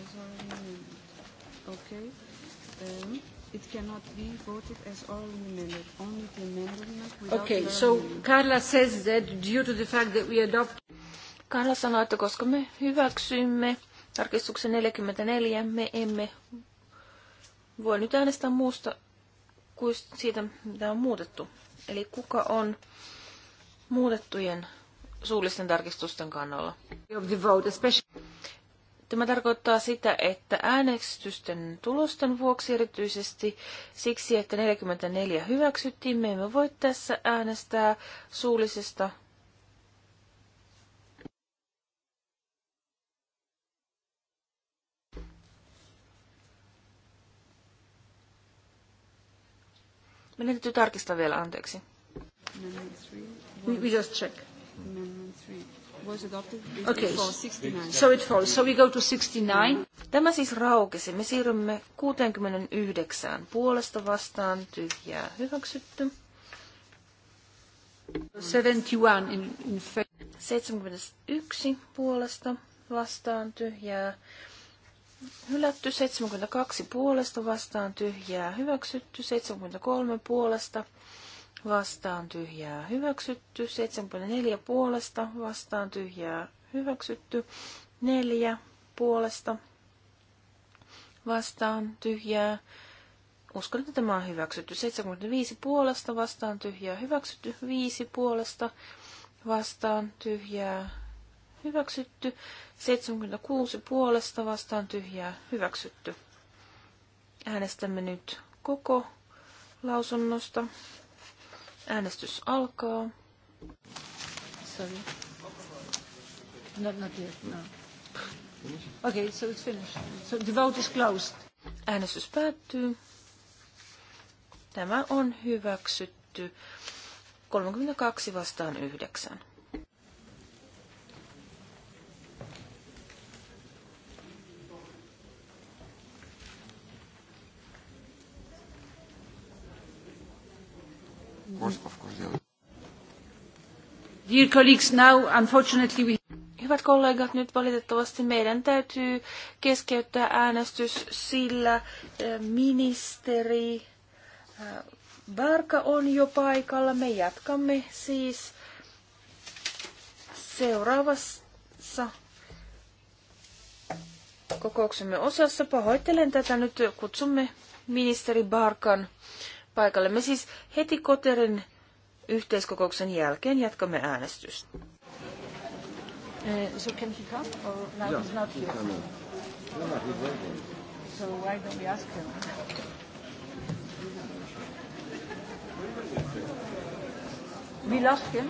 As Okay. Um, it cannot be voted as orally amended, only the amendment without Okay, so amendment. Carla says that due to the fact that we adopt... Carla sanoo, että koska me hyväksymme Tarkistuksen 44 me emme voi nyt äänestää muusta kuin siitä, mitä on muutettu. Eli kuka on muutettujen suullisten tarkistusten kannalla? Tämä tarkoittaa sitä, että äänestysten tulosten vuoksi erityisesti siksi, että 44 hyväksyttiin, me emme voi tässä äänestää suullisesta Meidän täytyy tarkistaa vielä, anteeksi. We, just check. Okay. So it falls. So we go to 69. Tämä siis raukesi. Me siirrymme 69 puolesta vastaan. Tyhjää hyväksytty. 71 in, in 71 puolesta vastaan tyhjää hylätty, 72 puolesta vastaan tyhjää hyväksytty, 73 puolesta vastaan tyhjää hyväksytty, 74 puolesta vastaan tyhjää hyväksytty, 4 puolesta vastaan tyhjää. Uskon, että tämä on hyväksytty. 75 puolesta vastaan tyhjää hyväksytty, 5 puolesta vastaan tyhjää hyväksytty. 76 puolesta vastaan tyhjää hyväksytty. Äänestämme nyt koko lausunnosta. Äänestys alkaa. Sorry. Not, not yet, no. Okay, so it's finished. So the vote is closed. Äänestys päättyy. Tämä on hyväksytty. 32 vastaan 9. course, of course Dear colleagues, now unfortunately we... Hyvät kollegat, nyt valitettavasti meidän täytyy keskeyttää äänestys, sillä eh, ministeri Barka eh, on jo paikalla. Me jatkamme siis seuraavassa kokouksemme osassa. Pahoittelen tätä nyt, kutsumme ministeri Barkan paikalle. Me siis heti Koterin yhteiskokouksen jälkeen jatkamme äänestystä. Uh, so can he come or now yeah, he's not here? Uh, he no, he's waiting. So why don't we ask him? We lost him.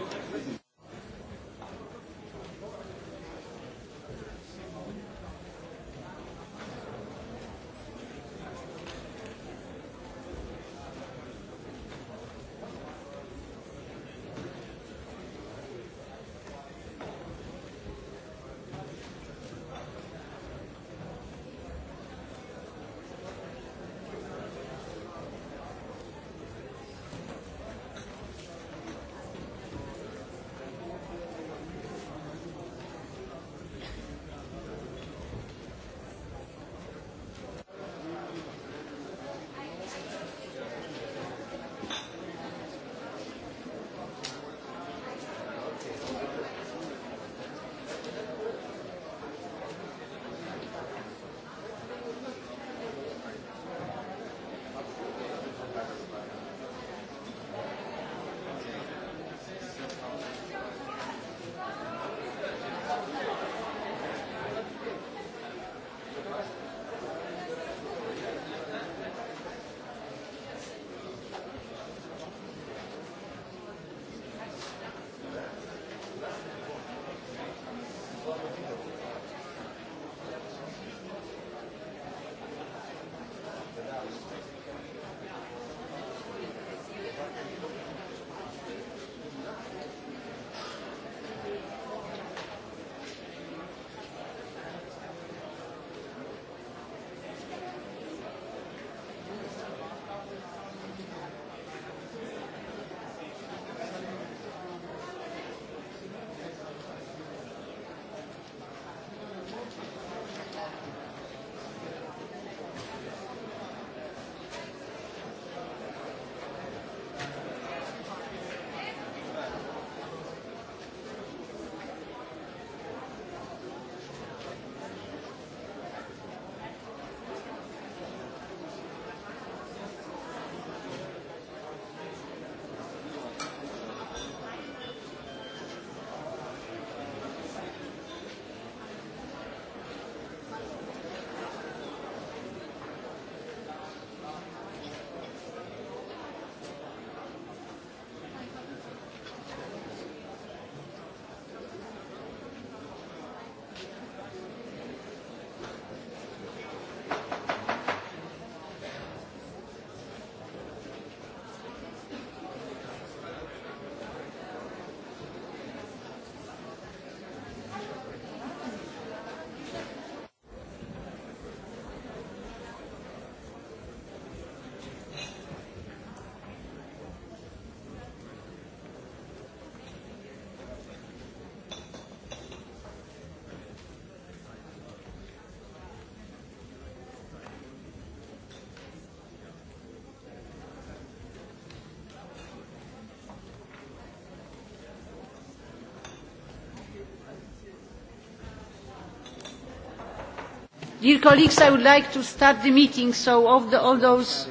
Dear colleagues, I would like to start the meeting, so of the, all those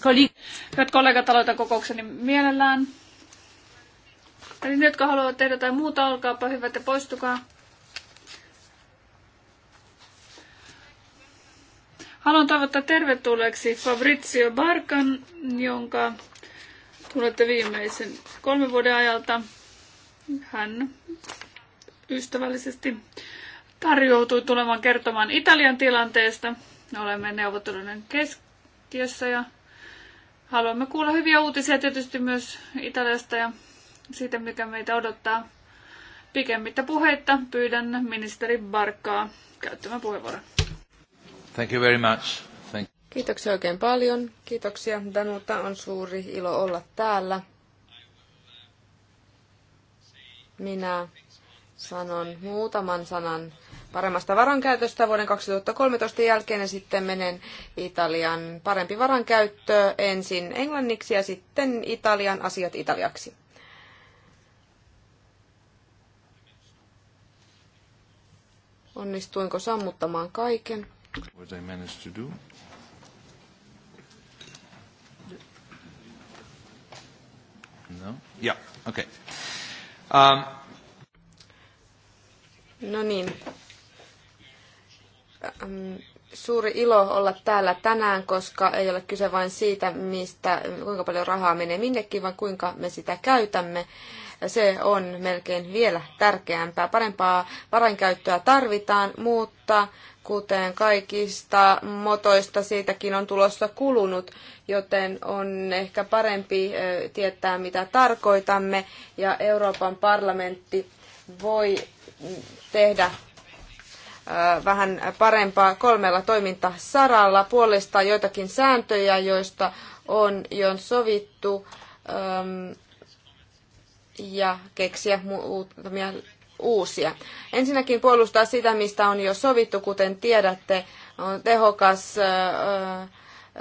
colleagues... Hyvät kollegat, aloitan kokoukseni mielellään. Eli ne, jotka haluavat tehdä jotain muuta, olkaapa hyvät ja poistukaa. Haluan toivottaa tervetulleeksi Fabrizio Barkan, jonka tunnette viimeisen kolmen vuoden ajalta. Hän ystävällisesti tarjoutui tulemaan kertomaan Italian tilanteesta. Olemme neuvottelujen keskiössä ja haluamme kuulla hyviä uutisia tietysti myös Italiasta ja siitä, mikä meitä odottaa. Pikemmittä puheitta pyydän ministeri Barkkaa käyttämään puheenvuoron. Thank you very much. Thank you. Kiitoksia oikein paljon. Kiitoksia Danuta. On suuri ilo olla täällä. Minä sanon muutaman sanan paremmasta varankäytöstä vuoden 2013 jälkeen ja sitten menen Italian parempi varankäyttö ensin englanniksi ja sitten Italian asiat italiaksi. Onnistuinko sammuttamaan kaiken? What I No? Yeah, okay. Um. No niin, Ähm, suuri ilo olla täällä tänään, koska ei ole kyse vain siitä, mistä, kuinka paljon rahaa menee minnekin, vaan kuinka me sitä käytämme. Se on melkein vielä tärkeämpää. Parempaa varainkäyttöä tarvitaan, mutta kuten kaikista motoista, siitäkin on tulossa kulunut, joten on ehkä parempi tietää, mitä tarkoitamme. Ja Euroopan parlamentti voi mm, tehdä vähän parempaa kolmella toimintasaralla. Puolesta joitakin sääntöjä, joista on jo sovittu ja keksiä muutamia uusia. Ensinnäkin puolustaa sitä, mistä on jo sovittu, kuten tiedätte, on tehokas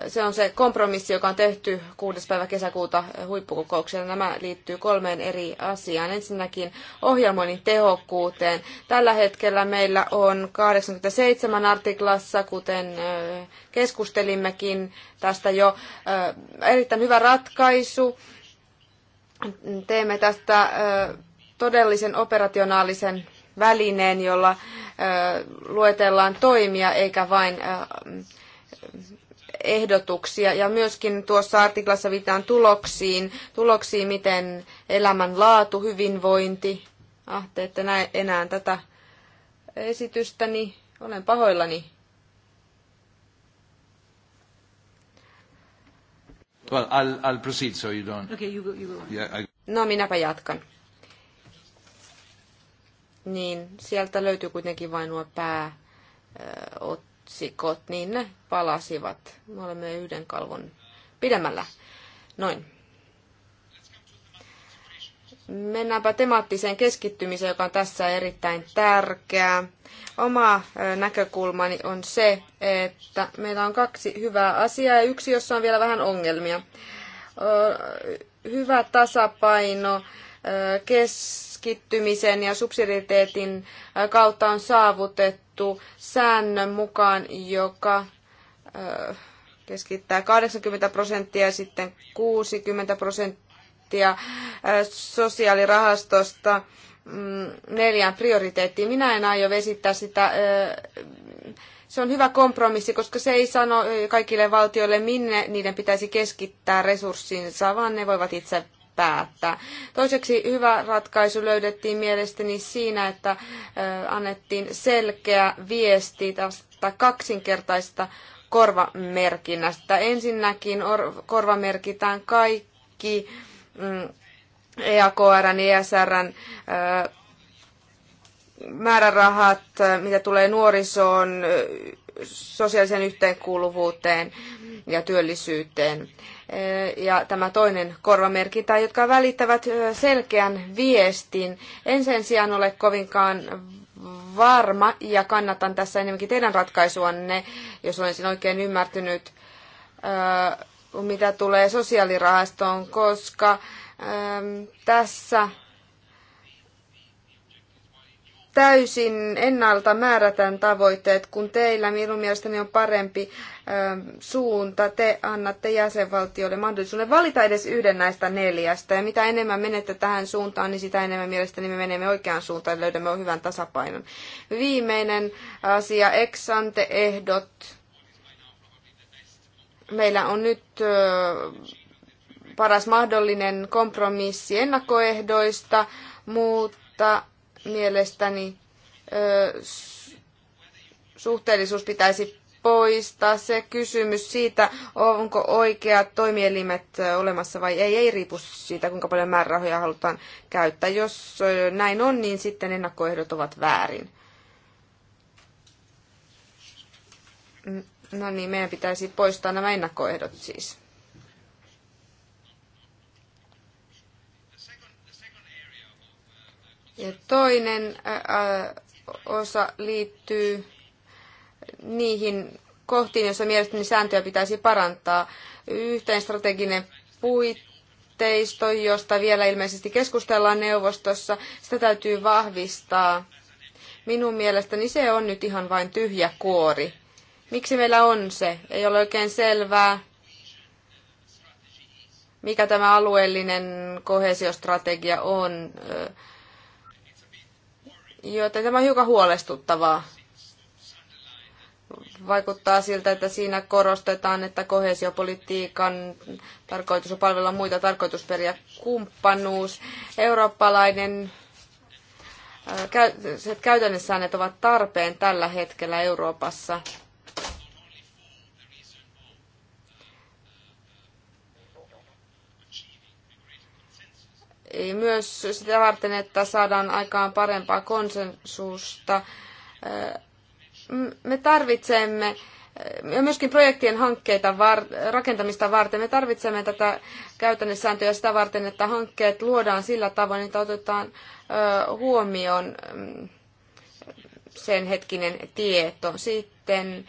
se on se kompromissi, joka on tehty 6. päivä kesäkuuta huippukokouksella. Nämä liittyy kolmeen eri asiaan. Ensinnäkin ohjelmoinnin tehokkuuteen. Tällä hetkellä meillä on 87 artiklassa, kuten keskustelimmekin tästä jo, erittäin hyvä ratkaisu. Teemme tästä todellisen operationaalisen välineen, jolla luetellaan toimia eikä vain ehdotuksia ja myöskin tuossa artiklassa viitaan tuloksiin, tuloksiin miten elämänlaatu, hyvinvointi. Ah, te ette näe enää tätä niin olen pahoillani. Well, I'll, I'll proceed so you don't... Okay, you go, you go. Yeah, I... No, minäpä jatkan. Niin, sieltä löytyy kuitenkin vain nuo pää otsikot, niin ne palasivat. Me olemme yhden kalvon pidemmällä. Noin. Mennäänpä temaattiseen keskittymiseen, joka on tässä erittäin tärkeää. Oma näkökulmani on se, että meillä on kaksi hyvää asiaa ja yksi, jossa on vielä vähän ongelmia. Hyvä tasapaino kes keskittymisen ja subsidiariteetin kautta on saavutettu säännön mukaan, joka keskittää 80 prosenttia ja sitten 60 prosenttia sosiaalirahastosta mm, neljään prioriteettiin. Minä en aio vesittää sitä. Se on hyvä kompromissi, koska se ei sano kaikille valtioille, minne niiden pitäisi keskittää resurssinsa, vaan ne voivat itse päättää. Toiseksi hyvä ratkaisu löydettiin mielestäni siinä, että annettiin selkeä viesti tästä kaksinkertaista korvamerkinnästä. Ensinnäkin korvamerkitään kaikki mm, EAKRn, ESRn määrärahat, mitä tulee nuorisoon, sosiaaliseen yhteenkuuluvuuteen ja työllisyyteen ja tämä toinen korva jotka välittävät selkeän viestin. En sen sijaan ole kovinkaan varma ja kannatan tässä enemmänkin teidän ratkaisuanne, jos olen sen oikein ymmärtänyt, mitä tulee sosiaalirahastoon, koska tässä täysin ennalta määrätän tavoitteet, kun teillä minun mielestäni on parempi suunta. Te annatte jäsenvaltioille mahdollisuuden valita edes yhden näistä neljästä. Ja mitä enemmän menette tähän suuntaan, niin sitä enemmän mielestäni me menemme oikeaan suuntaan ja löydämme hyvän tasapainon. Viimeinen asia, eksante-ehdot. Meillä on nyt paras mahdollinen kompromissi ennakkoehdoista, mutta mielestäni suhteellisuus pitäisi poistaa. Se kysymys siitä, onko oikeat toimielimet olemassa vai ei, ei riipu siitä, kuinka paljon määrärahoja halutaan käyttää. Jos näin on, niin sitten ennakkoehdot ovat väärin. No niin, meidän pitäisi poistaa nämä ennakkoehdot siis. Ja toinen osa liittyy niihin kohtiin, joissa mielestäni sääntöjä pitäisi parantaa. Yhteen strateginen puitteisto, josta vielä ilmeisesti keskustellaan neuvostossa, sitä täytyy vahvistaa. Minun mielestäni se on nyt ihan vain tyhjä kuori. Miksi meillä on se? Ei ole oikein selvää, mikä tämä alueellinen kohesiostrategia on Joten tämä on hiukan huolestuttavaa. Vaikuttaa siltä, että siinä korostetaan, että kohesiopolitiikan tarkoitus on palvella muita tarkoitusperiä kumppanuus. Eurooppalainen äh, käytännössäännöt ovat tarpeen tällä hetkellä Euroopassa myös sitä varten, että saadaan aikaan parempaa konsensusta. Me tarvitsemme ja myöskin projektien hankkeita var, rakentamista varten. Me tarvitsemme tätä käytännössääntöä sitä varten, että hankkeet luodaan sillä tavoin, että otetaan huomioon sen hetkinen tieto. Sitten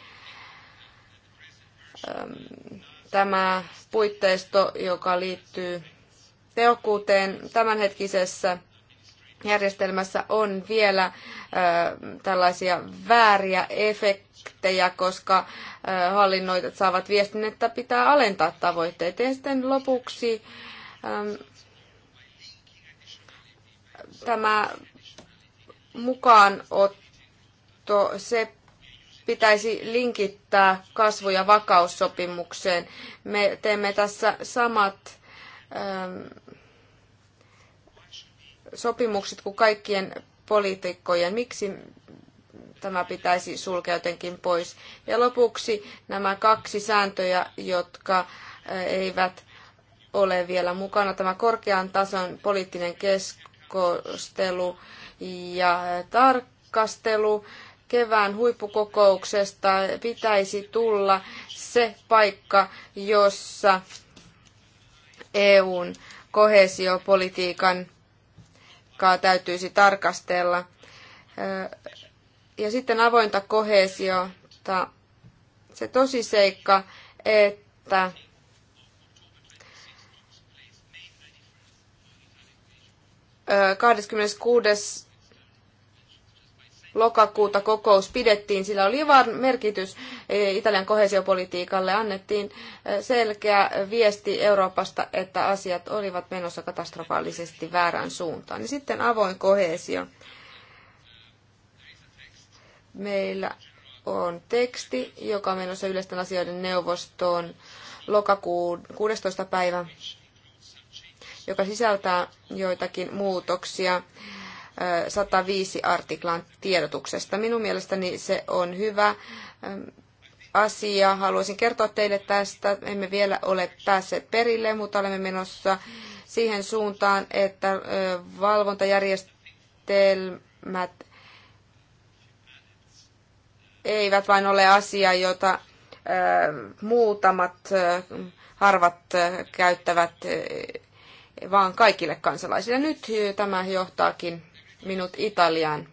tämä puitteisto, joka liittyy tehokkuuteen tämänhetkisessä järjestelmässä on vielä tällaisia vääriä efektejä, koska äh, hallinnoitat saavat viestin, että pitää alentaa tavoitteet. Ja sitten lopuksi ähm, tämä mukaanotto, se pitäisi linkittää kasvu- ja vakaussopimukseen. Me teemme tässä samat sopimukset kuin kaikkien poliitikkojen. Miksi tämä pitäisi sulkea jotenkin pois? Ja lopuksi nämä kaksi sääntöjä, jotka eh, eivät ole vielä mukana. Tämä korkean tason poliittinen keskustelu ja tarkastelu kevään huippukokouksesta pitäisi tulla se paikka, jossa EUn kohesiopolitiikan tarkkaa täytyisi tarkastella. Ja sitten avointa kohesiota. Se tosiseikka, että ö, 26 lokakuuta kokous pidettiin. Sillä oli vain merkitys eh, Italian kohesiopolitiikalle. Annettiin eh, selkeä viesti Euroopasta, että asiat olivat menossa katastrofaalisesti väärään suuntaan. Ja sitten avoin kohesio. Meillä on teksti, joka on menossa yleisten asioiden neuvostoon lokakuun 16. päivä, joka sisältää joitakin muutoksia 105 artiklan tiedotuksesta. Minun mielestäni se on hyvä ähm, asia. Haluaisin kertoa teille tästä. Emme vielä ole päässeet perille, mutta olemme menossa siihen suuntaan, että äh, valvontajärjestelmät eivät vain ole asia, jota äh, muutamat äh, harvat käyttävät, vaan kaikille kansalaisille. Nyt tämä johtaakin minut Italiaan.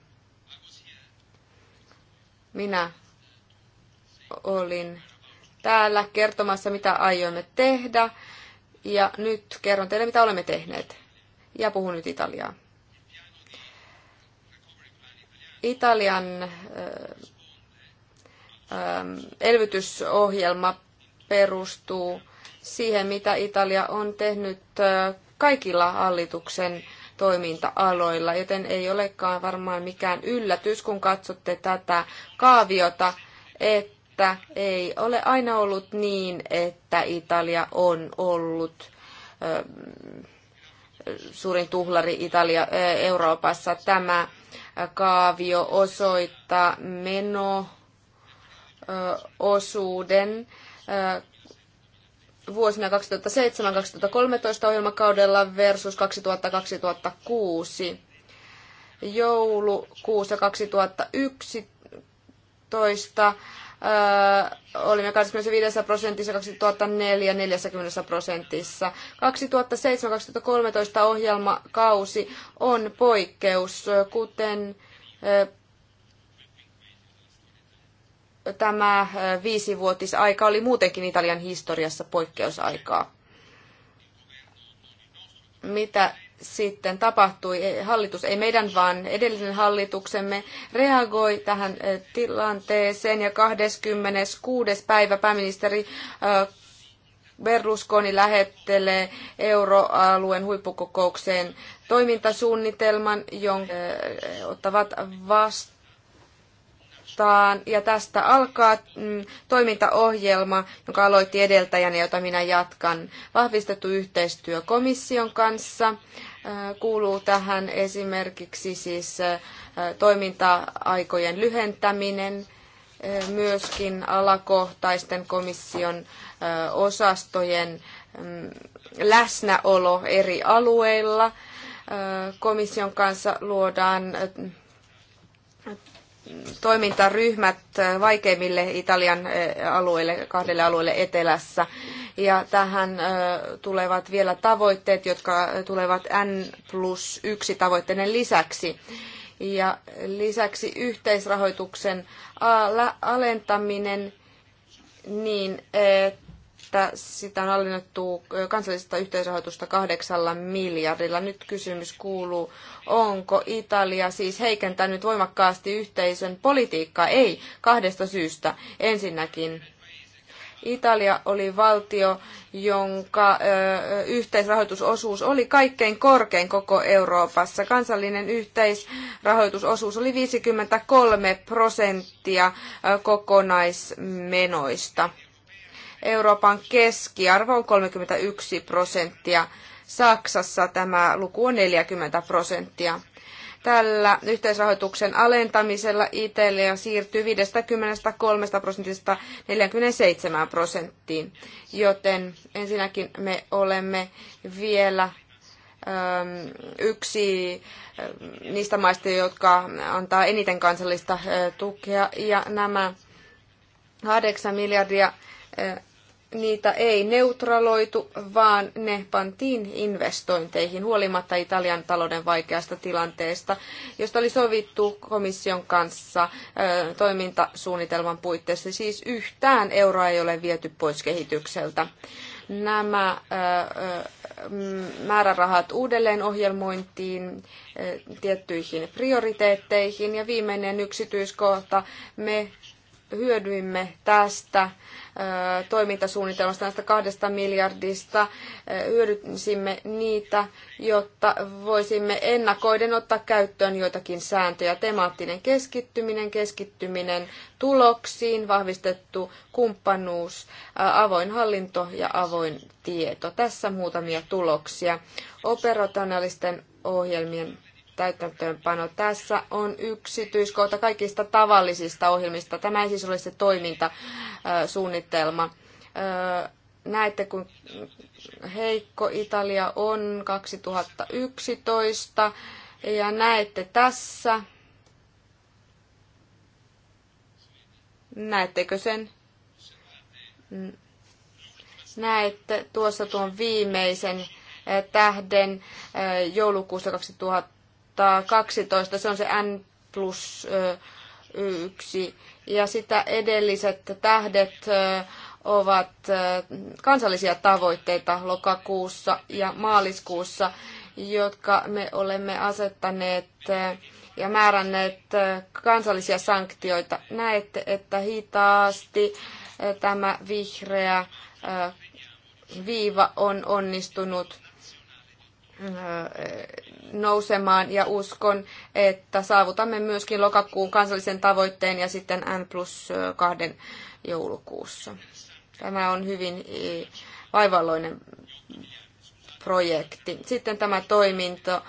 Minä olin täällä kertomassa, mitä aiomme tehdä. Ja nyt kerron teille, mitä olemme tehneet. Ja puhun nyt Italiaa. Italian elvytysohjelma perustuu siihen, mitä Italia on tehnyt kaikilla hallituksen toiminta-aloilla, joten ei olekaan varmaan mikään yllätys, kun katsotte tätä kaaviota, että ei ole aina ollut niin, että Italia on ollut suurin tuhlari Italia, Euroopassa. Tämä kaavio osoittaa meno osuuden vuosina 2007-2013 ohjelmakaudella versus 2000-2006. Joulukuussa 2011 Öö, äh, olimme 25 prosentissa, 2004 40 prosentissa. 2007-2013 ohjelmakausi on poikkeus, kuten äh, tämä viisivuotisaika oli muutenkin Italian historiassa poikkeusaikaa. Mitä sitten tapahtui? E, hallitus, ei meidän vaan edellinen hallituksemme, reagoi tähän tilanteeseen ja 26. päivä pääministeri Berlusconi lähettelee euroalueen huippukokoukseen toimintasuunnitelman, jonka ottavat vastaan vastaan. Ja tästä alkaa mm, toimintaohjelma, jonka aloitti edeltäjäni, jota minä jatkan. Vahvistettu yhteistyö komission kanssa äh, kuuluu tähän esimerkiksi siis äh, toiminta-aikojen lyhentäminen, äh, myöskin alakohtaisten komission osastojen mm, läsnäolo eri alueilla. Komission kanssa luodaan toimintaryhmät vaikeimmille Italian eh, alueille, kahdelle alueelle etelässä. Ja tähän eh, tulevat vielä tavoitteet, jotka tulevat N plus 1 tavoitteiden lisäksi. Ja lisäksi yhteisrahoituksen alentaminen niin, että että sitä on hallinnettu kansallista yhteisrahoitusta kahdeksalla miljardilla. Nyt kysymys kuuluu, onko Italia siis heikentänyt voimakkaasti yhteisön politiikkaa? Ei, kahdesta syystä. Ensinnäkin Italia oli valtio, jonka yhteisrahoitusosuus oli kaikkein korkein koko Euroopassa. Kansallinen yhteisrahoitusosuus oli 53 prosenttia kokonaismenoista. Euroopan keskiarvo on 31 prosenttia. Saksassa tämä luku on 40 prosenttia. Tällä yhteisrahoituksen alentamisella Italia siirtyy 53 prosentista 47 prosenttiin, joten ensinnäkin me olemme vielä ähm, yksi äh, niistä maista, jotka antaa eniten kansallista äh, tukea, ja nämä 8 miljardia äh, niitä ei neutraloitu, vaan ne pantiin investointeihin huolimatta Italian talouden vaikeasta tilanteesta, josta oli sovittu komission kanssa ö, toimintasuunnitelman puitteissa. Siis yhtään euroa ei ole viety pois kehitykseltä. Nämä ö, määrärahat uudelleen ohjelmointiin tiettyihin prioriteetteihin. Ja viimeinen yksityiskohta, me hyödyimme tästä toimintasuunnitelmasta, näistä kahdesta miljardista. Hyödynsimme niitä, jotta voisimme ennakoiden ottaa käyttöön joitakin sääntöjä. Temaattinen keskittyminen, keskittyminen tuloksiin, vahvistettu kumppanuus, avoin hallinto ja avoin tieto. Tässä muutamia tuloksia. Operationaalisten ohjelmien täytäntöönpano. Tässä on yksityiskohta kaikista tavallisista ohjelmista. Tämä ei siis ole se toimintasuunnitelma. Näette, kun heikko Italia on 2011 ja näette tässä. Näettekö sen? Näette tuossa tuon viimeisen tähden joulukuussa 2000 12, se on se N plus yksi, ja sitä edelliset tähdet ovat kansallisia tavoitteita lokakuussa ja maaliskuussa, jotka me olemme asettaneet ja määränneet kansallisia sanktioita. Näette, että hitaasti tämä vihreä viiva on onnistunut nousemaan ja uskon, että saavutamme myöskin lokakuun kansallisen tavoitteen ja sitten N plus kahden joulukuussa. Tämä on hyvin vaivalloinen projekti. Sitten tämä toiminto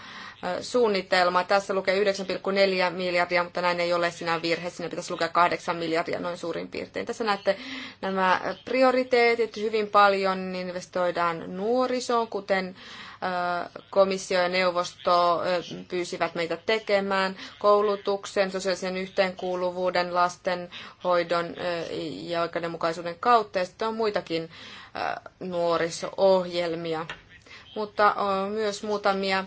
suunnitelma. Tässä lukee 9,4 miljardia, mutta näin ei ole sinä virhe. Sinä pitäisi lukea 8 miljardia noin suurin piirtein. Tässä näette nämä prioriteetit. Hyvin paljon investoidaan nuorisoon, kuten komissio ja neuvosto pyysivät meitä tekemään koulutuksen, sosiaalisen yhteenkuuluvuuden, lastenhoidon ja oikeudenmukaisuuden kautta. Ja sitten on muitakin nuoriso-ohjelmia mutta on myös muutamia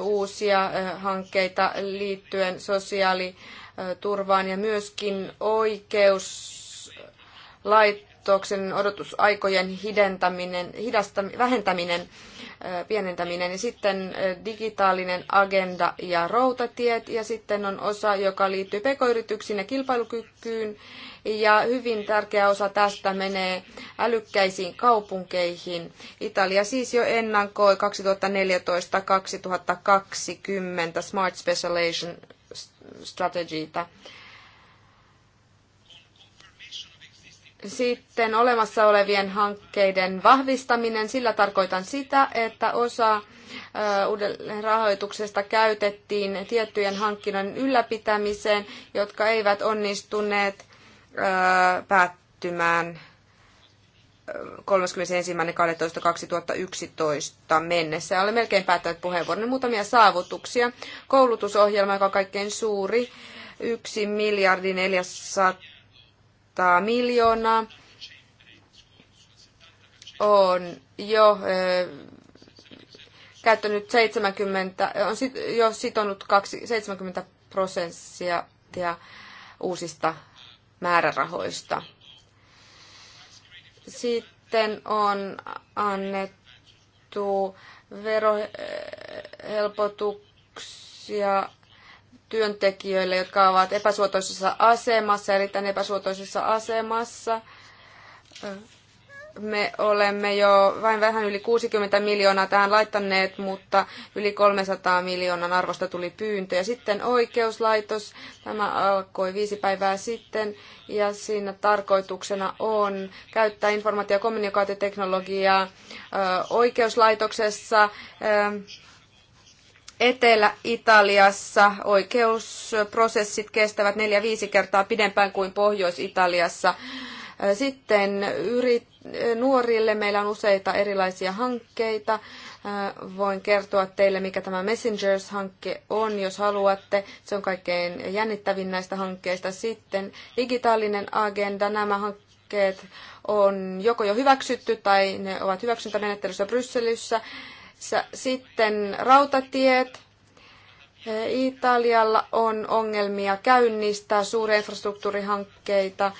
uusia hankkeita liittyen sosiaaliturvaan ja myöskin oikeus muutoksen odotusaikojen hidentäminen, hidastam, vähentäminen, pienentäminen ja sitten digitaalinen agenda ja rautatiet ja sitten on osa, joka liittyy pk-yrityksiin ja kilpailukykyyn ja hyvin tärkeä osa tästä menee älykkäisiin kaupunkeihin. Italia siis jo ennakoi 2014-2020 Smart Specialization Strategyta. Sitten olemassa olevien hankkeiden vahvistaminen, sillä tarkoitan sitä, että osa uudelleen rahoituksesta käytettiin tiettyjen hankkinnan ylläpitämiseen, jotka eivät onnistuneet päättymään 31.12.2011 mennessä. Olen melkein päättänyt puheenvuoron. Muutamia saavutuksia. Koulutusohjelma, joka on kaikkein suuri, 1 miljardi 400 200 miljoonaa on jo äh, käyttänyt 70, on sit, jo sitonut 70 prosenttia uusista määrärahoista. Sitten on annettu verohelpotuksia työntekijöille, jotka ovat epäsuotoisessa asemassa, erittäin epäsuotoisessa asemassa. Me olemme jo vain vähän yli 60 miljoonaa tähän laittaneet, mutta yli 300 miljoonan arvosta tuli pyyntö. Ja sitten oikeuslaitos, tämä alkoi viisi päivää sitten, ja siinä tarkoituksena on käyttää informaatio- ja kommunikaatioteknologiaa oikeuslaitoksessa Etelä-Italiassa oikeusprosessit kestävät neljä viisi kertaa pidempään kuin Pohjois-Italiassa. Sitten nuorille meillä on useita erilaisia hankkeita. Voin kertoa teille, mikä tämä Messengers-hankke on, jos haluatte. Se on kaikkein jännittävin näistä hankkeista. Sitten digitaalinen agenda, nämä hankkeet on joko jo hyväksytty tai ne ovat hyväksyntämenettelyssä Brysselissä. Sitten rautatiet. Italialla on ongelmia käynnistää suuria infrastruktuurihankkeita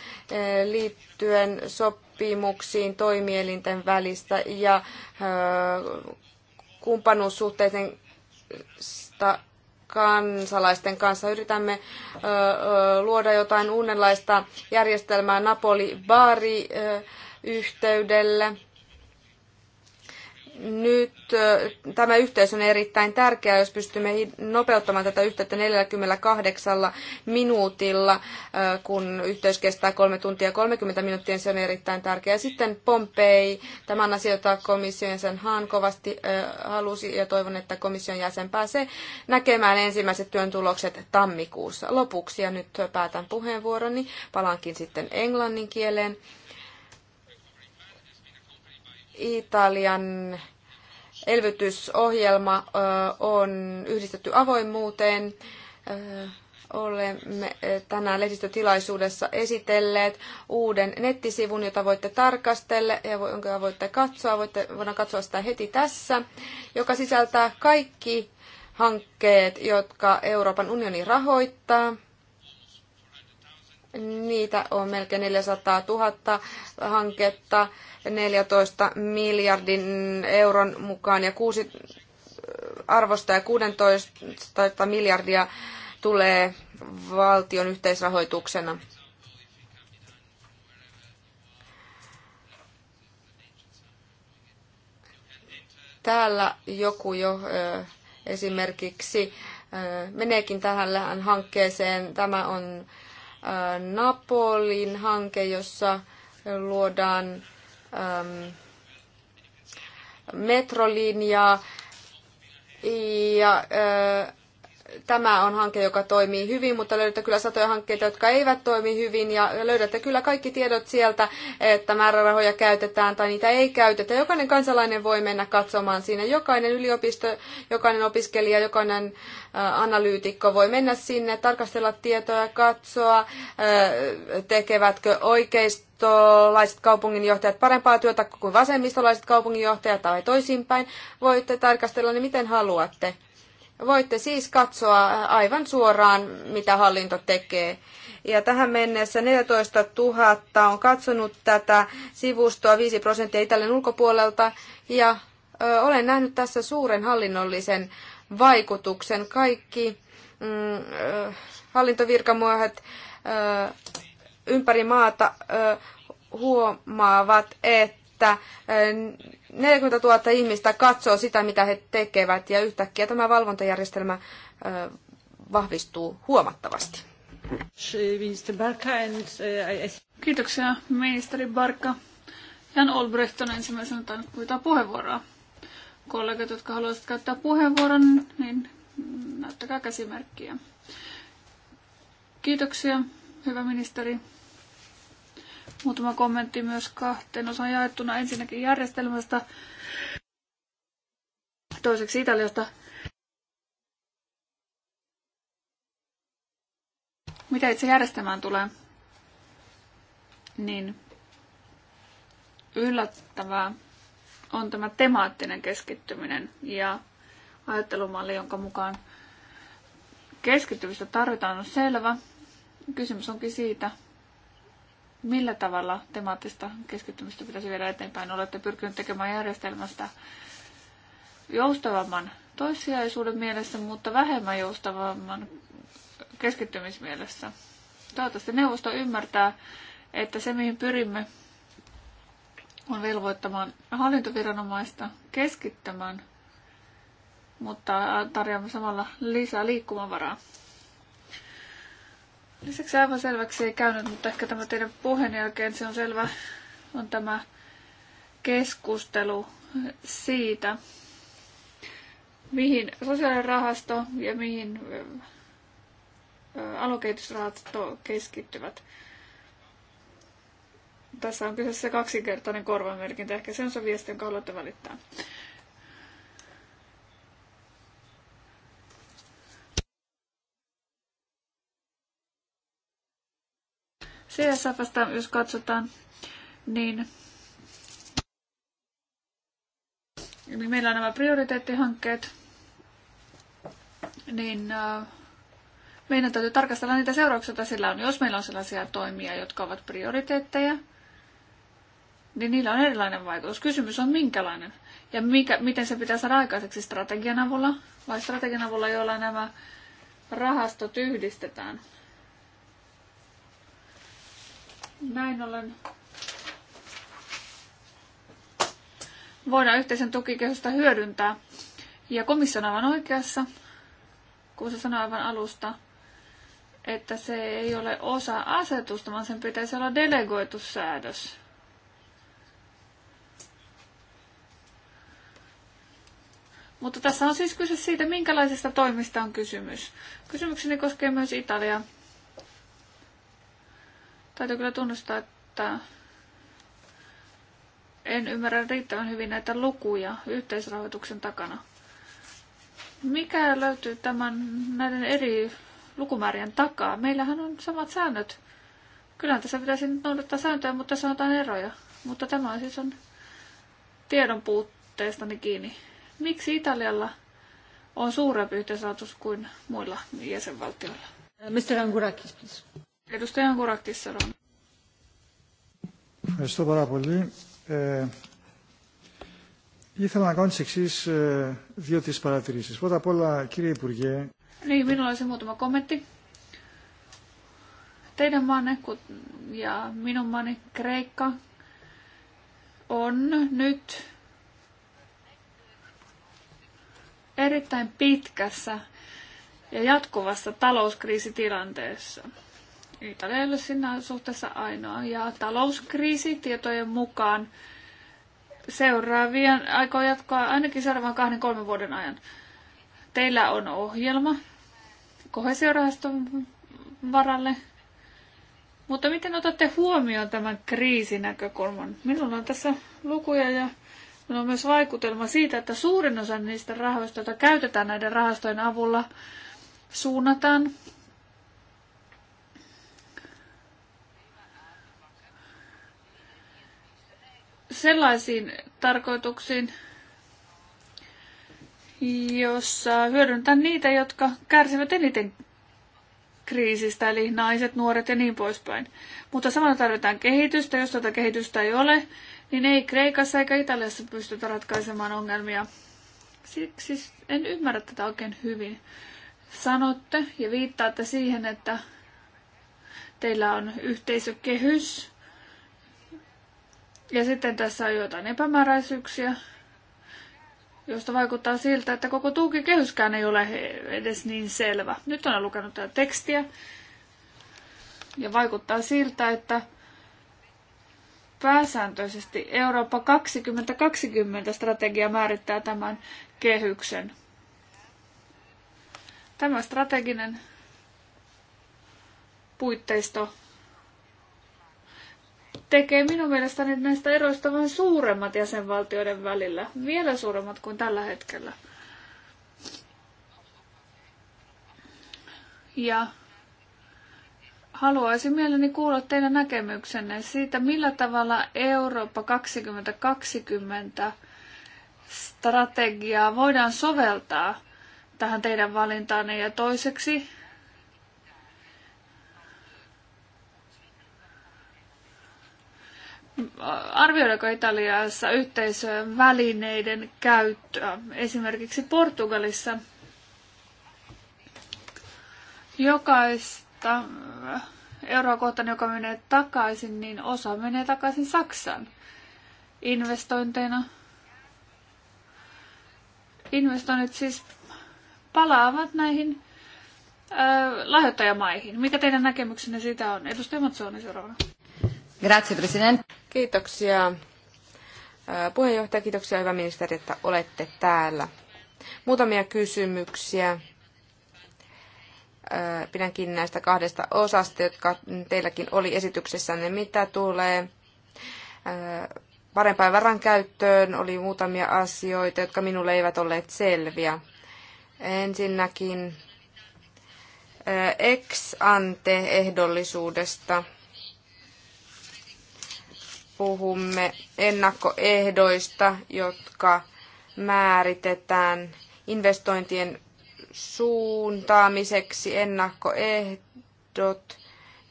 liittyen sopimuksiin toimielinten välistä ja kumppanuussuhteiden kansalaisten kanssa. Yritämme luoda jotain uudenlaista järjestelmää Napoli-Baari-yhteydelle nyt tämä yhteys on erittäin tärkeä, jos pystymme nopeuttamaan tätä yhteyttä 48 minuutilla, kun yhteys kestää 3 tuntia 30 minuuttia, niin se on erittäin tärkeää. Sitten Pompei, tämän asia, jota komission jäsen Haan kovasti halusi ja toivon, että komission jäsen pääsee näkemään ensimmäiset työn tulokset tammikuussa lopuksi. Ja nyt päätän puheenvuoroni, palaankin sitten englannin kieleen. Italian elvytysohjelma on yhdistetty avoimuuteen. Olemme tänään lehdistötilaisuudessa esitelleet uuden nettisivun, jota voitte tarkastella ja jonka voitte katsoa. Voitte, voidaan katsoa sitä heti tässä, joka sisältää kaikki hankkeet, jotka Euroopan unioni rahoittaa – Niitä on melkein 400 000 hanketta 14 miljardin euron mukaan ja kuusi äh, arvosta ja 16 miljardia tulee valtion yhteisrahoituksena. Täällä joku jo äh, esimerkiksi äh, meneekin tähän hankkeeseen. Tämä on Äh, Napolin hanke, jossa luodaan ähm, metrolinjaa ja äh, tämä on hanke, joka toimii hyvin, mutta löydätte kyllä satoja hankkeita, jotka eivät toimi hyvin ja löydätte kyllä kaikki tiedot sieltä, että määrärahoja käytetään tai niitä ei käytetä. Jokainen kansalainen voi mennä katsomaan siinä, jokainen yliopisto, jokainen opiskelija, jokainen äh, analyytikko voi mennä sinne, tarkastella tietoja, katsoa, äh, tekevätkö oikeista vasemmistolaiset kaupunginjohtajat parempaa työtä kuin vasemmistolaiset kaupunginjohtajat tai toisinpäin. Voitte tarkastella ne niin miten haluatte. Voitte siis katsoa aivan suoraan, mitä hallinto tekee. Ja tähän mennessä 14 000 on katsonut tätä sivustoa 5 prosenttia Italian ulkopuolelta. Ja ö, olen nähnyt tässä suuren hallinnollisen vaikutuksen. Kaikki mm, ö, ympäri maata ö, huomaavat, että että 40 000 ihmistä katsoo sitä, mitä he tekevät, ja yhtäkkiä tämä valvontajärjestelmä vahvistuu huomattavasti. Kiitoksia, ministeri Barka. Jan Olbrecht on ensimmäisenä tainnut pyytää puheenvuoroa. Kollegat, jotka haluaisivat käyttää puheenvuoron, niin näyttäkää käsimerkkiä. Kiitoksia, hyvä ministeri. Muutama kommentti myös kahteen osaan jaettuna. Ensinnäkin järjestelmästä, toiseksi Italiasta. Mitä itse järjestelmään tulee, niin yllättävää on tämä temaattinen keskittyminen ja ajattelumalli, jonka mukaan keskittymistä tarvitaan, on selvä. Kysymys onkin siitä, millä tavalla temaattista keskittymistä pitäisi viedä eteenpäin. Olette pyrkineet tekemään järjestelmästä joustavamman toissijaisuuden mielessä, mutta vähemmän joustavamman keskittymismielessä. Toivottavasti neuvosto ymmärtää, että se mihin pyrimme on velvoittamaan hallintoviranomaista keskittämään, mutta tarjoamme samalla lisää liikkumavaraa. Lisäksi aivan selväksi ei käynyt, mutta ehkä tämä teidän puheen jälkeen se on selvä, on tämä keskustelu siitä, mihin sosiaalirahasto ja mihin alokehitysrahasto keskittyvät. Tässä on kyseessä kaksinkertainen korvamerkintä. Ehkä se on se viesti, jonka haluatte välittää. CSFstä, jos katsotaan, niin, niin meillä on nämä prioriteettihankkeet, niin äh, meidän täytyy tarkastella niitä seurauksia, sillä on. Jos meillä on sellaisia toimia, jotka ovat prioriteetteja, niin niillä on erilainen vaikutus. Kysymys on minkälainen ja mikä, miten se pitää saada aikaiseksi strategian avulla vai strategian avulla, jolla nämä rahastot yhdistetään. Näin ollen voidaan yhteisen tukikehystä hyödyntää. Ja komissio on aivan oikeassa, kun se sanoi aivan alusta, että se ei ole osa asetusta, vaan sen pitäisi olla delegoitu säädös. Mutta tässä on siis kyse siitä, minkälaisista toimista on kysymys. Kysymykseni koskee myös Italiaa. Täytyy kyllä tunnustaa, että en ymmärrä riittävän hyvin näitä lukuja yhteisrahoituksen takana. Mikä löytyy tämän näiden eri lukumäärien takaa? Meillähän on samat säännöt. Kyllä tässä pitäisi nyt noudattaa sääntöjä, mutta tässä on jotain eroja. Mutta tämä on siis on tiedon puutteestani kiinni. Miksi Italialla on suurempi yhteisrahoitus kuin muilla jäsenvaltioilla? Mr. Angurakis, please. Edustaja Ankuraktis Ευχαριστώ πάρα πολύ. Ε, ήθελα να κάνω τι εξή ε, δύο τις παρατηρήσει. Πρώτα απ' όλα, κύριε Υπουργέ... Niin, minulla olisi muutama kommentti. Teidän maanne ja minun maani Kreikka on nyt erittäin pitkässä ja jatkuvassa talouskriisitilanteessa. Italia ei ole siinä suhteessa ainoa. Ja talouskriisi tietojen mukaan seuraavien aikoo jatkaa ainakin seuraavan kahden kolmen vuoden ajan. Teillä on ohjelma kohesiorahaston varalle. Mutta miten otatte huomioon tämän kriisinäkökulman? Minulla on tässä lukuja ja minulla on myös vaikutelma siitä, että suurin osa niistä rahoista, joita käytetään näiden rahastojen avulla, suunnataan sellaisiin tarkoituksiin, jossa hyödyntää niitä, jotka kärsivät eniten kriisistä, eli naiset, nuoret ja niin poispäin. Mutta samalla tarvitaan kehitystä. Jos tätä kehitystä ei ole, niin ei Kreikassa eikä Italiassa pystytä ratkaisemaan ongelmia. Siksi en ymmärrä tätä oikein hyvin. Sanotte ja viittaatte siihen, että teillä on yhteisökehys, ja sitten tässä on jotain epämääräisyyksiä, josta vaikuttaa siltä, että koko tuukikehyskään ei ole edes niin selvä. Nyt olen lukenut tätä tekstiä ja vaikuttaa siltä, että pääsääntöisesti Eurooppa 2020 strategia määrittää tämän kehyksen. Tämä strateginen puitteisto tekee minun mielestäni näistä eroista vain suuremmat jäsenvaltioiden välillä, vielä suuremmat kuin tällä hetkellä. Ja haluaisin mielelläni kuulla teidän näkemyksenne siitä, millä tavalla Eurooppa 2020 strategiaa voidaan soveltaa tähän teidän valintaanne. Ja toiseksi, arvioidaanko Italiassa yhteisöön välineiden käyttöä. Esimerkiksi Portugalissa jokaista euroa kohtaan, joka menee takaisin, niin osa menee takaisin Saksaan investointeina. Investoinnit siis palaavat näihin ö, lahjoittajamaihin. Mikä teidän näkemyksenne siitä on? Edustaja Mazzoni seuraavana. Grazie, Presidente. Kiitoksia puheenjohtaja, kiitoksia hyvä ministeri, että olette täällä. Muutamia kysymyksiä. Pidänkin näistä kahdesta osasta, jotka teilläkin oli esityksessänne. Mitä tulee parempaan varan käyttöön, oli muutamia asioita, jotka minulle eivät olleet selviä. Ensinnäkin ex ante ehdollisuudesta – puhumme ennakkoehdoista, jotka määritetään investointien suuntaamiseksi ennakkoehdot.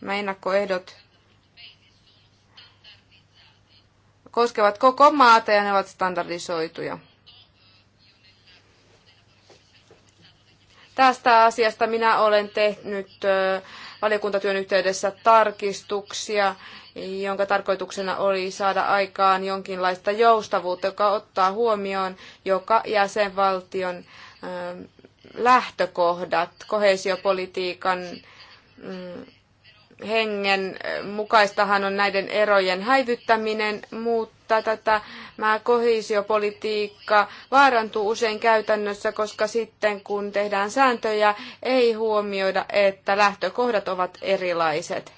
Nämä ennakkoehdot koskevat koko maata ja ne ovat standardisoituja. Tästä asiasta minä olen tehnyt valiokuntatyön yhteydessä tarkistuksia jonka tarkoituksena oli saada aikaan jonkinlaista joustavuutta, joka ottaa huomioon joka jäsenvaltion ähm, lähtökohdat, kohesiopolitiikan mm, hengen mukaistahan on näiden erojen häivyttäminen, mutta tätä mä kohesiopolitiikka vaarantuu usein käytännössä, koska sitten kun tehdään sääntöjä, ei huomioida, että lähtökohdat ovat erilaiset.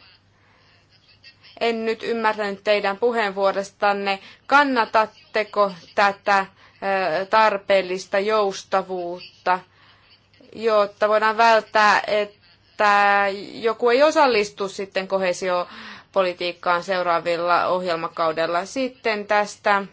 En nyt ymmärtänyt teidän puheenvuorostanne. Kannatatteko tätä tarpeellista joustavuutta, jotta voidaan välttää, että joku ei osallistu sitten kohesiopolitiikkaan seuraavilla ohjelmakaudella. Sitten tästä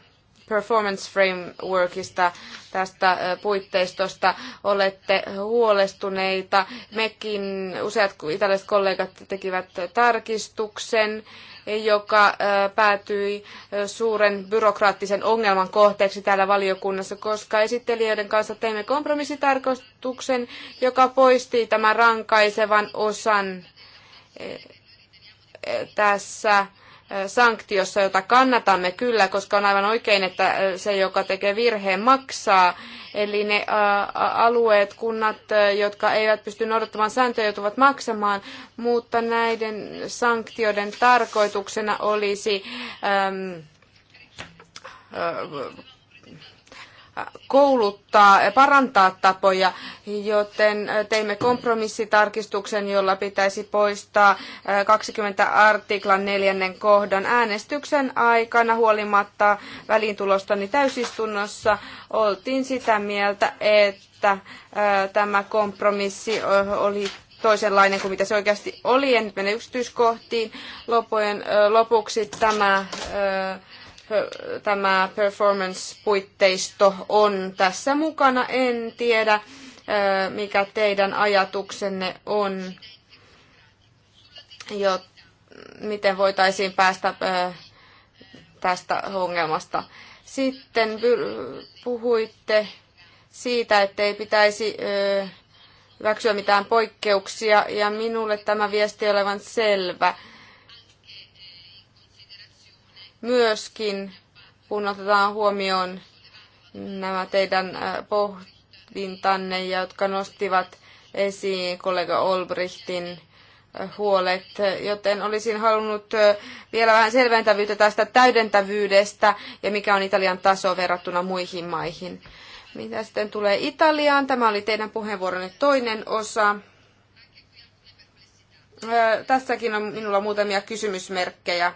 performance frameworkista, tästä puitteistosta olette huolestuneita. Mekin useat italialaiset kollegat tekivät tarkistuksen joka päätyi suuren byrokraattisen ongelman kohteeksi täällä valiokunnassa, koska esittelijöiden kanssa teimme kompromissitarkastuksen, joka poisti tämän rankaisevan osan tässä sanktiossa, jota kannatamme kyllä, koska on aivan oikein, että äh, se, joka tekee virheen, maksaa. Eli ne äh, alueet, kunnat, äh, jotka eivät pysty noudattamaan sääntöjä, joutuvat maksamaan, mutta näiden sanktioiden tarkoituksena olisi kouluttaa ja parantaa tapoja, joten teimme kompromissitarkistuksen, jolla pitäisi poistaa 20 artiklan neljännen kohdan äänestyksen aikana huolimatta välintulostani täysistunnossa. Oltiin sitä mieltä, että tämä kompromissi oli toisenlainen kuin mitä se oikeasti oli. En nyt mene yksityiskohtiin. Lopujen, lopuksi tämä tämä performance-puitteisto on tässä mukana. En tiedä, mikä teidän ajatuksenne on, jo, miten voitaisiin päästä tästä ongelmasta. Sitten puhuitte siitä, että ei pitäisi hyväksyä mitään poikkeuksia, ja minulle tämä viesti olevan selvä myöskin, kun otetaan huomioon nämä teidän äh, pohdintanne, jotka nostivat esiin kollega Olbrichtin äh, huolet, joten olisin halunnut äh, vielä vähän selventävyyttä tästä täydentävyydestä ja mikä on Italian taso verrattuna muihin maihin. Mitä sitten tulee Italiaan? Tämä oli teidän puheenvuoronne toinen osa. Tässäkin on minulla muutamia kysymysmerkkejä.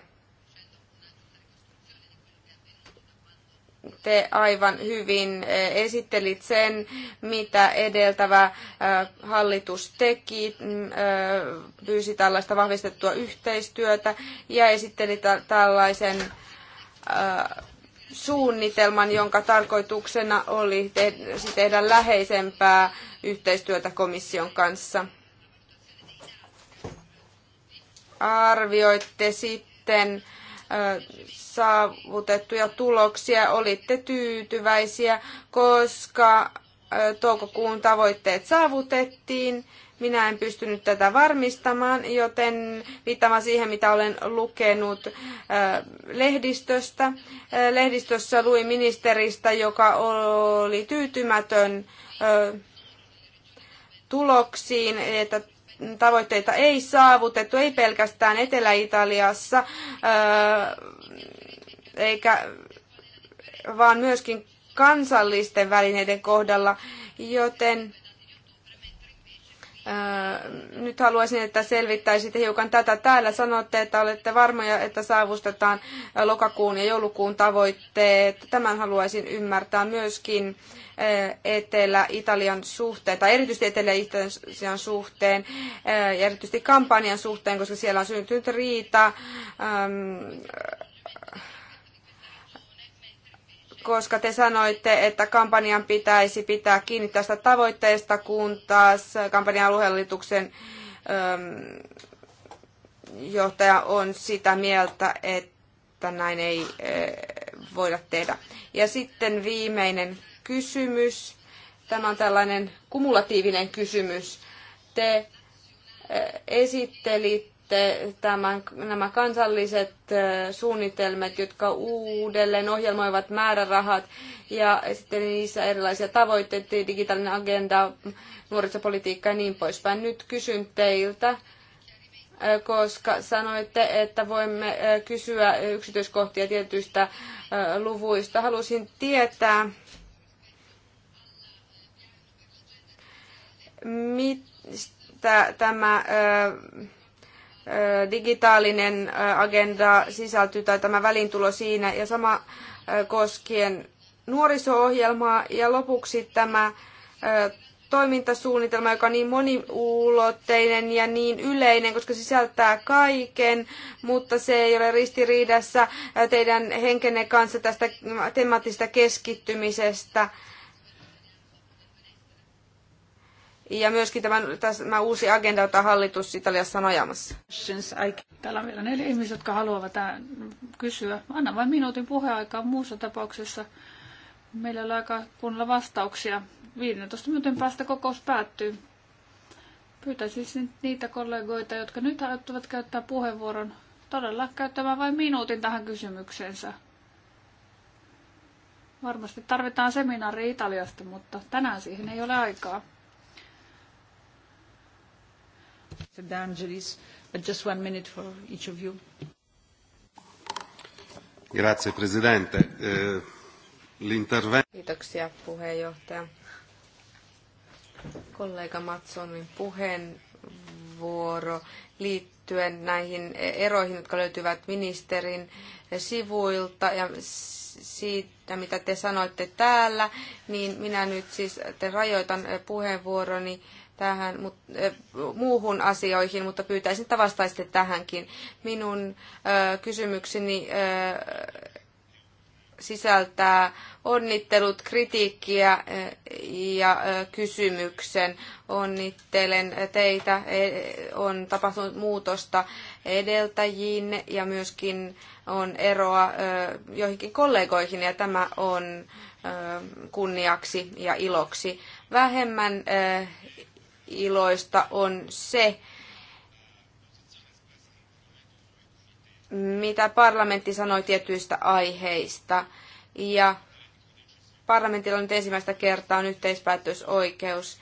te aivan hyvin eh, esittelit sen, mitä edeltävä eh, hallitus teki, mm, eh, pyysi tällaista vahvistettua yhteistyötä ja esitteli tällaisen suunnitelman, jonka tarkoituksena oli siis tehdä läheisempää yhteistyötä komission kanssa. Arvioitte sitten saavutettuja tuloksia, olitte tyytyväisiä, koska toukokuun tavoitteet saavutettiin. Minä en pystynyt tätä varmistamaan, joten viittama siihen, mitä olen lukenut lehdistöstä. Lehdistössä luin ministeristä, joka oli tyytymätön tuloksiin, että tavoitteita ei saavutettu, ei pelkästään Etelä-Italiassa, öö, eikä vaan myöskin kansallisten välineiden kohdalla, joten Äh, nyt haluaisin, että selvittäisitte hiukan tätä. Täällä sanotte, että olette varmoja, että saavutetaan lokakuun ja joulukuun tavoitteet. Tämän haluaisin ymmärtää myöskin äh, Etelä-Italian suhteen, tai erityisesti Etelä-Italian suhteen, äh, ja erityisesti kampanjan suhteen, koska siellä on syntynyt riita ähm, koska te sanoitte, että kampanjan pitäisi pitää kiinni tästä tavoitteesta, kun taas kampanjan aluehallituksen ähm, johtaja on sitä mieltä, että näin ei äh, voida tehdä. Ja sitten viimeinen kysymys. Tämä on tällainen kumulatiivinen kysymys. Te äh, esittelitte sitten tämän, nämä kansalliset suunnitelmat, jotka uudelleen ohjelmoivat määrärahat ja sitten niissä erilaisia tavoitteita, digitaalinen agenda, nuorisopolitiikka ja niin poispäin. Nyt kysyn teiltä, koska sanoitte, että voimme kysyä yksityiskohtia tietyistä luvuista. Halusin tietää, mitä tämä digitaalinen agenda sisältyy tai tämä välintulo siinä ja sama koskien nuoriso-ohjelmaa ja lopuksi tämä toimintasuunnitelma, joka on niin moniulotteinen ja niin yleinen, koska sisältää kaiken, mutta se ei ole ristiriidassa teidän henkenne kanssa tästä mm, temaattisesta keskittymisestä. ja myöskin tämän, tämä uusi agenda, jota hallitus Italiassa on ajamassa. Täällä on vielä neljä ihmistä, jotka haluavat kysyä. Anna vain minuutin puheaikaa muussa tapauksessa. Meillä on aika kunnolla vastauksia. 15 minuutin päästä kokous päättyy. Pyytäisin siis niitä kollegoita, jotka nyt haluavat käyttää puheenvuoron, todella käyttämään vain minuutin tähän kysymykseensä. Varmasti tarvitaan seminaari Italiasta, mutta tänään siihen ei ole aikaa. Mr. De Angelis, but just one minute for each of you. Grazie, Presidente. Eh, Kiitoksia, puheenjohtaja. Kollega Matsonin puheenvuoro liittyen näihin eroihin, jotka löytyvät ministerin sivuilta ja siitä, mitä te sanoitte täällä, niin minä nyt siis rajoitan puheenvuoroni tähän mut, äh, muuhun asioihin, mutta pyytäisin, että vastaisitte tähänkin. Minun äh, kysymykseni äh, sisältää onnittelut, kritiikkiä ja kysymyksen. Onnittelen teitä, e, on tapahtunut muutosta edeltäjiin ja myöskin on eroa joihinkin kollegoihin ja tämä on kunniaksi ja iloksi. Vähemmän iloista on se, mitä parlamentti sanoi tietyistä aiheista. Ja parlamentilla on nyt ensimmäistä kertaa yhteispäätösoikeus.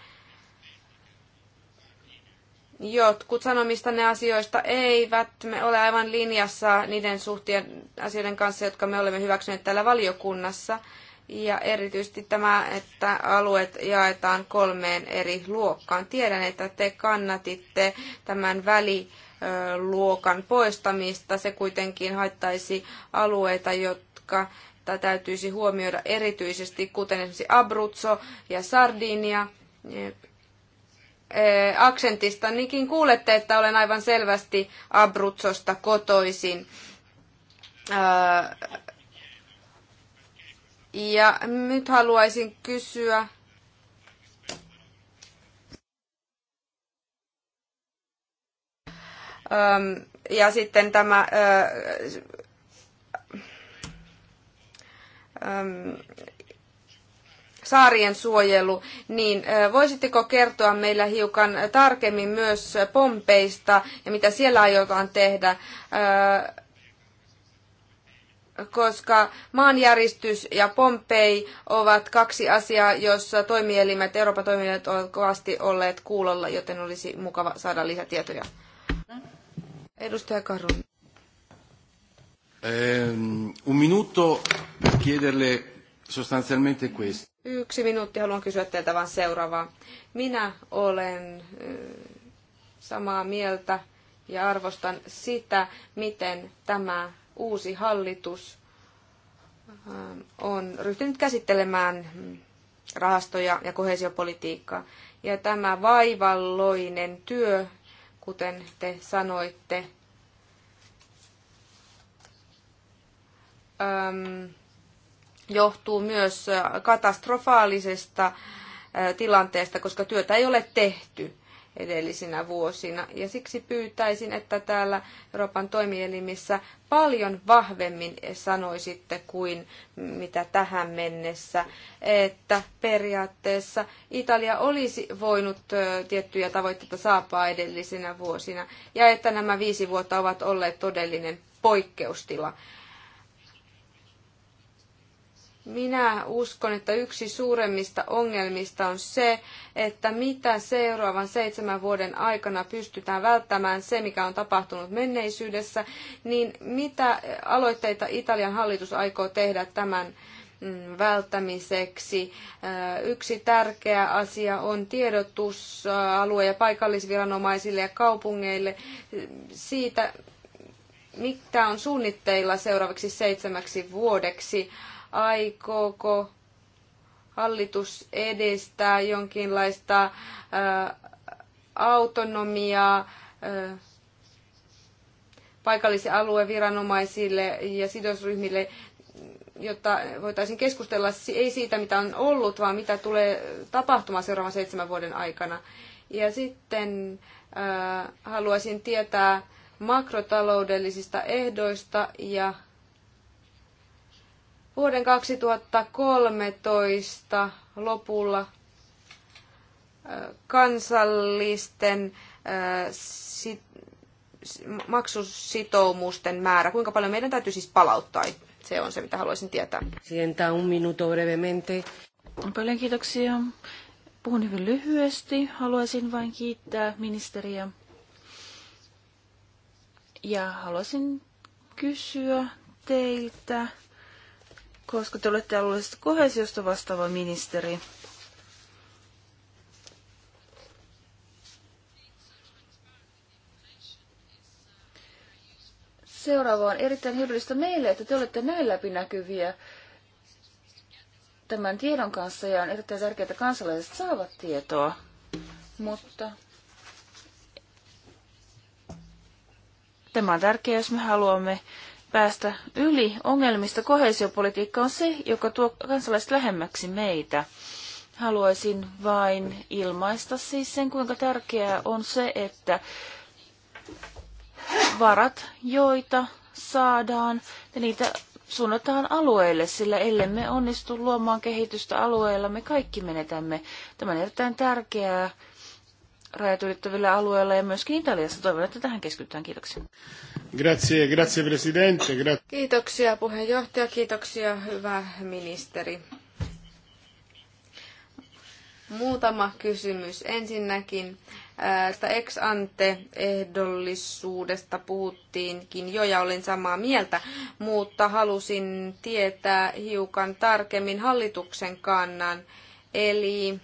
Jotkut sanomista ne asioista eivät me ole aivan linjassa niiden suhteen asioiden kanssa, jotka me olemme hyväksyneet täällä valiokunnassa. Ja erityisesti tämä, että alueet jaetaan kolmeen eri luokkaan. Tiedän, että te kannatitte tämän väli luokan poistamista. Se kuitenkin haittaisi alueita, jotka täytyisi huomioida erityisesti, kuten esimerkiksi Abruzzo ja Sardinia. Eh, Aksentista niinkin kuulette, että olen aivan selvästi Abruzzosta kotoisin. Äh, ja nyt haluaisin kysyä, ähm, ja sitten tämä äh, ähm, saarien suojelu, niin äh, voisitteko kertoa meillä hiukan tarkemmin myös Pompeista ja mitä siellä aiotaan tehdä? Äh, koska maanjäristys ja Pompei ovat kaksi asiaa, jossa toimielimet, Euroopan toimielimet ovat kovasti olleet kuulolla, joten olisi mukava saada lisätietoja. Edustaja Karun. Ehm, um per chiederle sostanzialmente questo. Yksi minuutti haluan kysyä teiltä vain seuraavaa. Minä olen eh, samaa mieltä ja arvostan sitä, miten tämä uusi hallitus ähm, on ryhtynyt käsittelemään rahastoja ja kohesiopolitiikkaa. Ja tämä vaivalloinen työ, kuten te sanoitte, ähm, johtuu myös katastrofaalisesta äh, tilanteesta, koska työtä ei ole tehty edellisinä vuosina. Ja siksi pyytäisin, että täällä Euroopan toimielimissä paljon vahvemmin sanoisitte kuin mitä tähän mennessä, että periaatteessa Italia olisi voinut tiettyjä tavoitteita saapaa edellisinä vuosina ja että nämä viisi vuotta ovat olleet todellinen poikkeustila. Minä uskon, että yksi suuremmista ongelmista on se, että mitä seuraavan seitsemän vuoden aikana pystytään välttämään se, mikä on tapahtunut menneisyydessä, niin mitä aloitteita Italian hallitus aikoo tehdä tämän mm, välttämiseksi. Yksi tärkeä asia on tiedotus alue- ja paikallisviranomaisille ja kaupungeille siitä, mitä on suunnitteilla seuraavaksi seitsemäksi vuodeksi aikooko hallitus edistää jonkinlaista autonomiaa paikallisen alueen viranomaisille ja sidosryhmille, jotta voitaisiin keskustella ei siitä, mitä on ollut, vaan mitä tulee tapahtumaan seuraavan seitsemän vuoden aikana. Ja sitten haluaisin tietää makrotaloudellisista ehdoista ja Vuoden 2013 lopulla kansallisten maksusitoumusten määrä, kuinka paljon meidän täytyy siis palauttaa. Se on se, mitä haluaisin tietää. Sientää un minuto brevemente. Paljon kiitoksia. Puhun hyvin lyhyesti. Haluaisin vain kiittää ministeriä. Ja haluaisin kysyä teiltä koska te olette alueellisesta kohesiosta vastaava ministeri. Seuraava on erittäin hyödyllistä meille, että te olette näin läpinäkyviä tämän tiedon kanssa ja on erittäin tärkeää, että kansalaiset saavat tietoa. Mutta tämä on tärkeää, jos me haluamme päästä yli ongelmista. Kohesiopolitiikka on se, joka tuo kansalaiset lähemmäksi meitä. Haluaisin vain ilmaista siis sen, kuinka tärkeää on se, että varat, joita saadaan, ja niitä suunnataan alueille, sillä ellemme onnistu luomaan kehitystä alueella, me kaikki menetämme. Tämä on erittäin tärkeää rajat ylittävillä alueilla ja myöskin Italiassa. Toivon, että tähän keskitytään. Kiitoksia. Grazie, grazie presidente. Gra- kiitoksia puheenjohtaja, kiitoksia hyvä ministeri. Muutama kysymys. Ensinnäkin äh, tästä ex ante ehdollisuudesta puhuttiinkin jo ja olin samaa mieltä, mutta halusin tietää hiukan tarkemmin hallituksen kannan. Eli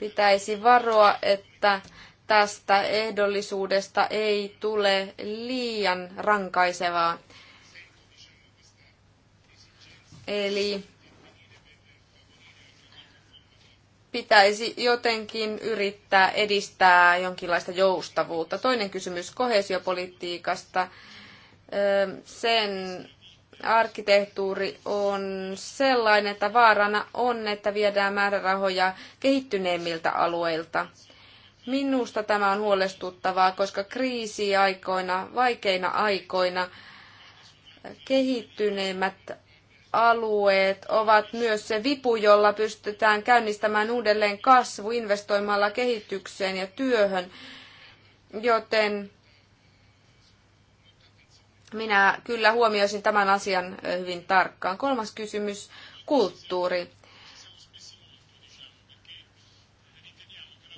Pitäisi varoa, että tästä ehdollisuudesta ei tule liian rankaisevaa. Eli pitäisi jotenkin yrittää edistää jonkinlaista joustavuutta. Toinen kysymys kohesiopolitiikasta. Öö, sen arkkitehtuuri on sellainen, että vaarana on, että viedään määrärahoja kehittyneemmiltä alueilta. Minusta tämä on huolestuttavaa, koska kriisiaikoina, vaikeina aikoina kehittyneemmät alueet ovat myös se vipu, jolla pystytään käynnistämään uudelleen kasvu investoimalla kehitykseen ja työhön, joten minä kyllä huomioisin tämän asian hyvin tarkkaan. Kolmas kysymys, kulttuuri.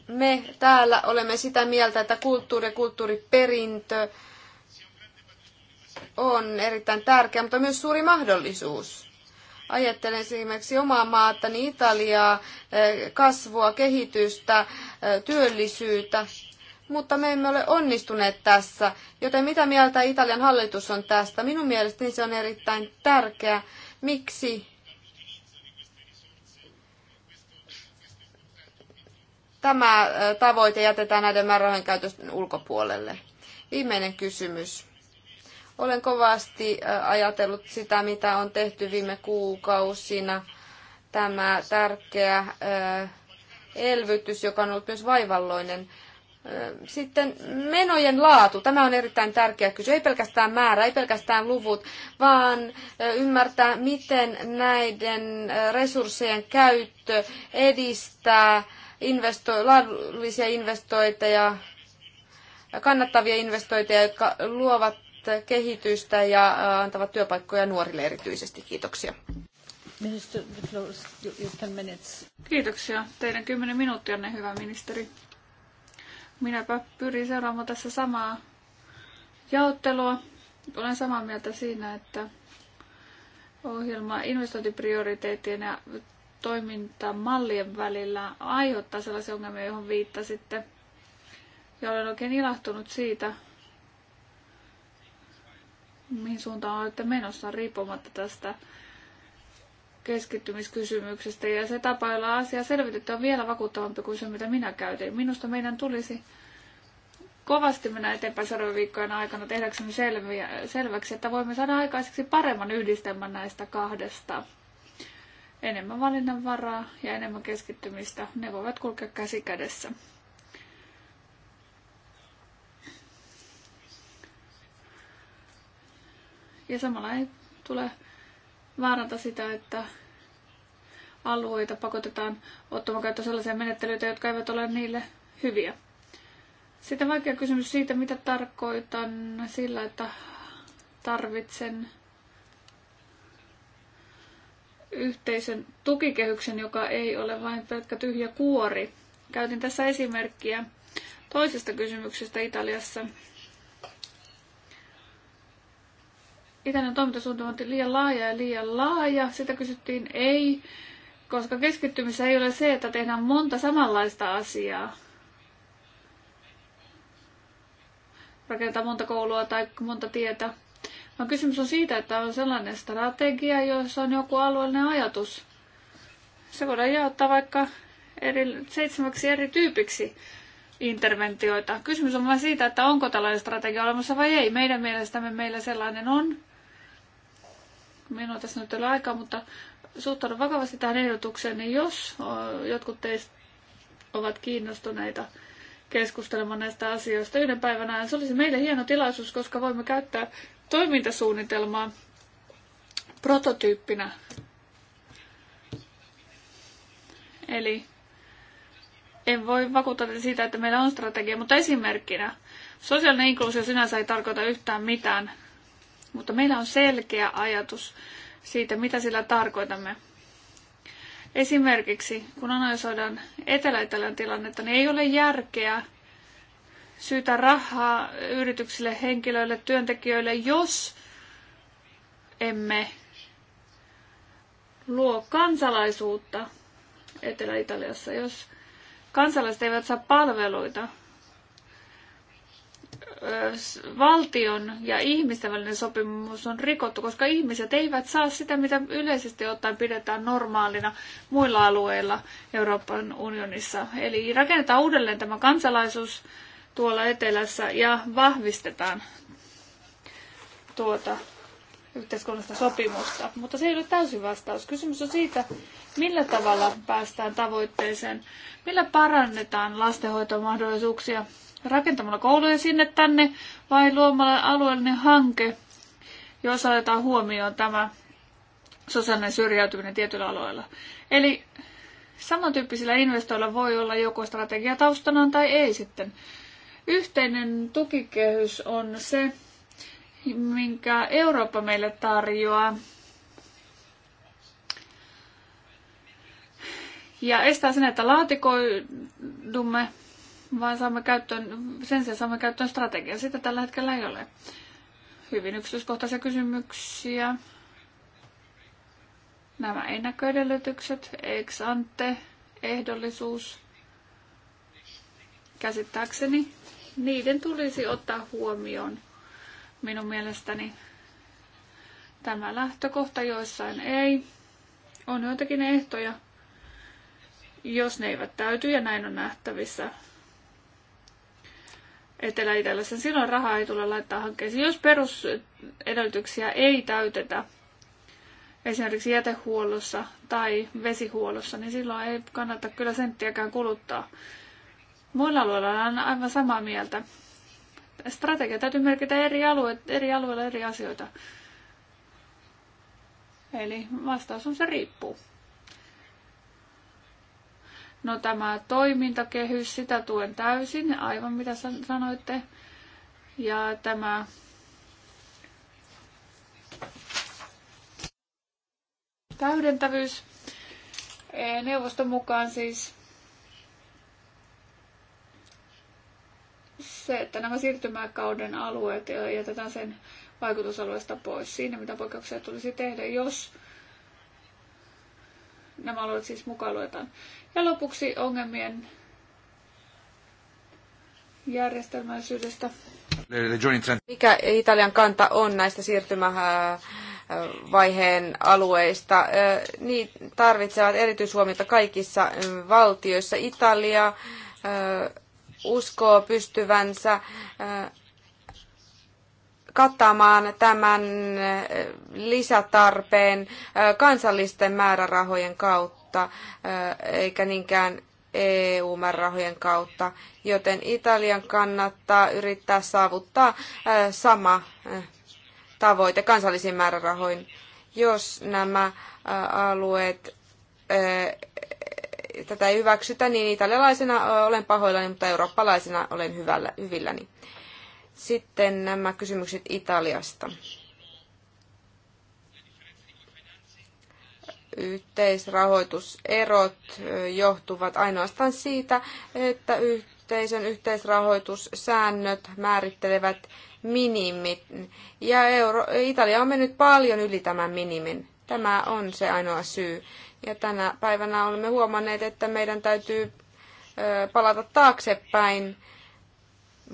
Me täällä olemme sitä mieltä, että kulttuuri ja kulttuuriperintö on erittäin tärkeä, mutta myös suuri mahdollisuus. Ajattelen esimerkiksi omaa maatani Italiaa, kasvua, kehitystä, työllisyyttä mutta me emme ole onnistuneet tässä. Joten mitä mieltä Italian hallitus on tästä? Minun mielestäni se on erittäin tärkeä. Miksi tämä äh, tavoite jätetään näiden määrärahojen käytön ulkopuolelle? Viimeinen kysymys. Olen kovasti äh, ajatellut sitä, mitä on tehty viime kuukausina. Tämä tärkeä äh, elvytys, joka on ollut myös vaivalloinen. Sitten menojen laatu. Tämä on erittäin tärkeä kysymys. Ei pelkästään määrä, ei pelkästään luvut, vaan ymmärtää, miten näiden resurssien käyttö edistää investo- laadullisia investointeja, kannattavia investointeja, jotka luovat kehitystä ja antavat työpaikkoja nuorille erityisesti. Kiitoksia. Kiitoksia. Teidän kymmenen minuuttia, hyvä ministeri. Minäpä pyrin seuraamaan tässä samaa jaottelua. Olen samaa mieltä siinä, että ohjelma investointiprioriteettien ja toimintamallien välillä aiheuttaa sellaisia ongelmia, johon viittasitte. Ja olen oikein ilahtunut siitä, mihin suuntaan olette menossa riippumatta tästä keskittymiskysymyksestä ja se tapa, jolla asia selvitetty on vielä vakuuttavampi kuin se, mitä minä käytin. Minusta meidän tulisi kovasti mennä eteenpäin seuraavien viikkojen aikana tehdäksemme selviä, selväksi, että voimme saada aikaiseksi paremman yhdistelmän näistä kahdesta. Enemmän valinnanvaraa ja enemmän keskittymistä, ne voivat kulkea käsi kädessä. Ja samalla ei tule vaaranta sitä, että alueita pakotetaan ottamaan käyttöön sellaisia menettelyitä, jotka eivät ole niille hyviä. Sitten vaikea kysymys siitä, mitä tarkoitan sillä, että tarvitsen yhteisen tukikehyksen, joka ei ole vain pelkkä tyhjä kuori. Käytin tässä esimerkkiä toisesta kysymyksestä Italiassa, itäinen toimintasuunta on liian laaja ja liian laaja. Sitä kysyttiin ei, koska keskittymissä ei ole se, että tehdään monta samanlaista asiaa. Rakentaa monta koulua tai monta tietä. Vaan kysymys on siitä, että on sellainen strategia, jossa on joku alueellinen ajatus. Se voidaan jaottaa vaikka eri, seitsemäksi eri tyypiksi interventioita. Kysymys on vain siitä, että onko tällainen strategia olemassa vai ei. Meidän mielestämme meillä sellainen on minulla tässä nyt ole aikaa, mutta suhtaudun vakavasti tähän ehdotukseen, niin jos jotkut teistä ovat kiinnostuneita keskustelemaan näistä asioista yhden päivän ajan, se olisi meille hieno tilaisuus, koska voimme käyttää toimintasuunnitelmaa prototyyppinä. Eli en voi vakuuttaa teitä siitä, että meillä on strategia, mutta esimerkkinä. Sosiaalinen inkluusio sinänsä ei tarkoita yhtään mitään mutta meillä on selkeä ajatus siitä, mitä sillä tarkoitamme. Esimerkiksi kun analysoidaan Etelä-Italian tilannetta, niin ei ole järkeä syytä rahaa yrityksille, henkilöille, työntekijöille, jos emme luo kansalaisuutta Etelä-Italiassa, jos kansalaiset eivät saa palveluita, valtion ja ihmisten välinen sopimus on rikottu, koska ihmiset eivät saa sitä, mitä yleisesti ottaen pidetään normaalina muilla alueilla Euroopan unionissa. Eli rakennetaan uudelleen tämä kansalaisuus tuolla etelässä ja vahvistetaan tuota yhteiskunnallista sopimusta. Mutta se ei ole täysin vastaus. Kysymys on siitä, millä tavalla päästään tavoitteeseen, millä parannetaan lastenhoitomahdollisuuksia rakentamalla kouluja sinne tänne vai luomalla alueellinen hanke, jos otetaan huomioon tämä sosiaalinen syrjäytyminen tietyillä alueilla. Eli samantyyppisillä investoilla voi olla joko strategia taustanaan tai ei sitten. Yhteinen tukikehys on se, minkä Eurooppa meille tarjoaa. Ja estää sen, että laatikoidumme vaan saamme käyttöön, sen sijaan saamme käyttöön strategian. Sitä tällä hetkellä ei ole. Hyvin yksityiskohtaisia kysymyksiä. Nämä ennäköedellytykset, ex ante, ehdollisuus, käsittääkseni, niiden tulisi ottaa huomioon minun mielestäni tämä lähtökohta, joissain ei. On joitakin ehtoja, jos ne eivät täyty ja näin on nähtävissä, etelä sen silloin rahaa ei tule laittaa hankkeisiin. Jos perusedellytyksiä ei täytetä esimerkiksi jätehuollossa tai vesihuollossa, niin silloin ei kannata kyllä senttiäkään kuluttaa. Muilla alueilla on aivan samaa mieltä. Strategia täytyy merkitä eri, alue, eri alueilla eri asioita. Eli vastaus on se riippuu. No tämä toimintakehys, sitä tuen täysin, aivan mitä sanoitte. Ja tämä täydentävyys e, neuvoston mukaan siis se, että nämä siirtymäkauden alueet jätetään sen vaikutusalueesta pois siinä, mitä poikkeuksia tulisi tehdä, jos nämä alueet siis mukaan luetaan. Ja lopuksi ongelmien järjestelmällisyydestä. Mikä Italian kanta on näistä siirtymävaiheen alueista? Niin tarvitsevat erityishuomiota kaikissa valtioissa. Italia uskoo pystyvänsä kattamaan tämän eh, lisätarpeen eh, kansallisten määrärahojen kautta, eh, eikä niinkään EU-määrärahojen kautta, joten Italian kannattaa yrittää saavuttaa sama tavoite kansallisin määrärahoin, jos nämä alueet tätä ei hyväksytä, niin italialaisena olen pahoillani, mutta eurooppalaisena olen hyvällä, hyvilläni. Sitten nämä kysymykset Italiasta. Yhteisrahoituserot johtuvat ainoastaan siitä, että yhteisön yhteisrahoitussäännöt määrittelevät minimit. Ja Euro- Italia on mennyt paljon yli tämän minimin. Tämä on se ainoa syy. Ja tänä päivänä olemme huomanneet, että meidän täytyy palata taaksepäin,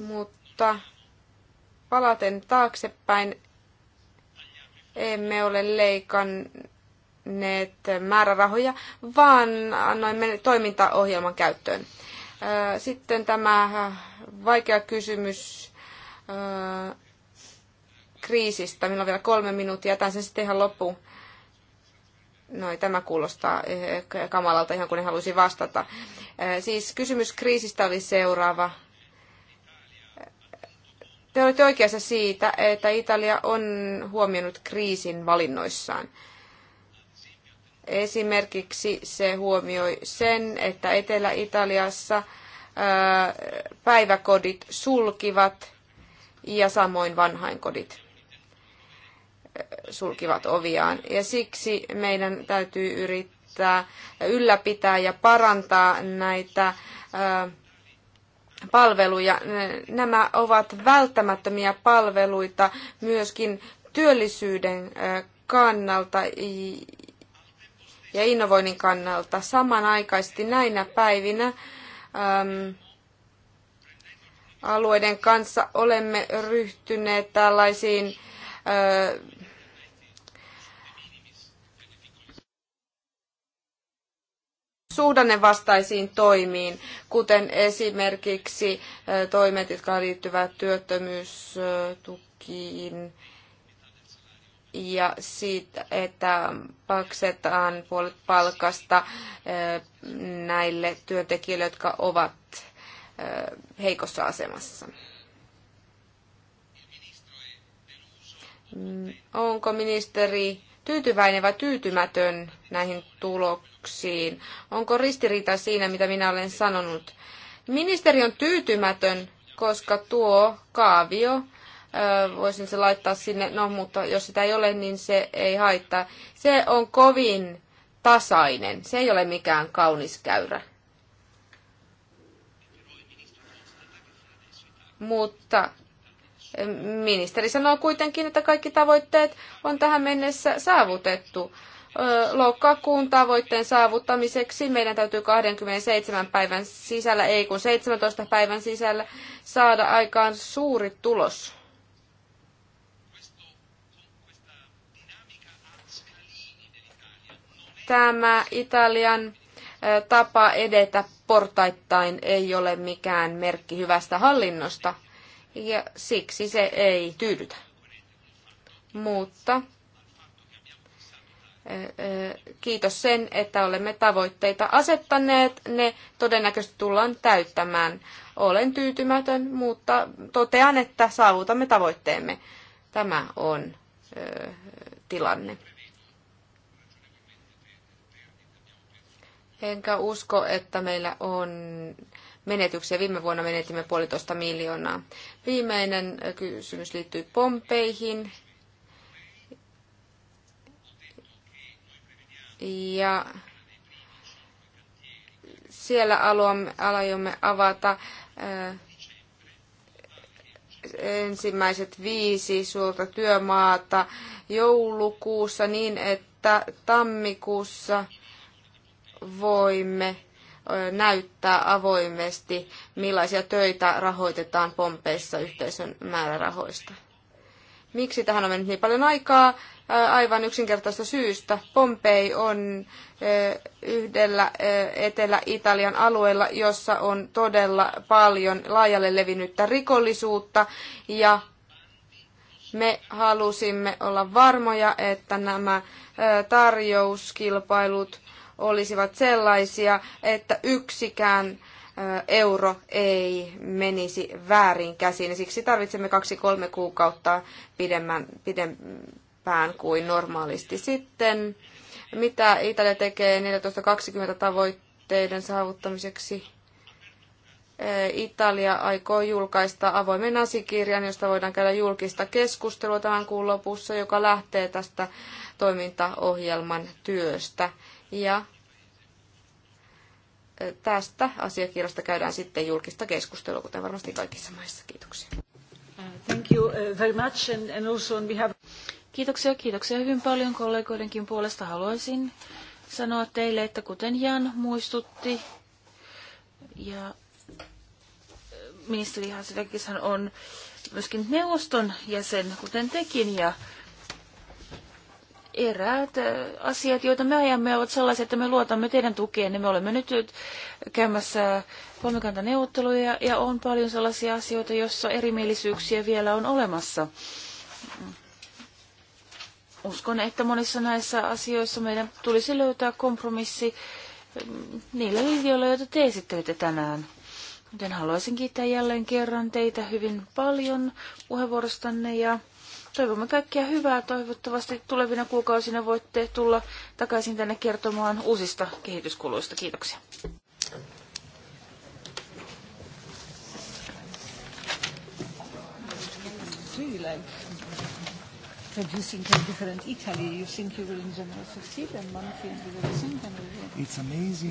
mutta palaten taaksepäin, emme ole leikanneet määrärahoja, vaan annoimme toimintaohjelman käyttöön. Äh, sitten tämä äh, vaikea kysymys äh, kriisistä. Meillä on vielä kolme minuuttia. Jätän sen sitten ihan loppuun. No ei tämä kuulostaa eh, eh, kamalalta ihan kun en halusi vastata. Siis kysymys kriisistä oli seuraava. Te olette oikeassa siitä, että Italia on huomioinut kriisin valinnoissaan. Esimerkiksi se huomioi sen, että Etelä-Italiassa päiväkodit sulkivat ja samoin vanhainkodit sulkivat oviaan. Ja siksi meidän täytyy yrittää ylläpitää ja parantaa näitä palveluja. Nämä ovat välttämättömiä palveluita myöskin työllisyyden kannalta ja innovoinnin kannalta. Samanaikaisesti näinä päivinä äm, alueiden kanssa olemme ryhtyneet tällaisiin äh, suhdannevastaisiin toimiin, kuten esimerkiksi toimet, jotka liittyvät työttömyystukiin ja siitä, että maksetaan puolet palkasta näille työntekijöille, jotka ovat heikossa asemassa. Mm, onko ministeri tyytyväinen vai tyytymätön näihin tuloksiin? Onko ristiriita siinä, mitä minä olen sanonut? Ministeri on tyytymätön, koska tuo kaavio, voisin se laittaa sinne, no mutta jos sitä ei ole, niin se ei haittaa. Se on kovin tasainen, se ei ole mikään kaunis käyrä. Mutta Ministeri sanoo kuitenkin, että kaikki tavoitteet on tähän mennessä saavutettu. Lokakuun tavoitteen saavuttamiseksi meidän täytyy 27 päivän sisällä, ei kun 17 päivän sisällä, saada aikaan suuri tulos. Tämä Italian tapa edetä portaittain ei ole mikään merkki hyvästä hallinnosta ja siksi se ei tyydytä. Mutta kiitos sen, että olemme tavoitteita asettaneet. Ne todennäköisesti tullaan täyttämään. Olen tyytymätön, mutta totean, että saavutamme tavoitteemme. Tämä on tilanne. Enkä usko, että meillä on menetyksiä. Viime vuonna menetimme puolitoista miljoonaa. Viimeinen äh, kysymys liittyy Pompeihin. Ja siellä aloimme, alajomme avata äh, ensimmäiset viisi suurta työmaata joulukuussa niin, että tammikuussa voimme näyttää avoimesti, millaisia töitä rahoitetaan Pompeissa yhteisön määrärahoista. Miksi tähän on mennyt niin paljon aikaa? Aivan yksinkertaista syystä. Pompei on yhdellä Etelä-Italian alueella, jossa on todella paljon laajalle levinnyttä rikollisuutta ja me halusimme olla varmoja, että nämä tarjouskilpailut olisivat sellaisia, että yksikään euro ei menisi väärin käsiin. Siksi tarvitsemme kaksi-kolme kuukautta pidemmän, pidempään kuin normaalisti. Sitten mitä Italia tekee 1420 tavoitteiden saavuttamiseksi? Italia aikoo julkaista avoimen asikirjan, josta voidaan käydä julkista keskustelua tämän kuun lopussa, joka lähtee tästä toimintaohjelman työstä. Ja tästä asiakirjasta käydään sitten julkista keskustelua, kuten varmasti kaikissa maissa. Kiitoksia. Uh, thank you uh, very much and also on behalf... Kiitoksia, kiitoksia hyvin paljon kollegoidenkin puolesta. Haluaisin sanoa teille, että kuten Jan muistutti ja ministeri Hasidakishan on myöskin neuvoston jäsen, kuten tekin, ja eräät asiat, joita me ajamme, ovat sellaisia, että me luotamme teidän tukeen. Me olemme nyt käymässä kolmikantaneuvotteluja ja on paljon sellaisia asioita, joissa erimielisyyksiä vielä on olemassa. Uskon, että monissa näissä asioissa meidän tulisi löytää kompromissi niillä linjoilla, joita te esittelitte tänään. Joten haluaisin kiittää jälleen kerran teitä hyvin paljon puheenvuorostanne ja Toivomme kaikkia hyvää. Toivottavasti tulevina kuukausina voitte tulla takaisin tänne kertomaan uusista kehityskuluista. Kiitoksia. producing different Italy. You think you will in general succeed, and one thing you will think, and It's amazing.